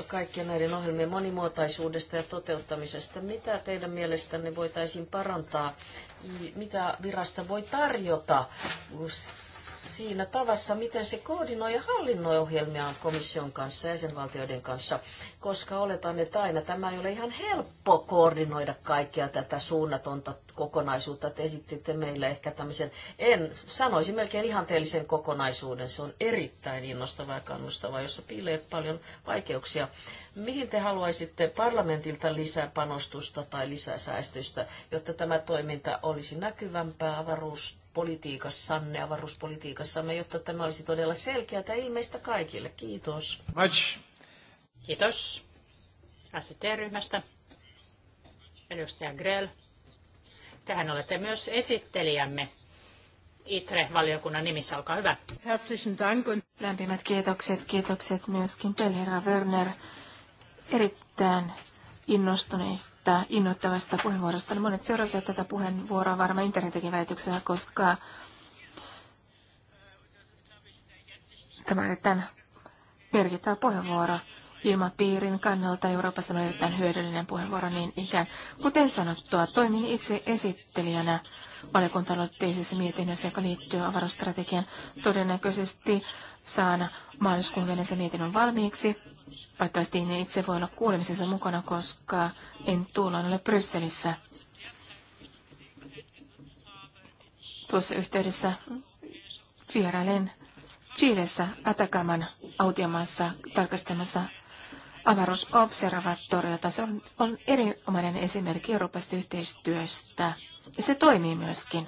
kaikkien näiden ohjelmien monimuotoisuudesta ja toteuttamisesta. Mitä teidän mielestänne voitaisiin parantaa? Mitä virasta voi tarjota siinä tavassa, miten se koordinoi ja hallinnoi ohjelmiaan komission kanssa ja jäsenvaltioiden kanssa, koska oletan, että aina tämä ei ole ihan helppo koordinoida kaikkia tätä suunnatonta kokonaisuutta. Te esititte meille ehkä tämmöisen, en sanoisi melkein ihanteellisen kokonaisuuden. Se on erittäin innostavaa ja kannustavaa, jossa piilee paljon vaikeuksia. Mihin te haluaisitte parlamentilta lisää panostusta tai lisää säästystä, jotta tämä toiminta olisi näkyvämpää, avaruus politiikassanne, avaruuspolitiikassamme, jotta tämä olisi todella selkeää ja ilmeistä kaikille. Kiitos. Much. Kiitos. ST-ryhmästä. Edustaja Grell. Tähän olette myös esittelijämme. ITRE-valiokunnan nimissä, olkaa hyvä. Herzlichen Dank und lämpimät kiitokset, kiitokset myöskin teille, herra Werner. Erittäin innostuneista, innoittavasta puheenvuorosta. Monet seurasivat tätä puheenvuoroa varmaan internetin välityksellä, koska tämä on erittäin merkittävä puheenvuoro ilmapiirin kannalta Euroopassa on erittäin hyödyllinen puheenvuoro niin ikään. Kuten sanottua, toimin itse esittelijänä valiokunta mietinnössä, joka liittyy avaruusstrategian. Todennäköisesti saan maaliskuun mennessä mietinnön valmiiksi. Valitettavasti en itse voi olla kuulemisessa mukana, koska en tuolloin ole Brysselissä. Tuossa yhteydessä vierailen Chiilessä Atakaman autiomaassa tarkastamassa avaruusobservatoriota. Se on, on erinomainen esimerkki Euroopasta yhteistyöstä. Ja se toimii myöskin.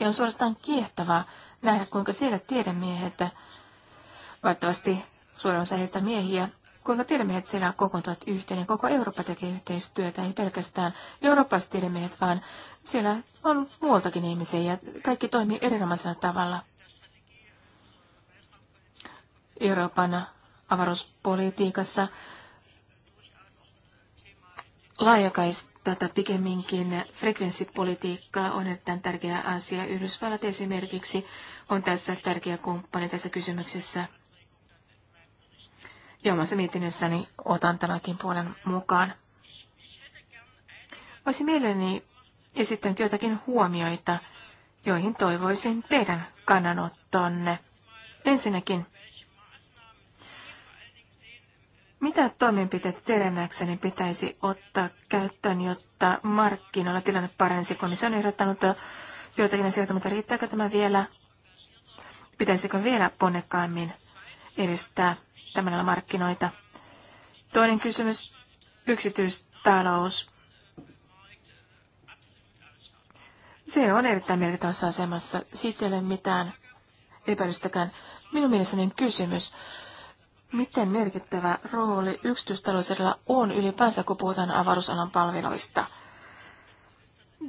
Ja on suorastaan kiehtovaa nähdä, kuinka siellä tiedemiehet, valitettavasti suurin osa heistä miehiä, Kuinka tiedemiehet siellä kokoontuvat yhteen koko Eurooppa tekee yhteistyötä, ei pelkästään Euroopassa tiedemiehet, vaan siellä on muualtakin ihmisiä ja kaikki toimii erinomaisella tavalla. Euroopan avaruuspolitiikassa laajakaista tätä pikemminkin frekvenssipolitiikkaa on erittäin tärkeä asia. Yhdysvallat esimerkiksi on tässä tärkeä kumppani tässä kysymyksessä. Ja omassa mietinnössäni otan tämänkin puolen mukaan. Olisin mielelläni esittänyt joitakin huomioita, joihin toivoisin teidän kannanottonne. Ensinnäkin, mitä toimenpiteitä teidän näkseni pitäisi ottaa käyttöön, jotta markkinoilla tilanne paransi? Komissio on ehdottanut joitakin asioita, mutta riittääkö tämä vielä? Pitäisikö vielä ponnekkaammin edistää tämän markkinoita. Toinen kysymys, yksityistalous. Se on erittäin merkittävässä asemassa. Siitä ei ole mitään epäilystäkään. Minun mielestäni kysymys, miten merkittävä rooli yksityistaloudella on ylipäänsä, kun puhutaan avaruusalan palveluista.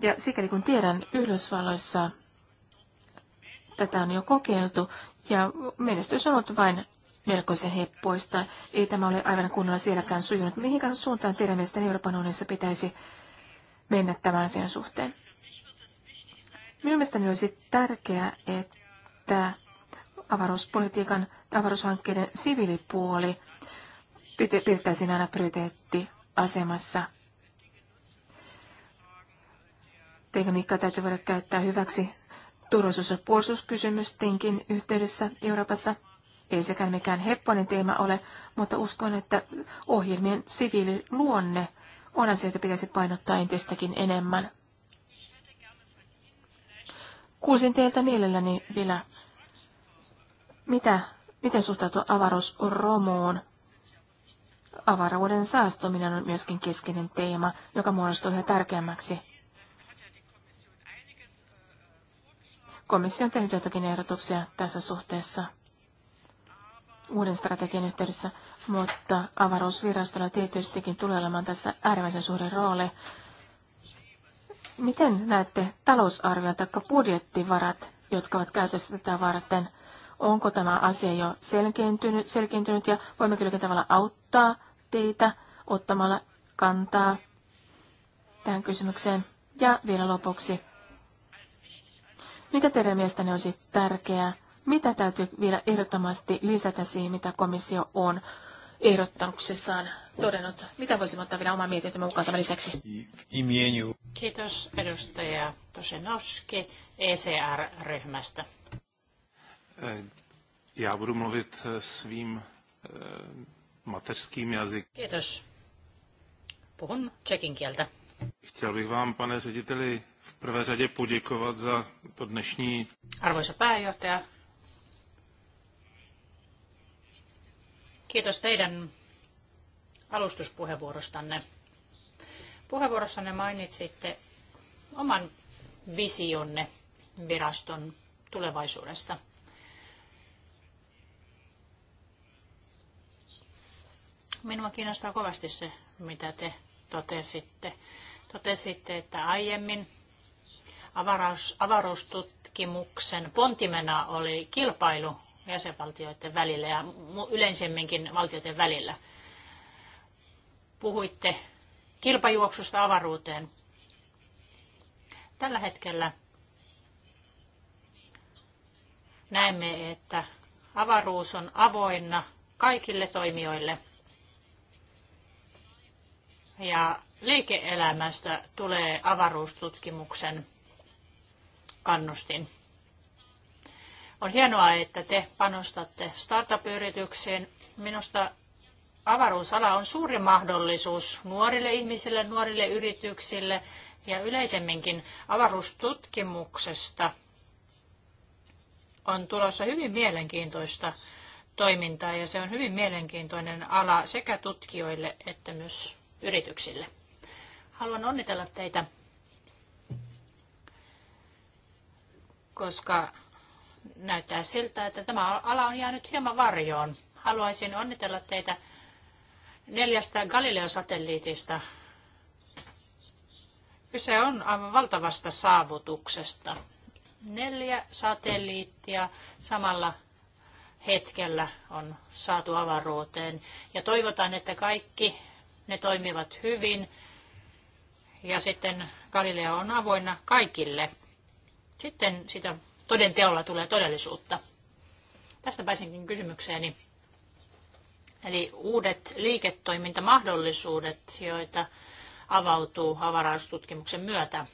Ja sikäli kun tiedän, Yhdysvalloissa tätä on jo kokeiltu ja menestys on ollut vain melkoisen heppoista. Ei tämä ole aivan kunnolla sielläkään sujunut. Mihin suuntaan teidän mielestänne Euroopan unionissa pitäisi mennä tämän asian suhteen? Minun mielestäni olisi tärkeää, että avaruuspolitiikan avaruushankkeiden siviilipuoli pidettäisiin aina prioriteettiasemassa. Tekniikkaa täytyy voida käyttää hyväksi turvallisuus- ja puolustuskysymystenkin yhteydessä Euroopassa – ei sekään mikään hepponen teema ole, mutta uskon, että ohjelmien siviililuonne on asia, jota pitäisi painottaa entistäkin enemmän. Kuulisin teiltä mielelläni vielä, mitä, miten suhtautua avaruusromuun. Avaruuden saastuminen on myöskin keskeinen teema, joka muodostuu yhä tärkeämmäksi. Komissio on tehnyt jotakin ehdotuksia tässä suhteessa uuden strategian yhteydessä, mutta avaruusvirastolla tietystikin tulee olemaan tässä äärimmäisen suuri rooli. Miten näette talousarvion tai budjettivarat, jotka ovat käytössä tätä varten? Onko tämä asia jo selkeintynyt, selkeintynyt ja voimme kyllä tavalla auttaa teitä ottamalla kantaa tähän kysymykseen? Ja vielä lopuksi, mikä teidän mielestänne olisi tärkeää mitä täytyy vielä ehdottomasti lisätä siihen, mitä komissio on ehdottamuksessaan todennut? Mitä voisimme ottaa vielä oman mietintömme mukaan tämän lisäksi? Kiitos edustaja Tosinowski ECR-ryhmästä. Eh, ja budu mluvit eh, svým eh, mateřským jazykem. Kiitos. Puhun tsekin kieltä. Chtěl bych vám, pane řediteli, v prvé řadě poděkovat za to dnešní... Arvoisa pääjohtaja, Kiitos teidän alustuspuheenvuorostanne. Puheenvuorossanne mainitsitte oman visionne viraston tulevaisuudesta. Minua kiinnostaa kovasti se, mitä te totesitte. Totesitte, että aiemmin avaruus, avaruustutkimuksen pontimena oli kilpailu jäsenvaltioiden välillä ja yleisemminkin valtioiden välillä. Puhuitte kilpajuoksusta avaruuteen. Tällä hetkellä näemme, että avaruus on avoinna kaikille toimijoille. Ja liike-elämästä tulee avaruustutkimuksen kannustin. On hienoa, että te panostatte startup-yrityksiin. Minusta avaruusala on suuri mahdollisuus nuorille ihmisille, nuorille yrityksille ja yleisemminkin avaruustutkimuksesta on tulossa hyvin mielenkiintoista toimintaa ja se on hyvin mielenkiintoinen ala sekä tutkijoille että myös yrityksille. Haluan onnitella teitä, koska näyttää siltä, että tämä ala on jäänyt hieman varjoon. Haluaisin onnitella teitä neljästä Galileo-satelliitista. Kyse on aivan valtavasta saavutuksesta. Neljä satelliittia samalla hetkellä on saatu avaruuteen. Ja toivotaan, että kaikki ne toimivat hyvin. Ja sitten Galileo on avoinna kaikille. Sitten sitä toden teolla tulee todellisuutta. Tästä pääsinkin kysymykseeni. Eli uudet liiketoimintamahdollisuudet, joita avautuu avaraustutkimuksen myötä.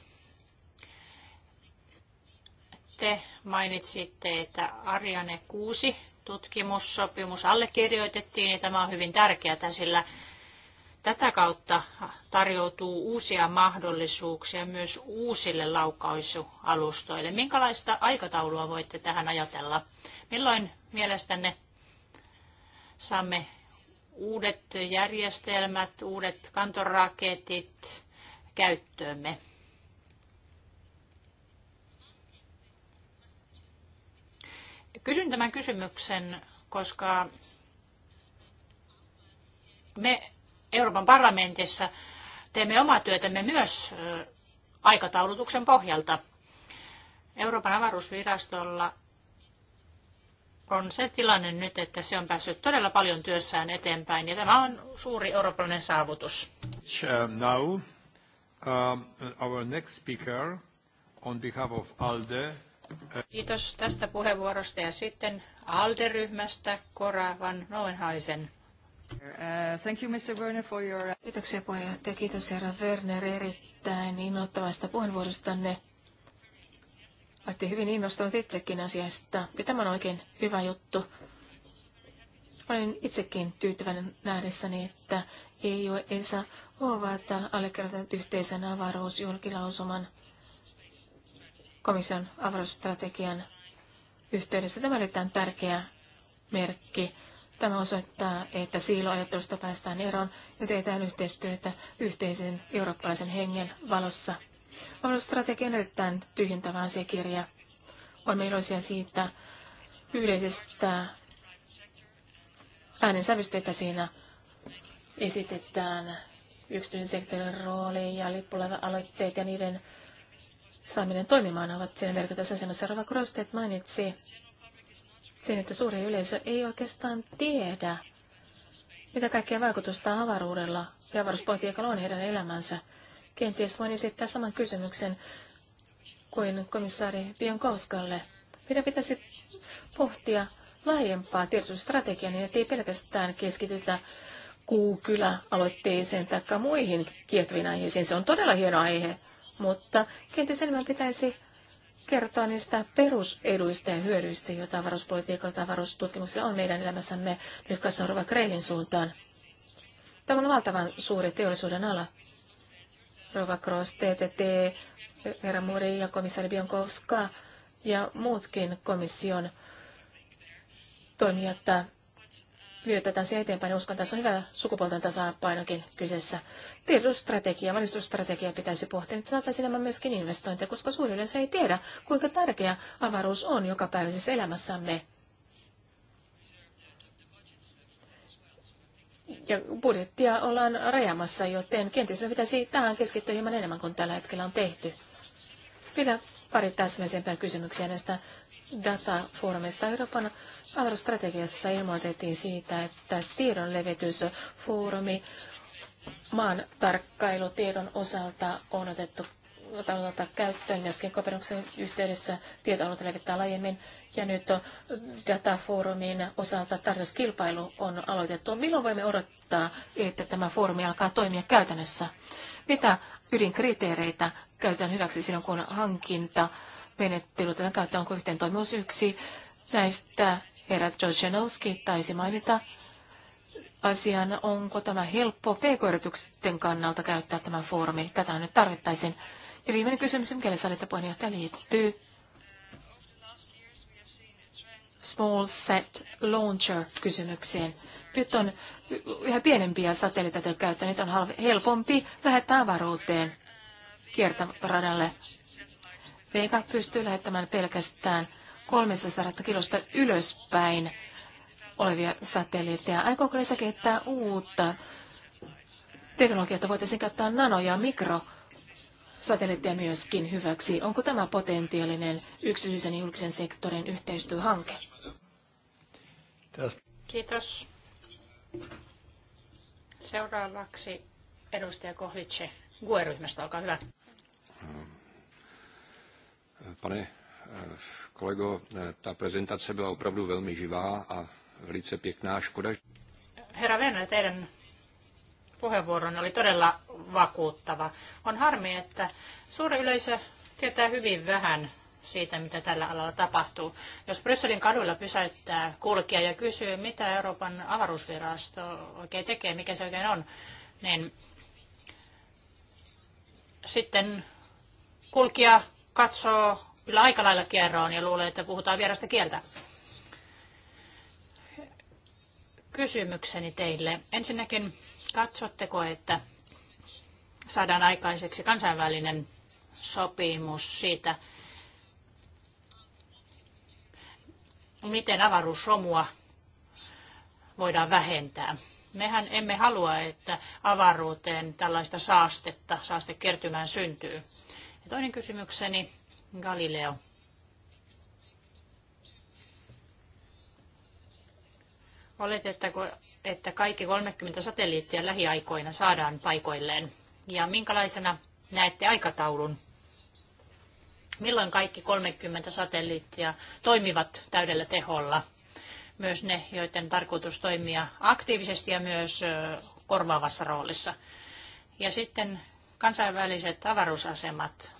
Te mainitsitte, että Ariane 6 tutkimussopimus allekirjoitettiin, ja tämä on hyvin tärkeää, sillä tätä kautta tarjoutuu uusia mahdollisuuksia myös uusille laukaisualustoille. Minkälaista aikataulua voitte tähän ajatella? Milloin mielestänne saamme uudet järjestelmät, uudet kantoraketit käyttöömme? Kysyn tämän kysymyksen, koska me Euroopan parlamentissa teemme omaa työtämme myös aikataulutuksen pohjalta. Euroopan avaruusvirastolla on se tilanne nyt, että se on päässyt todella paljon työssään eteenpäin ja tämä on suuri eurooppalainen saavutus. Now, um, our next speaker on behalf of ALDE. Uh, Kiitos tästä puheenvuorosta ja sitten ALDE-ryhmästä Koravan Noenhaisen. Uh, uh, Kiitoksia puheenjohtaja. Kiitos herra Werner erittäin innoittavasta puheenvuorostanne. Olette hyvin innostunut itsekin asiasta. Ja tämä on oikein hyvä juttu. Olen itsekin tyytyväinen nähdessäni, että EU ja ESA ovat allekirjoittaneet yhteisen avaruusjulkilausuman komission avaruusstrategian yhteydessä. Tämä on erittäin tärkeä merkki. Tämä osoittaa, että siiloajattelusta päästään eroon ja tehdään yhteistyötä yhteisen eurooppalaisen hengen valossa. Valostrategia on erittäin tyhjentävä asiakirja. Olemme iloisia siitä yleisestä äänensävystä, että siinä esitetään yksityisen sektorin rooli ja lippulaiva-aloitteet ja niiden saaminen toimimaan ovat siinä merkityksessä asemassa. Rova Krosteet mainitsi sen, että suuri yleisö ei oikeastaan tiedä, mitä kaikkea vaikutusta avaruudella ja avaruuspolitiikalla on heidän elämänsä. Kenties voin esittää saman kysymyksen kuin komissaari Biankoskalle. Meidän pitäisi pohtia laajempaa tiedotusstrategiaa niin, ettei pelkästään keskitytä Kuukylä-aloitteeseen tai muihin kiehtoviin aiheisiin. Se on todella hieno aihe, mutta kenties enemmän pitäisi kertoa niistä peruseduista ja hyödyistä, joita avaruuspolitiikalla tai avaruustutkimuksella on meidän elämässämme nyt kasvaurava Kreilin suuntaan. Tämä on valtavan suuri teollisuuden ala. Rova Cross, TTT, Herra Muri ja komissaari Bionkowska ja muutkin komission toimijat vie tätä asiaa eteenpäin. Uskon, että tässä on hyvä sukupuolten tasapainokin kyseessä. Tiedotusstrategia, valistustrategia pitäisi pohtia, että saataisiin enemmän myöskin investointeja, koska suuri yleensä ei tiedä, kuinka tärkeä avaruus on joka jokapäiväisessä elämässämme. Ja budjettia ollaan rajamassa, joten kenties me pitäisi tähän keskittyä hieman enemmän kuin tällä hetkellä on tehty. Vielä pari täsmäisempää kysymyksiä näistä datafoorumista. Euroopan agro ilmoitettiin siitä, että tiedonlevitysfoorumi levitysfoorumi maan tarkkailutiedon osalta on otettu ottaa käyttöön myöskin Kopernuksen yhteydessä tietoalueita levittää laajemmin. Ja nyt datafoorumin osalta tarjouskilpailu on aloitettu. Milloin voimme odottaa, että tämä foorumi alkaa toimia käytännössä? Mitä ydinkriteereitä käytetään hyväksi silloin, kun hankinta menettely tätä käyttöön onko yhteen toimivuus yksi näistä Herra Joshenowski taisi mainita asian, onko tämä helppo pk-yritysten kannalta käyttää tämä foorumi. Tätä nyt tarvittaisiin. Ja viimeinen kysymys, mikä salita puheenjohtaja, liittyy small set launcher kysymykseen. Nyt on yhä pienempiä satelliitteja niitä on helpompi lähettää avaruuteen kiertoradalle. Vega pystyy lähettämään pelkästään 300 kilosta ylöspäin olevia satelliitteja. Aikooko ESA kehittää uutta teknologiaa, että voitaisiin käyttää nano- ja mikro myöskin hyväksi. Onko tämä potentiaalinen yksityisen ja julkisen sektorin yhteistyöhanke? Kiitos. Seuraavaksi edustaja Kohlitsche GUE-ryhmästä, olkaa hyvä. Pane kolego, eh, ta prezentace byla opravdu velmi živá a velice pěkná. Škoda. Herra Werner, teidän puheenvuoron oli todella vakuuttava. On harmi, että suuri yleisö tietää hyvin vähän siitä, mitä tällä alalla tapahtuu. Jos Brysselin kaduilla pysäyttää kulkija ja kysyy, mitä Euroopan avaruusvirasto oikein tekee, mikä se oikein on, niin sitten kulkija katsoo kyllä aika lailla kierroon ja luulee, että puhutaan vierasta kieltä. Kysymykseni teille. Ensinnäkin, katsotteko, että saadaan aikaiseksi kansainvälinen sopimus siitä, miten avaruusromua voidaan vähentää. Mehän emme halua, että avaruuteen tällaista saastetta, saastekertymään syntyy. Ja toinen kysymykseni Galileo. Oletetteko, että kaikki 30 satelliittia lähiaikoina saadaan paikoilleen? Ja minkälaisena näette aikataulun? Milloin kaikki 30 satelliittia toimivat täydellä teholla? Myös ne, joiden tarkoitus toimia aktiivisesti ja myös korvaavassa roolissa. Ja sitten kansainväliset avaruusasemat.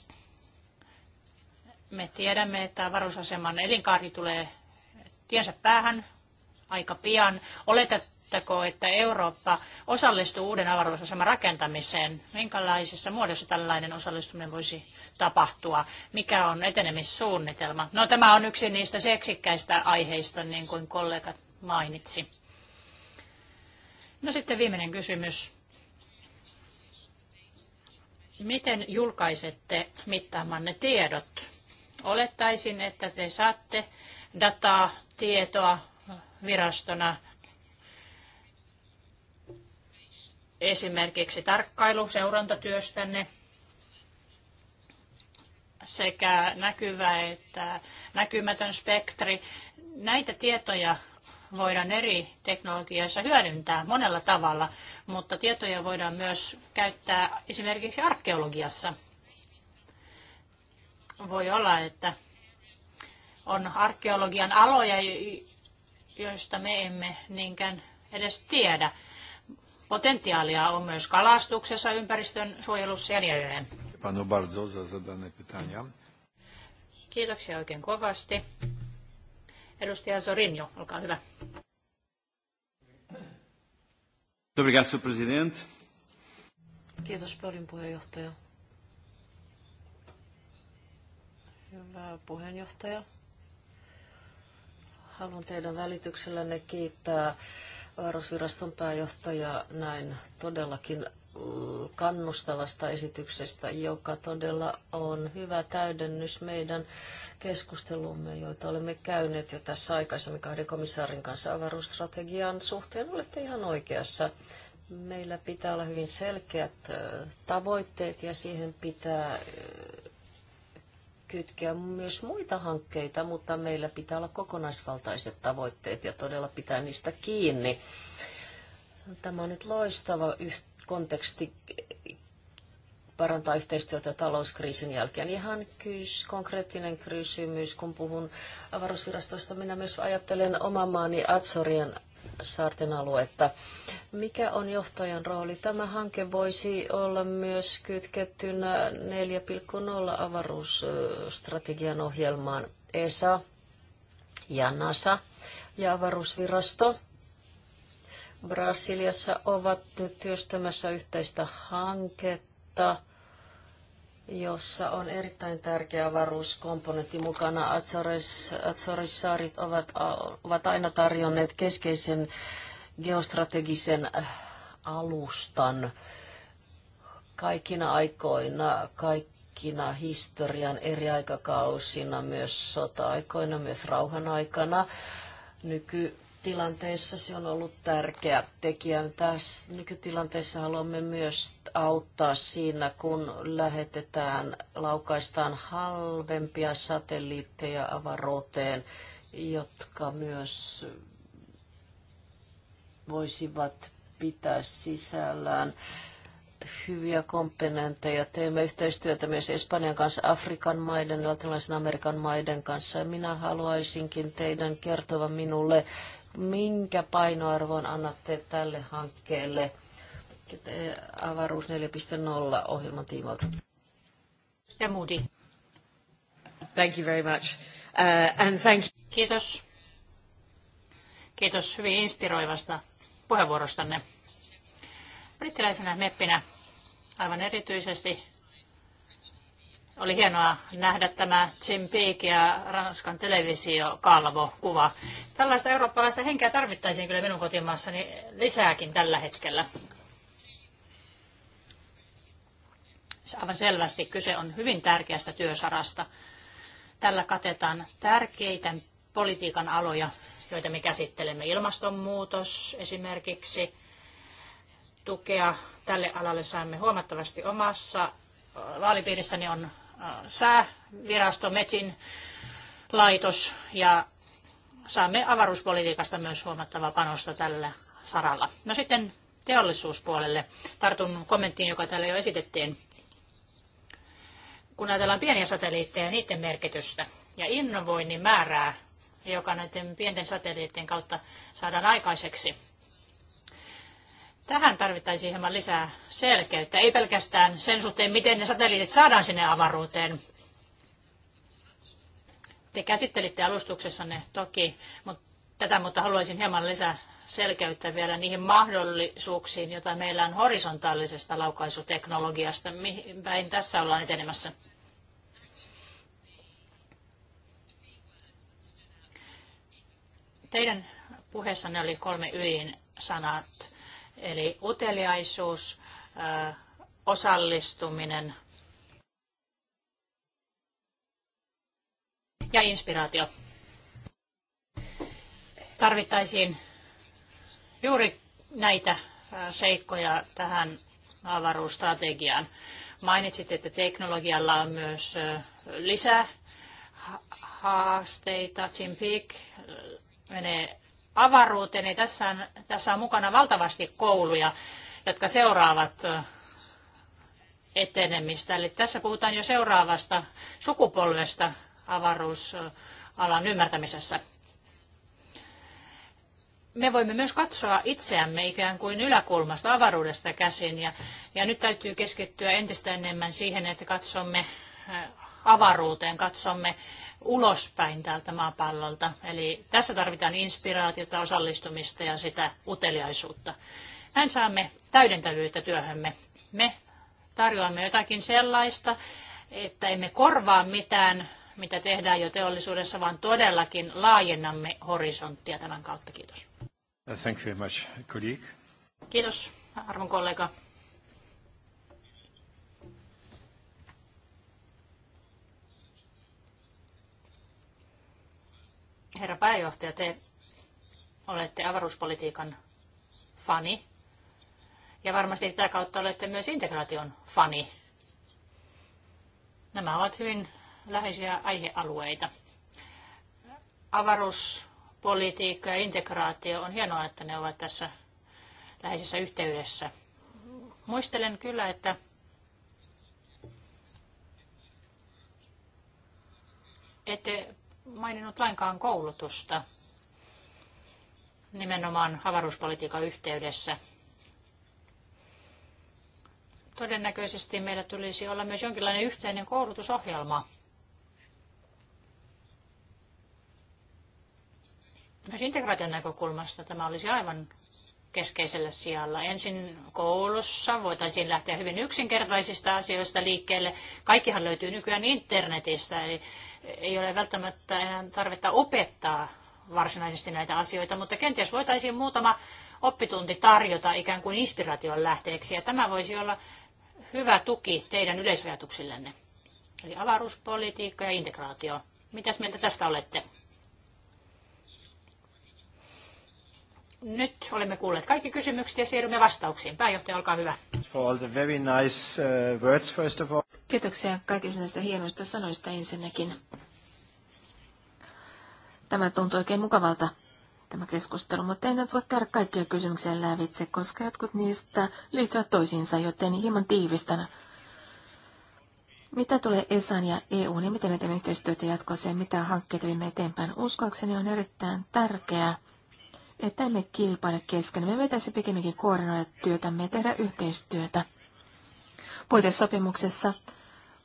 Me tiedämme, että varusaseman elinkaari tulee tiensä päähän aika pian. Oletatteko, että Eurooppa osallistuu uuden avaruusaseman rakentamiseen? Minkälaisessa muodossa tällainen osallistuminen voisi tapahtua? Mikä on etenemissuunnitelma? No tämä on yksi niistä seksikkäistä aiheista, niin kuin kollegat mainitsi. No sitten viimeinen kysymys. Miten julkaisette mittaamanne tiedot? Olettaisin, että te saatte dataa, tietoa virastona esimerkiksi tarkkailu seurantatyöstänne sekä näkyvä että näkymätön spektri. Näitä tietoja voidaan eri teknologioissa hyödyntää monella tavalla, mutta tietoja voidaan myös käyttää esimerkiksi arkeologiassa – voi olla, että on arkeologian aloja, joista me emme niinkään edes tiedä. Potentiaalia on myös kalastuksessa, ympäristön suojelussa ja niin edelleen. Kiitoksia oikein kovasti. Edustaja Zorinjo, olkaa hyvä. Kiitos paljon puheenjohtaja. Hyvä puheenjohtaja. Haluan teidän välityksellänne kiittää Varusviraston pääjohtajaa näin todellakin mm, kannustavasta esityksestä, joka todella on hyvä täydennys meidän keskustelumme, joita olemme käyneet jo tässä aikaisemmin kahden komissaarin kanssa avaruusstrategian suhteen. Olette ihan oikeassa. Meillä pitää olla hyvin selkeät tavoitteet ja siihen pitää kytkeä myös muita hankkeita, mutta meillä pitää olla kokonaisvaltaiset tavoitteet ja todella pitää niistä kiinni. Tämä on nyt loistava konteksti parantaa yhteistyötä talouskriisin jälkeen. Ihan kys, konkreettinen kysymys, kun puhun avaruusvirastosta, minä myös ajattelen oman maani Atsorien saarten aluetta. Mikä on johtajan rooli? Tämä hanke voisi olla myös kytkettynä 4.0 avaruusstrategian ohjelmaan ESA ja NASA ja avaruusvirasto. Brasiliassa ovat nyt työstämässä yhteistä hanketta jossa on erittäin tärkeä varuskomponentti mukana. Azorissaarit ovat, ovat aina tarjonneet keskeisen geostrategisen äh, alustan kaikina aikoina, kaikkina historian eri aikakausina, myös sota-aikoina, myös rauhan aikana. Nyky, tilanteessa se on ollut tärkeä tekijä. Tässä nykytilanteessa haluamme myös auttaa siinä, kun lähetetään, laukaistaan halvempia satelliitteja avaruuteen, jotka myös voisivat pitää sisällään hyviä komponentteja. Teemme yhteistyötä myös Espanjan kanssa, Afrikan maiden, Latinalaisen Amerikan maiden kanssa. Minä haluaisinkin teidän kertovan minulle, minkä painoarvon annatte tälle hankkeelle – Eh, avaruus 4.0 ohjelman tiimoilta. Ja Moody. Thank you very much. Uh, and thank you. Kiitos. Kiitos hyvin inspiroivasta puheenvuorostanne. Brittiläisenä meppinä aivan erityisesti oli hienoa nähdä tämä Jim Peak ja Ranskan Kalvo kuva. Tällaista eurooppalaista henkeä tarvittaisiin kyllä minun kotimaassani lisääkin tällä hetkellä. aivan selvästi kyse on hyvin tärkeästä työsarasta. Tällä katetaan tärkeitä politiikan aloja, joita me käsittelemme. Ilmastonmuutos esimerkiksi, tukea tälle alalle saamme huomattavasti omassa. Vaalipiirissäni on äh, säävirasto, Metin laitos ja saamme avaruuspolitiikasta myös huomattavaa panosta tällä saralla. No sitten teollisuuspuolelle. Tartun kommenttiin, joka täällä jo esitettiin kun ajatellaan pieniä satelliitteja ja niiden merkitystä ja innovoinnin määrää, joka näiden pienten satelliittien kautta saadaan aikaiseksi. Tähän tarvittaisiin hieman lisää selkeyttä, ei pelkästään sen suhteen, miten ne satelliitit saadaan sinne avaruuteen. Te käsittelitte alustuksessanne toki mutta, tätä, mutta haluaisin hieman lisää selkeyttä vielä niihin mahdollisuuksiin, joita meillä on horisontaalisesta laukaisuteknologiasta. Mihin päin tässä ollaan etenemässä? Teidän puheessanne oli kolme sanat, eli uteliaisuus, osallistuminen ja inspiraatio. Tarvittaisiin juuri näitä seikkoja tähän avaruusstrategiaan. Mainitsit, että teknologialla on myös lisää haasteita. Tim Peake menee avaruuteen, niin tässä on, tässä on mukana valtavasti kouluja, jotka seuraavat etenemistä. Eli tässä puhutaan jo seuraavasta sukupolvesta avaruusalan ymmärtämisessä. Me voimme myös katsoa itseämme ikään kuin yläkulmasta avaruudesta käsin ja, ja nyt täytyy keskittyä entistä enemmän siihen, että katsomme avaruuteen, katsomme ulospäin täältä maapallolta. Eli tässä tarvitaan inspiraatiota, osallistumista ja sitä uteliaisuutta. Näin saamme täydentävyyttä työhömme. Me tarjoamme jotakin sellaista, että emme korvaa mitään, mitä tehdään jo teollisuudessa, vaan todellakin laajennamme horisonttia tämän kautta. Kiitos. Thank you very much, colleague. Kiitos, arvon kollega. Herra pääjohtaja, te olette avaruuspolitiikan fani ja varmasti tätä kautta olette myös integraation fani. Nämä ovat hyvin läheisiä aihealueita. Avaruuspolitiikka ja integraatio on hienoa, että ne ovat tässä läheisessä yhteydessä. Muistelen kyllä, että ette maininnut lainkaan koulutusta nimenomaan avaruuspolitiikan yhteydessä. Todennäköisesti meillä tulisi olla myös jonkinlainen yhteinen koulutusohjelma. Myös integraation näkökulmasta tämä olisi aivan keskeisellä sijalla. Ensin koulussa voitaisiin lähteä hyvin yksinkertaisista asioista liikkeelle. Kaikkihan löytyy nykyään internetistä, eli ei ole välttämättä enää tarvetta opettaa varsinaisesti näitä asioita, mutta kenties voitaisiin muutama oppitunti tarjota ikään kuin inspiraation lähteeksi, ja tämä voisi olla hyvä tuki teidän yleisajatuksillenne. Eli avaruuspolitiikka ja integraatio. Mitäs mieltä tästä olette? Nyt olemme kuulleet kaikki kysymykset ja siirrymme vastauksiin. Pääjohtaja, olkaa hyvä. For all the very nice uh, words, first of all. Kiitoksia kaikista näistä hienoista sanoista ensinnäkin. Tämä tuntuu oikein mukavalta, tämä keskustelu, mutta en nyt voi käydä kaikkia kysymyksiä lävitse, koska jotkut niistä liittyvät toisiinsa, joten hieman tiivistänä. Mitä tulee ESAN ja EU, niin miten me teemme yhteistyötä jatkossa ja mitä hankkeita viemme eteenpäin? Uskoakseni on erittäin tärkeää, että emme kilpaile kesken. Me pitäisi pikemminkin koordinoida työtämme ja tehdä yhteistyötä. Puitesopimuksessa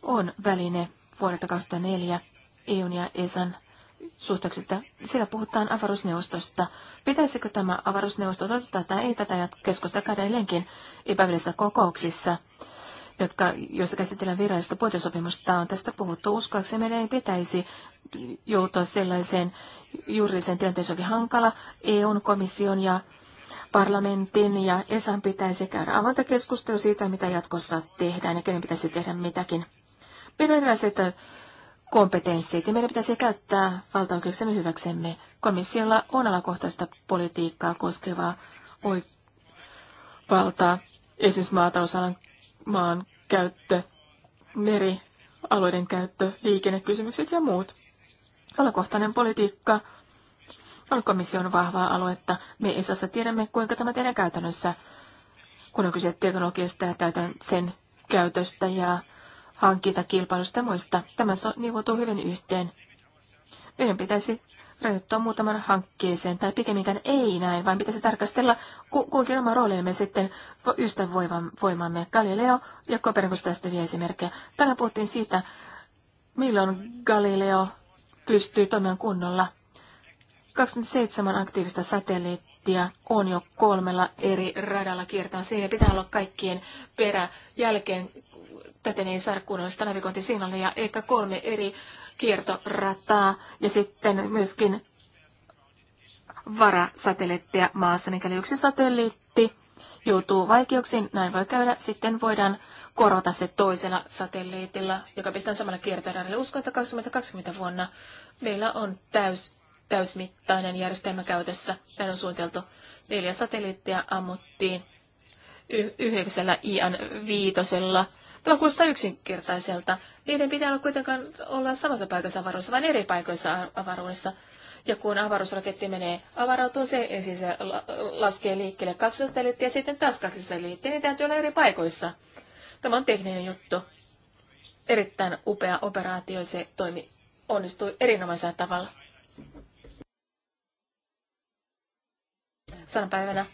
on väline vuodelta 2004 EUn ja ESAn suhtauksista. Siellä puhutaan avaruusneuvostosta. Pitäisikö tämä avaruusneuvosto ottaa tätä ei tätä ja keskusta käydä edelleenkin epävillisissä kokouksissa – jotka, joissa käsitellään virallista puitesopimusta, on tästä puhuttu. Uskoakseni meidän ei pitäisi joutua sellaiseen juridiseen tilanteeseen, joka hankala EUn komission ja parlamentin ja ESAn pitäisi käydä avointa keskustelua siitä, mitä jatkossa tehdään ja kenen pitäisi tehdä mitäkin. Meillä on erilaiset kompetenssit ja meidän pitäisi käyttää valtaoikeuksemme hyväksemme. Komissiolla on alakohtaista politiikkaa koskevaa valtaa esimerkiksi maatalousalan maan käyttö, meri, alueiden käyttö, liikennekysymykset ja muut. Alakohtainen politiikka on komission vahvaa aluetta. Me Esassa tiedämme, kuinka tämä tehdään käytännössä, kun on kyse teknologiasta ja täytän sen käytöstä ja hankintakilpailusta ja muista. Tämä nivoutuu hyvin yhteen. Meidän pitäisi rajoittua muutaman hankkeeseen, tai pikemminkään ei näin, vaan pitäisi tarkastella ku, kuinka oma roolimme sitten voimamme. Galileo ja Kopernikus tästä vielä esimerkkejä. Tänään puhuttiin siitä, milloin Galileo pystyy toimimaan kunnolla. 27 aktiivista satelliittia on jo kolmella eri radalla kiertämässä. Siinä pitää olla kaikkien perä jälkeen. Täten ei saada kunnollista ja eikä kolme eri kiertorataa ja sitten myöskin varasatelliittia maassa, mikäli yksi satelliitti joutuu vaikeuksiin, näin voi käydä, sitten voidaan korota se toisella satelliitilla, joka pistää samalla kiertoradalle. Uskon, että 2020 vuonna meillä on täys, täysmittainen järjestelmä käytössä. Tämä on suunniteltu. Neljä satelliittia ammuttiin y- yhdeksällä IAN viitosella Tämä kuulostaa yksinkertaiselta. Niiden pitää olla kuitenkaan olla samassa paikassa avaruudessa, vaan eri paikoissa avaruudessa. Ja kun avaruusraketti menee avarautuun, se ensin se laskee liikkeelle kaksi satelliittia ja sitten taas kaksi satelliittia. Niin täytyy olla eri paikoissa. Tämä on tekninen juttu. Erittäin upea operaatio se toimi, onnistui erinomaisella tavalla. Sanapäivänä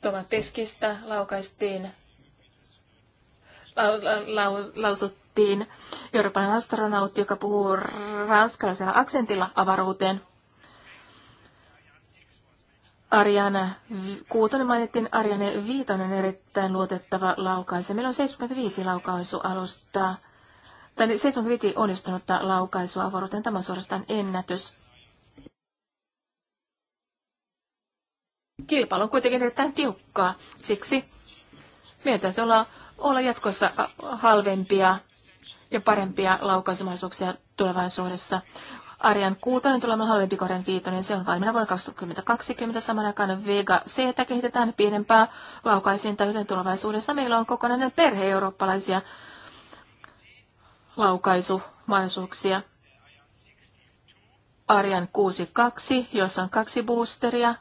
Toma Peskistä laukaistiin lausuttiin Euroopan astronautti, joka puhuu ranskalaisella aksentilla avaruuteen. Ariana Kuutonen mainittiin, Ariane Viitonen erittäin luotettava laukaisu. Meillä on 75 laukaisualusta, tai 75 niin onnistunutta laukaisua avaruuteen. Tämä on suorastaan ennätys. Kilpailu on kuitenkin erittäin tiukkaa, siksi meidän täytyy olla olla jatkossa halvempia ja parempia laukaisemaisuuksia tulevaisuudessa. Arjan kuutonen tulee halvempi korjan viitonen, se on valmiina vuonna 2020. Saman aikaan Vega C kehitetään pienempää laukaisinta, joten tulevaisuudessa meillä on kokonainen perhe eurooppalaisia laukaisumaisuuksia. Arjan 6.2, jossa on kaksi boosteria,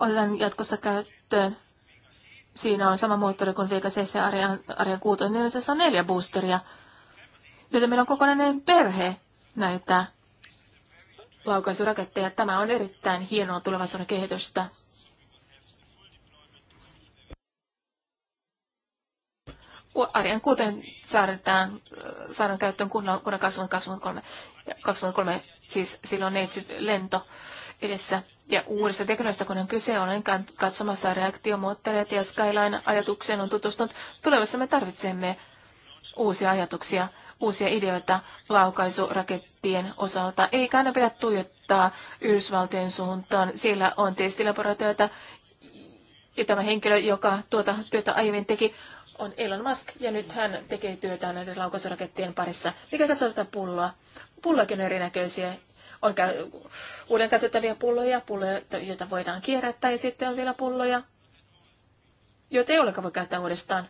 otetaan jatkossa käyttöön Siinä on sama moottori kuin Vega CC Arian, Arian 6, niin se on neljä boosteria. Joten meillä on kokonainen perhe näitä laukaisuraketteja. Tämä on erittäin hienoa tulevaisuuden kehitystä. Arjen kuten saadaan, äh, saadaan käyttöön kunnan, kunnan 2023, 2023, siis silloin neitsyt lento edessä. Ja uudesta teknologiasta, kun on kyse, olen katsomassa reaktiomoottoreita ja Skyline-ajatukseen on tutustunut. Tulevassa me tarvitsemme uusia ajatuksia, uusia ideoita laukaisurakettien osalta. Ei aina pidä tuijottaa Yhdysvaltojen suuntaan. Siellä on testilaboratioita ja tämä henkilö, joka tuota työtä aiemmin teki, on Elon Musk, ja nyt hän tekee työtä näiden laukaisurakettien parissa. Mikä katsotaan pulloa? Pullakin on erinäköisiä. On uuden käytettäviä pulloja, pulloja, joita voidaan kierrättää, ja sitten on vielä pulloja, joita ei olekaan voi käyttää uudestaan.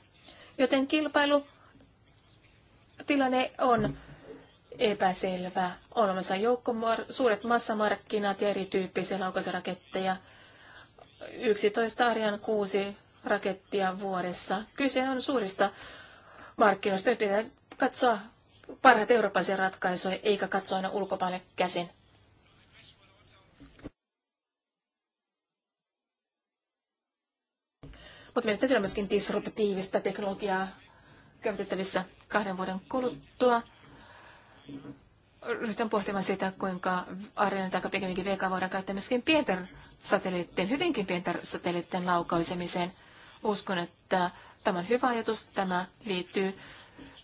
Joten kilpailutilanne on epäselvä. On olemassa joukkomar- suuret massamarkkinat ja erityyppisiä laukaisraketteja. 11 arjan 6 rakettia vuodessa. Kyse on suurista markkinoista. Nyt pitää katsoa parhaat eurooppalaisia ratkaisuja, eikä katsoa aina ulkopaille käsin. Mutta meidän täytyy olla myöskin disruptiivista teknologiaa käytettävissä kahden vuoden kuluttua. Ryhdytään pohtimaan sitä, kuinka arjen tai pikemminkin VK voidaan käyttää myöskin pienten satelliittien, hyvinkin pienten satelliittien laukaisemiseen. Uskon, että tämä on hyvä ajatus. Tämä liittyy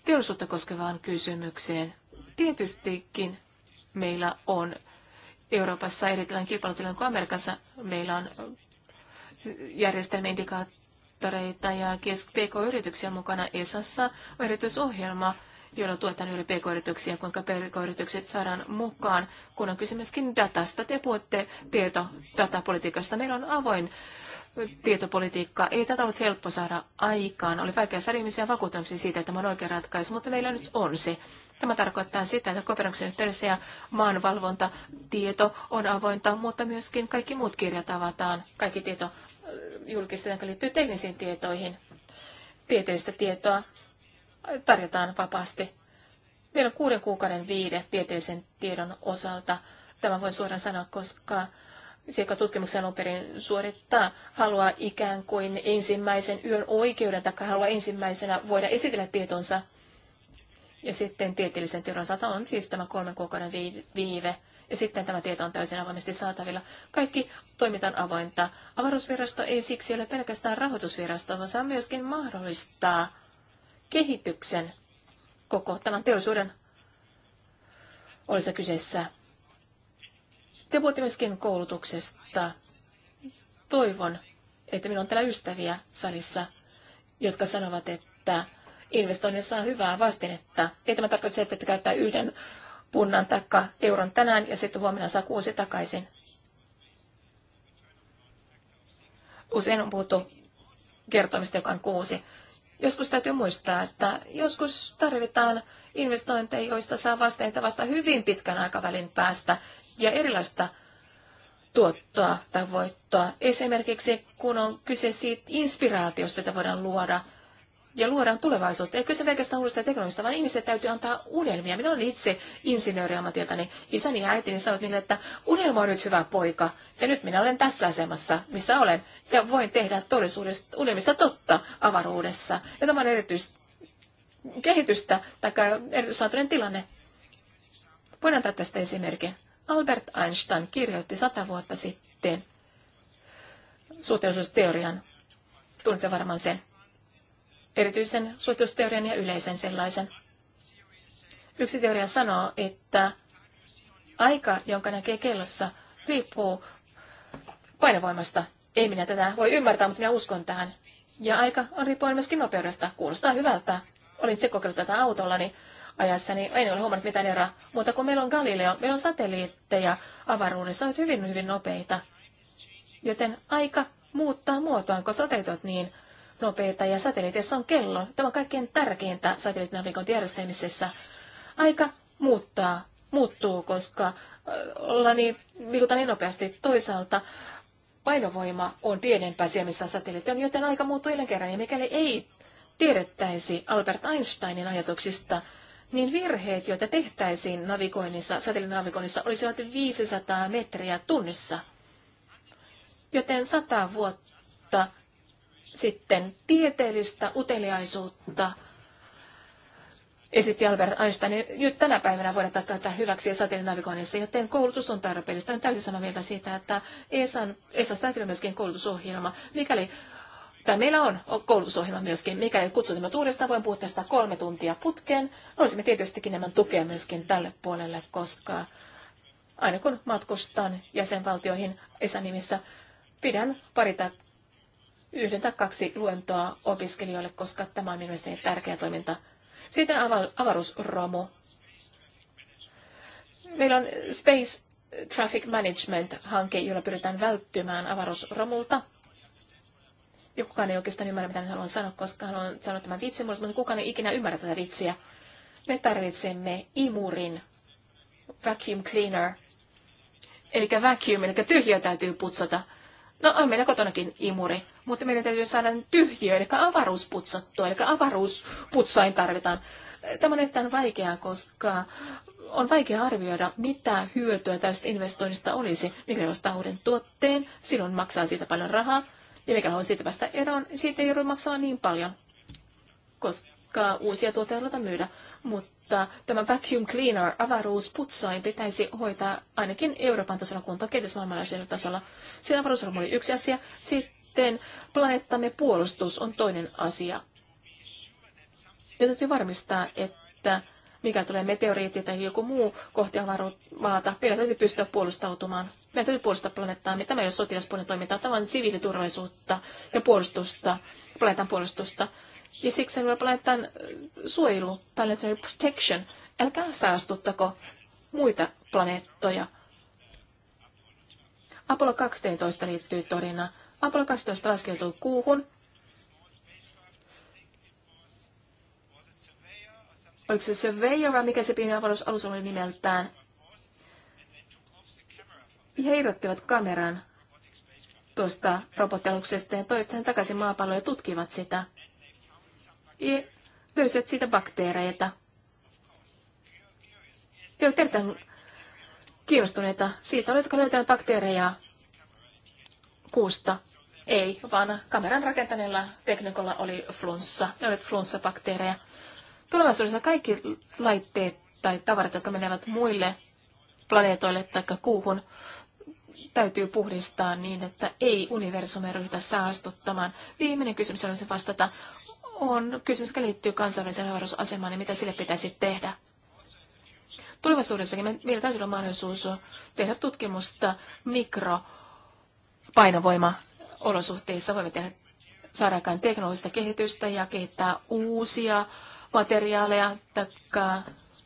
teollisuutta koskevaan kysymykseen. Tietystikin meillä on Euroopassa erilainen kilpailutilanne kuin Amerikassa. Meillä on järjestelmäindikaattori sektoreita ja pk-yrityksiä mukana ESassa on yritysohjelma, jolla tuetaan juuri pk-yrityksiä, kuinka pk-yritykset saadaan mukaan, kun on kysymyskin datasta. Te puhutte tieto datapolitiikasta. Meillä on avoin tietopolitiikka. Ei tätä ollut helppo saada aikaan. Oli vaikea saada ihmisiä vakuuttamiksi siitä, että tämä on oikea ratkaisu, mutta meillä nyt on se. Tämä tarkoittaa sitä, että Kopernikuksen yhteydessä ja maanvalvonta, tieto on avointa, mutta myöskin kaikki muut kirjat avataan, kaikki tieto julkista, joka liittyy teknisiin tietoihin. Tieteellistä tietoa tarjotaan vapaasti. Meillä on kuuden kuukauden viide tieteellisen tiedon osalta. Tämä voin suoraan sanoa, koska se, joka tutkimuksen operin suorittaa, haluaa ikään kuin ensimmäisen yön oikeuden tai haluaa ensimmäisenä voida esitellä tietonsa. Ja sitten tieteellisen tiedon osalta on siis tämä kolmen kuukauden viive ja sitten tämä tieto on täysin avoimesti saatavilla. Kaikki toimitaan avointa. Avaruusvirasto ei siksi ole pelkästään rahoitusvirasto, vaan saa myöskin mahdollistaa kehityksen koko tämän teollisuuden olisi kyseessä. Te puhutte myöskin koulutuksesta. Toivon, että minulla on täällä ystäviä salissa, jotka sanovat, että investoinnissa on hyvää vastinetta. Ei tämä tarkoita sitä, että käyttää yhden punnan takka euron tänään ja sitten huomenna saa kuusi takaisin. Usein on puhuttu kertomista, joka on kuusi. Joskus täytyy muistaa, että joskus tarvitaan investointeja, joista saa vasteita vasta hyvin pitkän aikavälin päästä ja erilaista tuottoa tai voittoa. Esimerkiksi kun on kyse siitä inspiraatiosta, jota voidaan luoda – ja luodaan tulevaisuutta. Ei kyse pelkästään uudesta teknologista, vaan ihmisille täytyy antaa unelmia. Minä olen itse insinööri ammatiltani. Isäni ja äitini sanoivat niille, että unelma on nyt hyvä poika. Ja nyt minä olen tässä asemassa, missä olen. Ja voin tehdä todellisuudesta unelmista totta avaruudessa. Ja tämä on erityis kehitystä tai erityislaatuinen tilanne. Voin antaa tästä esimerkin. Albert Einstein kirjoitti sata vuotta sitten suhteellisuusteorian. Tunnette varmaan sen erityisen suhteusteorian ja yleisen sellaisen. Yksi teoria sanoo, että aika, jonka näkee kellossa, riippuu painovoimasta. Ei minä tätä voi ymmärtää, mutta minä uskon tähän. Ja aika on riippuen myöskin nopeudesta. Kuulostaa hyvältä. Olin itse kokeillut tätä autollani niin En ole huomannut mitään eroa. Mutta kun meillä on Galileo, meillä on satelliitteja avaruudessa, on hyvin, hyvin nopeita. Joten aika muuttaa muotoaan, kun satelliitit niin nopeita ja satelliiteissa on kello. Tämä on kaikkein tärkeintä satelliittinavigointijärjestelmissä. Aika muuttaa, muuttuu, koska ollaan niin, liikutaan niin nopeasti. Toisaalta painovoima on pienempää siellä, missä satelliitti on, joten aika muuttuu kerran. Ja mikäli ei tiedettäisi Albert Einsteinin ajatuksista, niin virheet, joita tehtäisiin navigoinnissa, satelliittinavigoinnissa, olisivat 500 metriä tunnissa. Joten sata vuotta sitten tieteellistä uteliaisuutta esitti Albert Einstein. Nyt tänä päivänä voidaan käyttää hyväksi satelliinavigoinnissa, joten koulutus on tarpeellista. Olen täysin samaa mieltä siitä, että ESAn, ESAs täytyy myöskin koulutusohjelma. Mikäli tai meillä on koulutusohjelma myöskin, mikäli kutsutimme uudestaan, voin puhua tästä kolme tuntia putkeen. Olisimme tietystikin enemmän tukea myöskin tälle puolelle, koska aina kun matkustan jäsenvaltioihin esänimissä, pidän pari tai yhden tai kaksi luentoa opiskelijoille, koska tämä on mielestäni tärkeä toiminta. Sitten avaruusromu. Meillä on Space Traffic Management-hanke, jolla pyritään välttymään avaruusromulta. Ja kukaan ei oikeastaan ymmärrä, mitä haluan sanoa, koska haluan sanoa tämän vitsin muodossa, mutta kukaan ei ikinä ymmärrä tätä vitsiä. Me tarvitsemme imurin, vacuum cleaner, eli vacuum, eli tyhjö täytyy putsata – No on meillä kotonakin imuri, mutta meidän täytyy saada tyhjiö, eli avaruusputsattua, eli avaruusputsain tarvitaan. Tämä on erittäin vaikeaa, koska on vaikea arvioida, mitä hyötyä tästä investoinnista olisi. Mikä ostaa uuden tuotteen, silloin maksaa siitä paljon rahaa, ja mikä on siitä päästä eroon, siitä ei joudu maksamaan niin paljon, koska uusia tuotteita myydä. Mutta mutta tämä vacuum cleaner, avaruusputsain, pitäisi hoitaa ainakin Euroopan tasolla kuntoon, kenties maailmanlaajuisella tasolla. Siinä avaruusromu oli yksi asia. Sitten planeettamme puolustus on toinen asia. Ja täytyy varmistaa, että mikä tulee meteoriitti tai joku muu kohti avaruusmaata, meidän täytyy pystyä puolustautumaan. Meidän täytyy puolustaa planeettaa. mitä meillä ole sotilaspuolen toimintaa, tämä on siviiliturvallisuutta ja puolustusta, planeetan puolustusta. Ja siksi haluan laittaa äh, suojelu, planetary protection. Älkää saastuttako muita planeettoja. Apollo 12 liittyy torina. Apollo 12 laskeutui kuuhun. Oliko se Surveyor vai mikä se pieni avaruusalus oli nimeltään? He irrottivat kameran tuosta robottialuksesta ja toivat sen takaisin maapalloon ja tutkivat sitä ja löysivät siitä bakteereita. He olivat erittäin kiinnostuneita siitä, oletko löytänyt bakteereja kuusta. Ei, vaan kameran rakentaneella teknikolla oli flunssa. Ne olivat flunssabakteereja. Tulevaisuudessa kaikki laitteet tai tavarat, jotka menevät muille planeetoille tai kuuhun, täytyy puhdistaa niin, että ei universumia ryhdytä saastuttamaan. Viimeinen kysymys on se vastata, on kysymys, joka liittyy kansainväliseen avaruusasemaan ja mitä sille pitäisi tehdä. Tulevaisuudessakin meillä täytyy olla mahdollisuus tehdä tutkimusta mikropainovoimaolosuhteissa. Voimme tehdä saada aikaan teknologista kehitystä ja kehittää uusia materiaaleja tai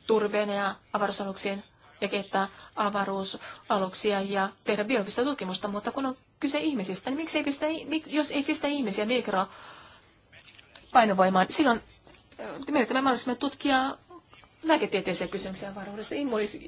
turbeineja avaruusaluksiin ja kehittää avaruusaluksia ja tehdä biologista tutkimusta, mutta kun on kyse ihmisistä, niin miksi ei pistä, jos ei pistä ihmisiä mikro painovoimaan, silloin äh, menetämme mahdollisimman tutkia lääketieteisiä kysymyksiä varuudessa.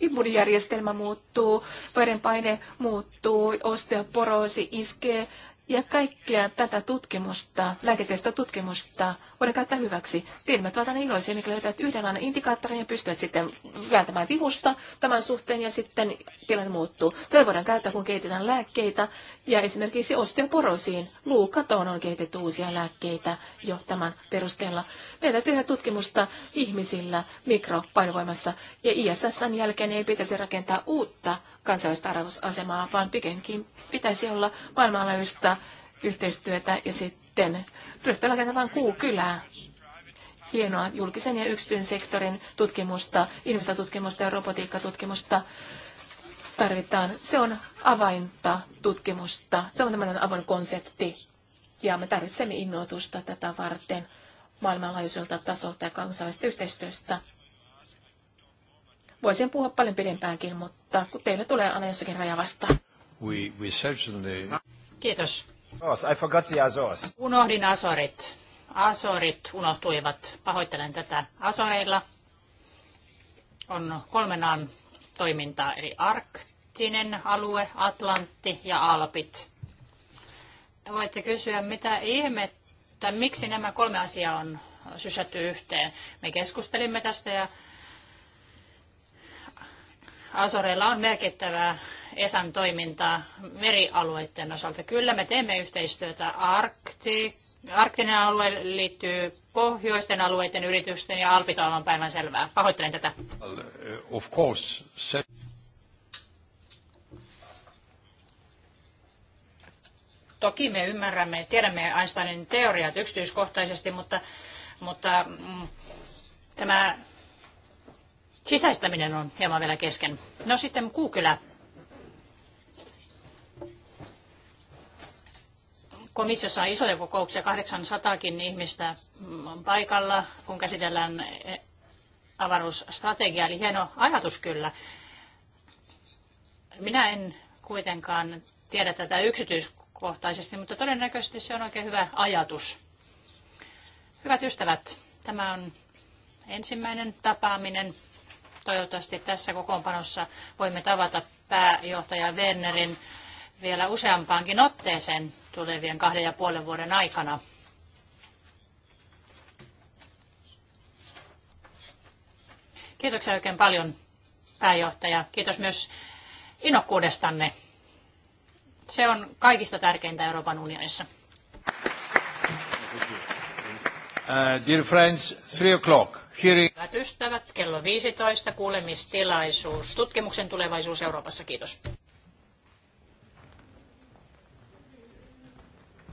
Immuunijärjestelmä muuttuu, verenpaine muuttuu, osteoporoosi iskee ja kaikkea tätä tutkimusta, lääketieteistä tutkimusta voidaan käyttää hyväksi. Firmat ovat aina iloisia, mikä löytää yhden aina indikaattorin ja pystyvät sitten vääntämään vivusta tämän suhteen ja sitten tilanne muuttuu. Tätä voidaan käyttää, kun kehitetään lääkkeitä ja esimerkiksi osteoporosiin luukatoon on kehitetty uusia lääkkeitä jo tämän perusteella. Meillä täytyy tehdä tutkimusta ihmisillä mikropainovoimassa ja ISSn jälkeen ei pitäisi rakentaa uutta kansainvälistä arvosasemaa, vaan pikemminkin pitäisi olla maailmanlaajuista yhteistyötä ja sitten ryhtyä rakentamaan kuukylää. Hienoa julkisen ja yksityisen sektorin tutkimusta, investointitutkimusta ja robotiikkatutkimusta tarvitaan. Se on avainta tutkimusta. Se on tämmöinen avoin konsepti. Ja me tarvitsemme innoitusta tätä varten maailmanlaajuiselta tasolta ja kansainvälisestä yhteistyöstä. Voisin puhua paljon pidempäänkin, mutta kun teille tulee aina jossakin raja vastaan. We, we certainly... Kiitos. Azores, I forgot the Azores. Unohdin Asorit. Asorit unohtuivat. Pahoittelen tätä. Asoreilla on kolmenaan toimintaa, eli arktinen alue, Atlantti ja Alpit. Voitte kysyä, mitä ihmettä, miksi nämä kolme asiaa on sysätty yhteen. Me keskustelimme tästä ja Asoreilla on merkittävää ESAn toimintaa merialueiden osalta. Kyllä me teemme yhteistyötä Arkti, Arktinen alue liittyy pohjoisten alueiden yritysten ja alpit on päivän selvää. Pahoittelen tätä. Uh, of course. Se... Toki me ymmärrämme tiedämme Einsteinin teoriat yksityiskohtaisesti, mutta, mutta mm, tämä Sisäistäminen on hieman vielä kesken. No sitten Kuukylä. Komissiossa on isoja kokouksia, 800 ihmistä on paikalla, kun käsitellään avaruusstrategiaa, eli hieno ajatus kyllä. Minä en kuitenkaan tiedä tätä yksityiskohtaisesti, mutta todennäköisesti se on oikein hyvä ajatus. Hyvät ystävät, tämä on ensimmäinen tapaaminen Toivottavasti tässä kokoonpanossa voimme tavata pääjohtaja Wernerin vielä useampaankin otteeseen tulevien kahden ja puolen vuoden aikana. Kiitoksia oikein paljon pääjohtaja. Kiitos myös innokkuudestanne. Se on kaikista tärkeintä Euroopan unionissa. Uh, dear friends, three o'clock. Hyvät ystävät, kello 15 kuulemistilaisuus. Tutkimuksen tulevaisuus Euroopassa. Kiitos.